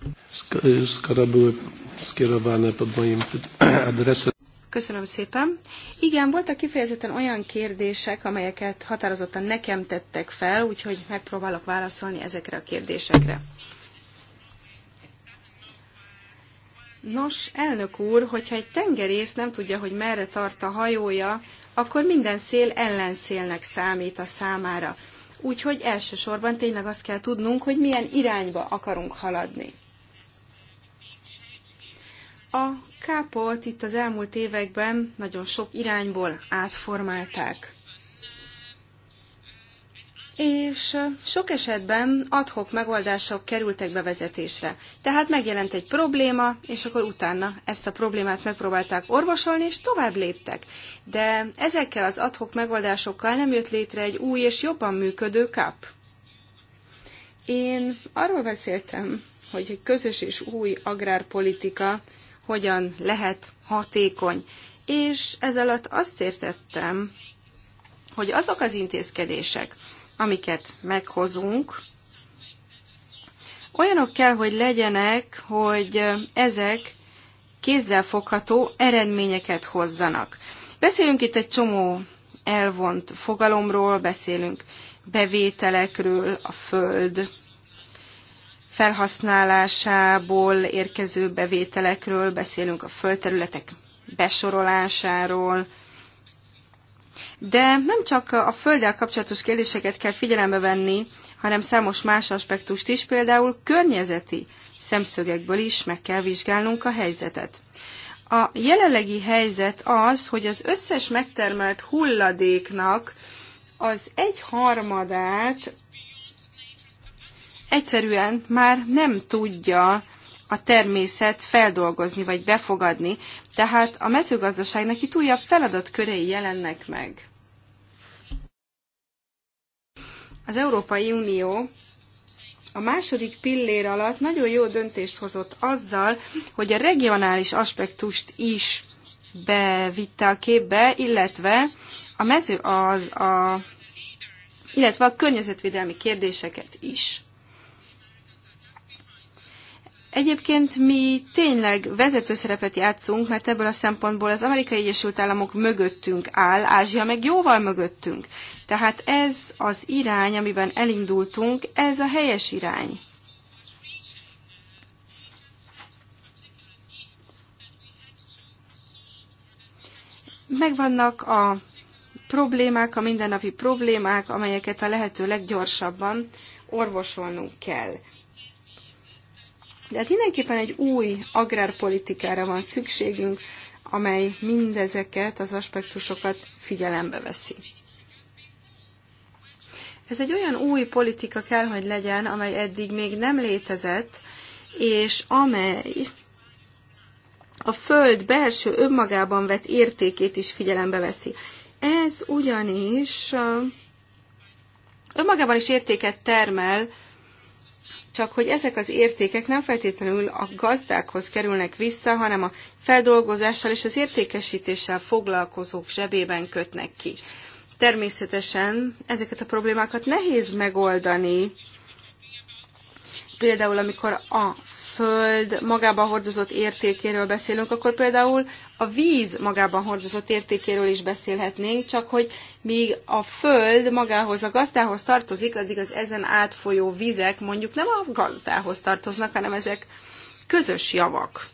Köszönöm szépen. Igen, voltak kifejezetten olyan kérdések, amelyeket határozottan nekem tettek fel, úgyhogy megpróbálok válaszolni ezekre a kérdésekre. Nos, elnök úr, hogyha egy tengerész nem tudja, hogy merre tart a hajója, akkor minden szél ellenszélnek számít a számára. Úgyhogy elsősorban tényleg azt kell tudnunk, hogy milyen irányba akarunk haladni. A kápolt itt az elmúlt években nagyon sok irányból átformálták és sok esetben adhok megoldások kerültek bevezetésre. Tehát megjelent egy probléma, és akkor utána ezt a problémát megpróbálták orvosolni, és tovább léptek. De ezekkel az adhok megoldásokkal nem jött létre egy új és jobban működő kap. Én arról beszéltem, hogy egy közös és új agrárpolitika hogyan lehet hatékony. És ez alatt azt értettem, hogy azok az intézkedések, amiket meghozunk, olyanok kell, hogy legyenek, hogy ezek kézzelfogható eredményeket hozzanak. Beszélünk itt egy csomó elvont fogalomról, beszélünk bevételekről, a föld felhasználásából érkező bevételekről, beszélünk a földterületek besorolásáról, de nem csak a földdel kapcsolatos kérdéseket kell figyelembe venni, hanem számos más aspektust is, például környezeti szemszögekből is meg kell vizsgálnunk a helyzetet. A jelenlegi helyzet az, hogy az összes megtermelt hulladéknak az egy harmadát egyszerűen már nem tudja a természet feldolgozni vagy befogadni, tehát a mezőgazdaságnak itt újabb feladatkörei jelennek meg. Az Európai Unió a második pillér alatt nagyon jó döntést hozott azzal, hogy a regionális aspektust is bevitte a képbe, illetve a mező az a, illetve a környezetvédelmi kérdéseket is. Egyébként mi tényleg vezető szerepet játszunk, mert ebből a szempontból az Amerikai Egyesült Államok mögöttünk áll, Ázsia meg jóval mögöttünk. Tehát ez az irány, amiben elindultunk, ez a helyes irány. Megvannak a problémák, a mindennapi problémák, amelyeket a lehető leggyorsabban orvosolnunk kell. De hát mindenképpen egy új agrárpolitikára van szükségünk, amely mindezeket az aspektusokat figyelembe veszi. Ez egy olyan új politika kell, hogy legyen, amely eddig még nem létezett, és amely a Föld belső önmagában vett értékét is figyelembe veszi. Ez ugyanis önmagában is értéket termel, csak hogy ezek az értékek nem feltétlenül a gazdákhoz kerülnek vissza, hanem a feldolgozással és az értékesítéssel foglalkozók zsebében kötnek ki. Természetesen ezeket a problémákat nehéz megoldani. Például, amikor a föld magában hordozott értékéről beszélünk, akkor például a víz magában hordozott értékéről is beszélhetnénk, csak hogy míg a föld magához, a gazdához tartozik, addig az ezen átfolyó vizek mondjuk nem a gazdához tartoznak, hanem ezek közös javak.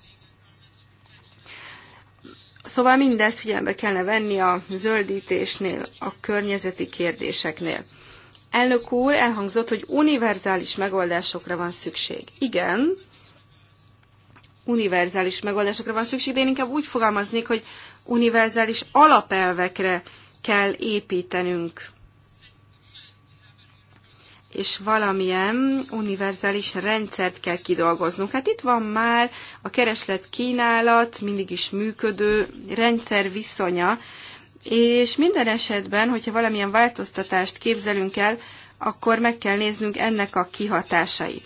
Szóval mindezt figyelembe kellene venni a zöldítésnél, a környezeti kérdéseknél. Elnök úr, elhangzott, hogy univerzális megoldásokra van szükség. Igen, univerzális megoldásokra van szükség, de én inkább úgy fogalmaznék, hogy univerzális alapelvekre kell építenünk és valamilyen univerzális rendszert kell kidolgoznunk. Hát itt van már a kereslet-kínálat, mindig is működő rendszer viszonya, és minden esetben, hogyha valamilyen változtatást képzelünk el, akkor meg kell néznünk ennek a kihatásait.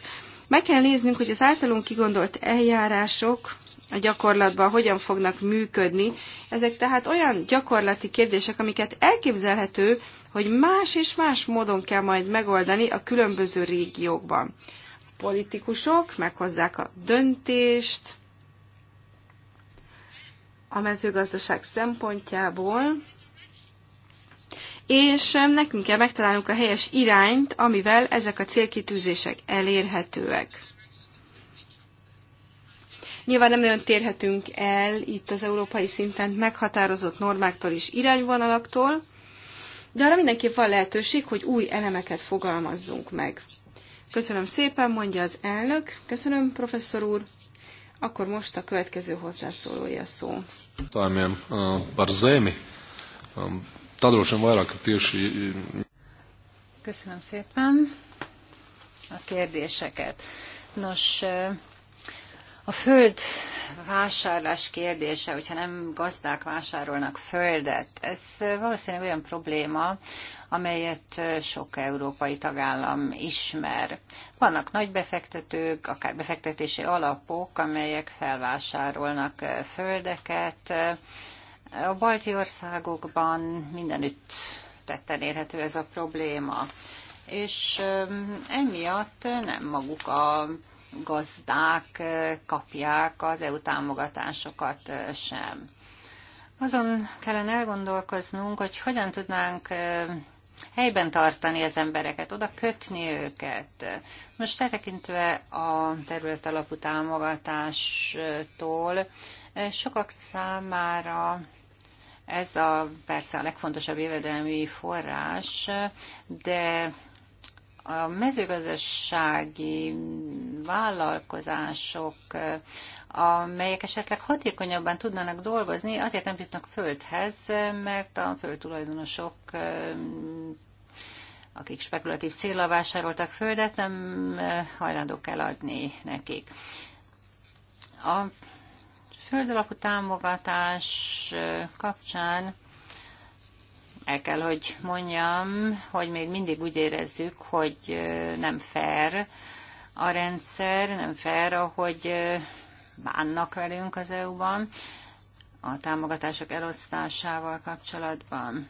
Meg kell néznünk, hogy az általunk kigondolt eljárások a gyakorlatban hogyan fognak működni. Ezek tehát olyan gyakorlati kérdések, amiket elképzelhető, hogy más és más módon kell majd megoldani a különböző régiókban. A politikusok meghozzák a döntést a mezőgazdaság szempontjából, és nekünk kell megtalálnunk a helyes irányt, amivel ezek a célkitűzések elérhetőek. Nyilván nem nagyon térhetünk el itt az európai szinten meghatározott normáktól és irányvonalaktól, de arra mindenképp van lehetőség, hogy új elemeket fogalmazzunk meg. Köszönöm szépen, mondja az elnök. Köszönöm, professzor úr. Akkor most a következő
hozzászólója szó.
Talán barzemi. Tadrosan vairāk tieši...
Köszönöm szépen a kérdéseket. Nos, a föld vásárlás kérdése, hogyha nem gazdák vásárolnak földet, ez valószínűleg olyan probléma, amelyet sok európai tagállam ismer. Vannak nagy befektetők, akár befektetési alapok, amelyek felvásárolnak földeket. A balti országokban mindenütt tetten érhető ez a probléma. És emiatt nem maguk a gazdák kapják az EU támogatásokat sem. Azon kellene elgondolkoznunk, hogy hogyan tudnánk helyben tartani az embereket, oda kötni őket. Most eltekintve a terület alapú támogatástól, sokak számára ez a persze a legfontosabb jövedelmi forrás, de a mezőgazdasági vállalkozások, amelyek esetleg hatékonyabban tudnának dolgozni, azért nem jutnak földhez, mert a földtulajdonosok akik spekulatív célra vásároltak földet, nem hajlandók eladni nekik. A alapú támogatás kapcsán el kell, hogy mondjam, hogy még mindig úgy érezzük, hogy nem fair a rendszer, nem fair, ahogy bánnak velünk az EU-ban a támogatások elosztásával kapcsolatban.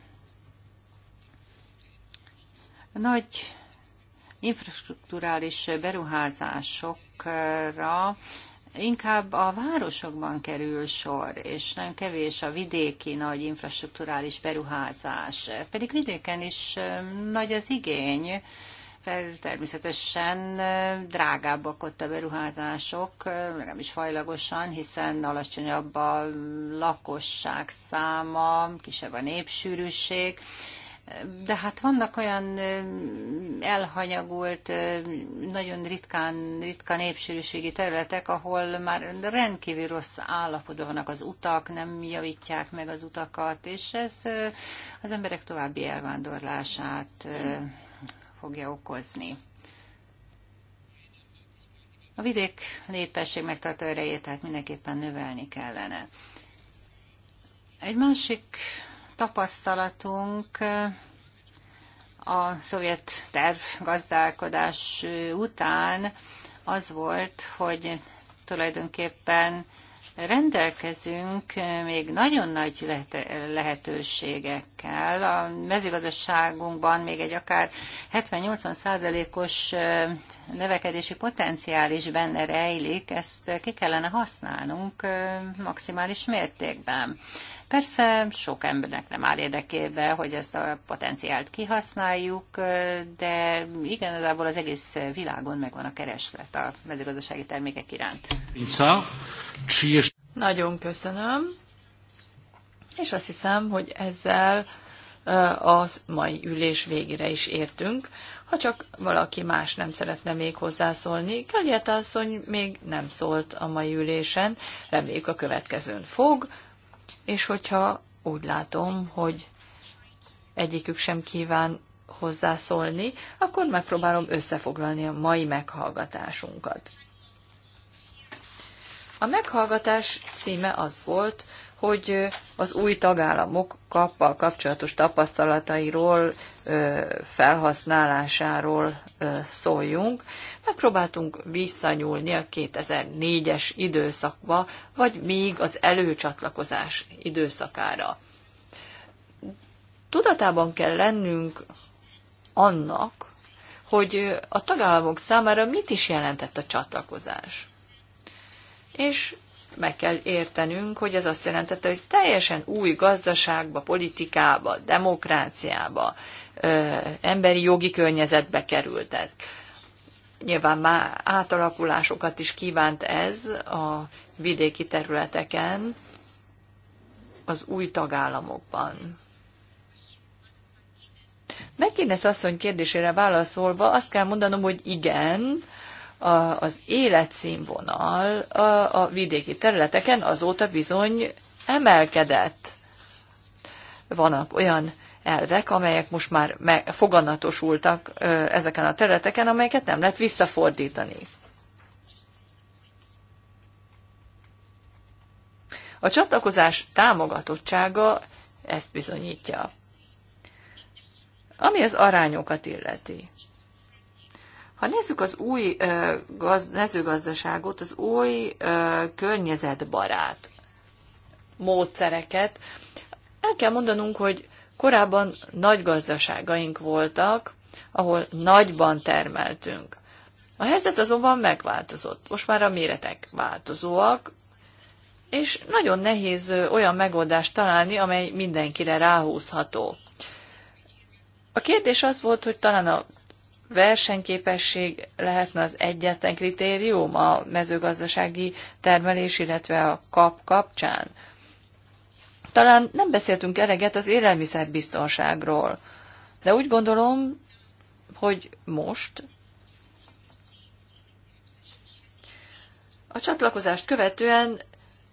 Nagy infrastruktúrális beruházásokra inkább a városokban kerül sor, és nagyon kevés a vidéki nagy infrastruktúrális beruházás. Pedig vidéken is nagy az igény, természetesen drágábbak ott a beruházások, legalábbis fajlagosan, hiszen alacsonyabb a lakosság száma, kisebb a népsűrűség, de hát vannak olyan elhanyagult, nagyon ritkán, ritka népsűrűségi területek, ahol már rendkívül rossz állapotban vannak az utak, nem javítják meg az utakat, és ez az emberek további elvándorlását fogja okozni. A vidék népesség megtartó erejét tehát mindenképpen növelni kellene. Egy másik tapasztalatunk a szovjet terv gazdálkodás után az volt, hogy tulajdonképpen rendelkezünk még nagyon nagy lehetőségekkel. A mezőgazdaságunkban még egy akár 70-80 százalékos növekedési potenciál is benne rejlik, ezt ki kellene használnunk maximális mértékben. Persze sok embernek nem áll érdekében, hogy ezt a potenciált kihasználjuk, de igazából az egész világon megvan a kereslet a mezőgazdasági termékek iránt.
Nagyon köszönöm, és azt hiszem, hogy ezzel a mai ülés végére is értünk. Ha csak valaki más nem szeretne még hozzászólni, Kalieta asszony még nem szólt a mai ülésen, reméljük a következőn fog és hogyha úgy látom, hogy egyikük sem kíván hozzászólni, akkor megpróbálom összefoglalni a mai meghallgatásunkat. A meghallgatás címe az volt, hogy az új tagállamok kappal kapcsolatos tapasztalatairól, felhasználásáról szóljunk megpróbáltunk visszanyúlni a 2004-es időszakba, vagy még az előcsatlakozás időszakára. Tudatában kell lennünk annak, hogy a tagállamok számára mit is jelentett a csatlakozás. És meg kell értenünk, hogy ez azt jelentette, hogy teljesen új gazdaságba, politikába, demokráciába, ö, emberi jogi környezetbe kerültek. Nyilván már átalakulásokat is kívánt ez a vidéki területeken, az új tagállamokban. Megkérdez asszony kérdésére válaszolva, azt kell mondanom, hogy igen, az életszínvonal a vidéki területeken azóta bizony emelkedett. Vannak olyan elvek, amelyek most már foganatosultak ezeken a területeken, amelyeket nem lehet visszafordítani. A csatlakozás támogatottsága ezt bizonyítja. Ami az arányokat illeti. Ha nézzük az új mezőgazdaságot, az új környezetbarát módszereket, el kell mondanunk, hogy Korábban nagy gazdaságaink voltak, ahol nagyban termeltünk. A helyzet azonban megváltozott. Most már a méretek változóak, és nagyon nehéz olyan megoldást találni, amely mindenkire ráhúzható. A kérdés az volt, hogy talán a versenyképesség lehetne az egyetlen kritérium a mezőgazdasági termelés, illetve a kap kapcsán. Talán nem beszéltünk eleget az élelmiszerbiztonságról, de úgy gondolom, hogy most a csatlakozást követően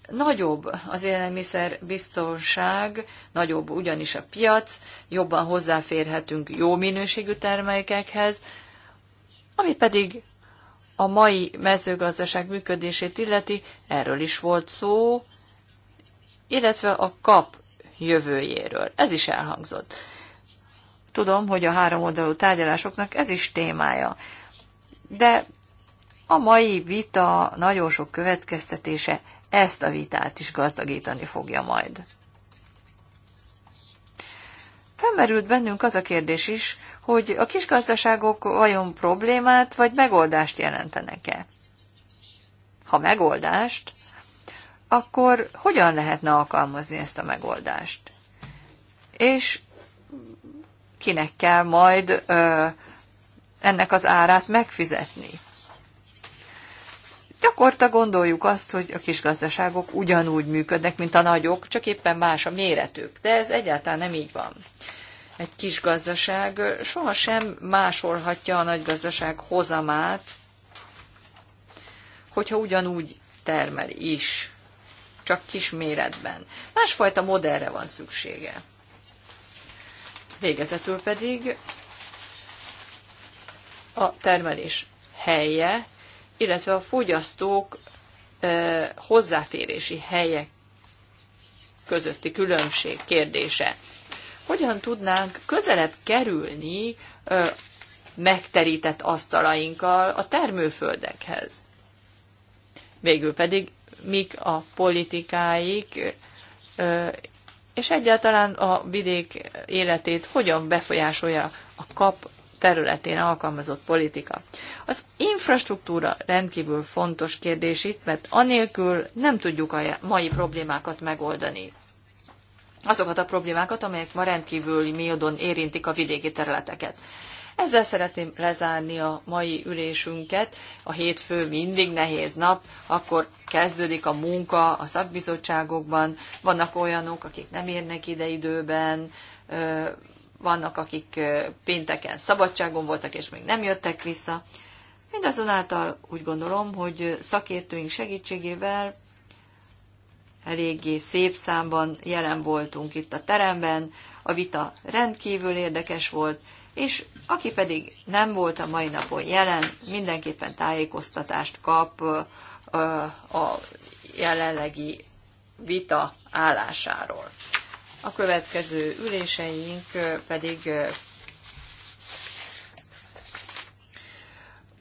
nagyobb az élelmiszerbiztonság, nagyobb ugyanis a piac, jobban hozzáférhetünk jó minőségű termékekhez, ami pedig a mai mezőgazdaság működését illeti, erről is volt szó, illetve a kap jövőjéről. Ez is elhangzott. Tudom, hogy a három oldalú tárgyalásoknak ez is témája, de a mai vita nagyon sok következtetése ezt a vitát is gazdagítani fogja majd. Felmerült bennünk az a kérdés is, hogy a kisgazdaságok vajon problémát vagy megoldást jelentenek-e. Ha megoldást, akkor hogyan lehetne alkalmazni ezt a megoldást? És kinek kell majd ö, ennek az árát megfizetni? Gyakorta gondoljuk azt, hogy a kisgazdaságok ugyanúgy működnek, mint a nagyok, csak éppen más a méretük. De ez egyáltalán nem így van. Egy kis gazdaság sohasem másolhatja a nagy gazdaság hozamát, hogyha ugyanúgy termel is csak kis méretben. Másfajta modellre van szüksége. Végezetül pedig a termelés helye, illetve a fogyasztók hozzáférési helyek közötti különbség kérdése. Hogyan tudnánk közelebb kerülni megterített asztalainkkal a termőföldekhez? Végül pedig mik a politikáik, és egyáltalán a vidék életét hogyan befolyásolja a kap területén alkalmazott politika. Az infrastruktúra rendkívül fontos kérdés itt, mert anélkül nem tudjuk a mai problémákat megoldani. Azokat a problémákat, amelyek ma rendkívüli módon érintik a vidéki területeket. Ezzel szeretném lezárni a mai ülésünket. A hétfő mindig nehéz nap, akkor kezdődik a munka a szakbizottságokban. Vannak olyanok, akik nem érnek ide időben, vannak, akik pénteken szabadságon voltak, és még nem jöttek vissza. Mindazonáltal úgy gondolom, hogy szakértőink segítségével eléggé szép számban jelen voltunk itt a teremben, a vita rendkívül érdekes volt, és aki pedig nem volt a mai napon jelen, mindenképpen tájékoztatást kap a jelenlegi vita állásáról. A következő üléseink pedig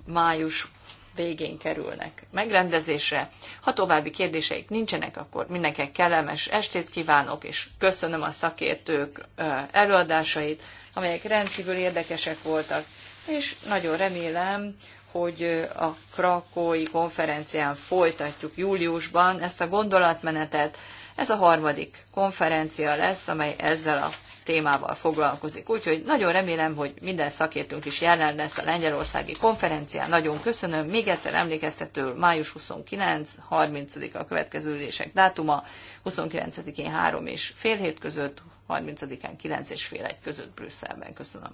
május végén kerülnek megrendezésre. Ha további kérdéseik nincsenek, akkor mindenkinek kellemes estét kívánok, és köszönöm a szakértők előadásait amelyek rendkívül érdekesek voltak, és nagyon remélem, hogy a Krakói konferencián folytatjuk júliusban ezt a gondolatmenetet. Ez a harmadik konferencia lesz, amely ezzel a témával foglalkozik. Úgyhogy nagyon remélem, hogy minden szakértünk is jelen lesz a lengyelországi konferencián. Nagyon köszönöm. Még egyszer emlékeztető, május 29, 30 a következő ülések dátuma, 29-én 3 és fél hét között, 30-án 9 és fél egy között Brüsszelben. Köszönöm.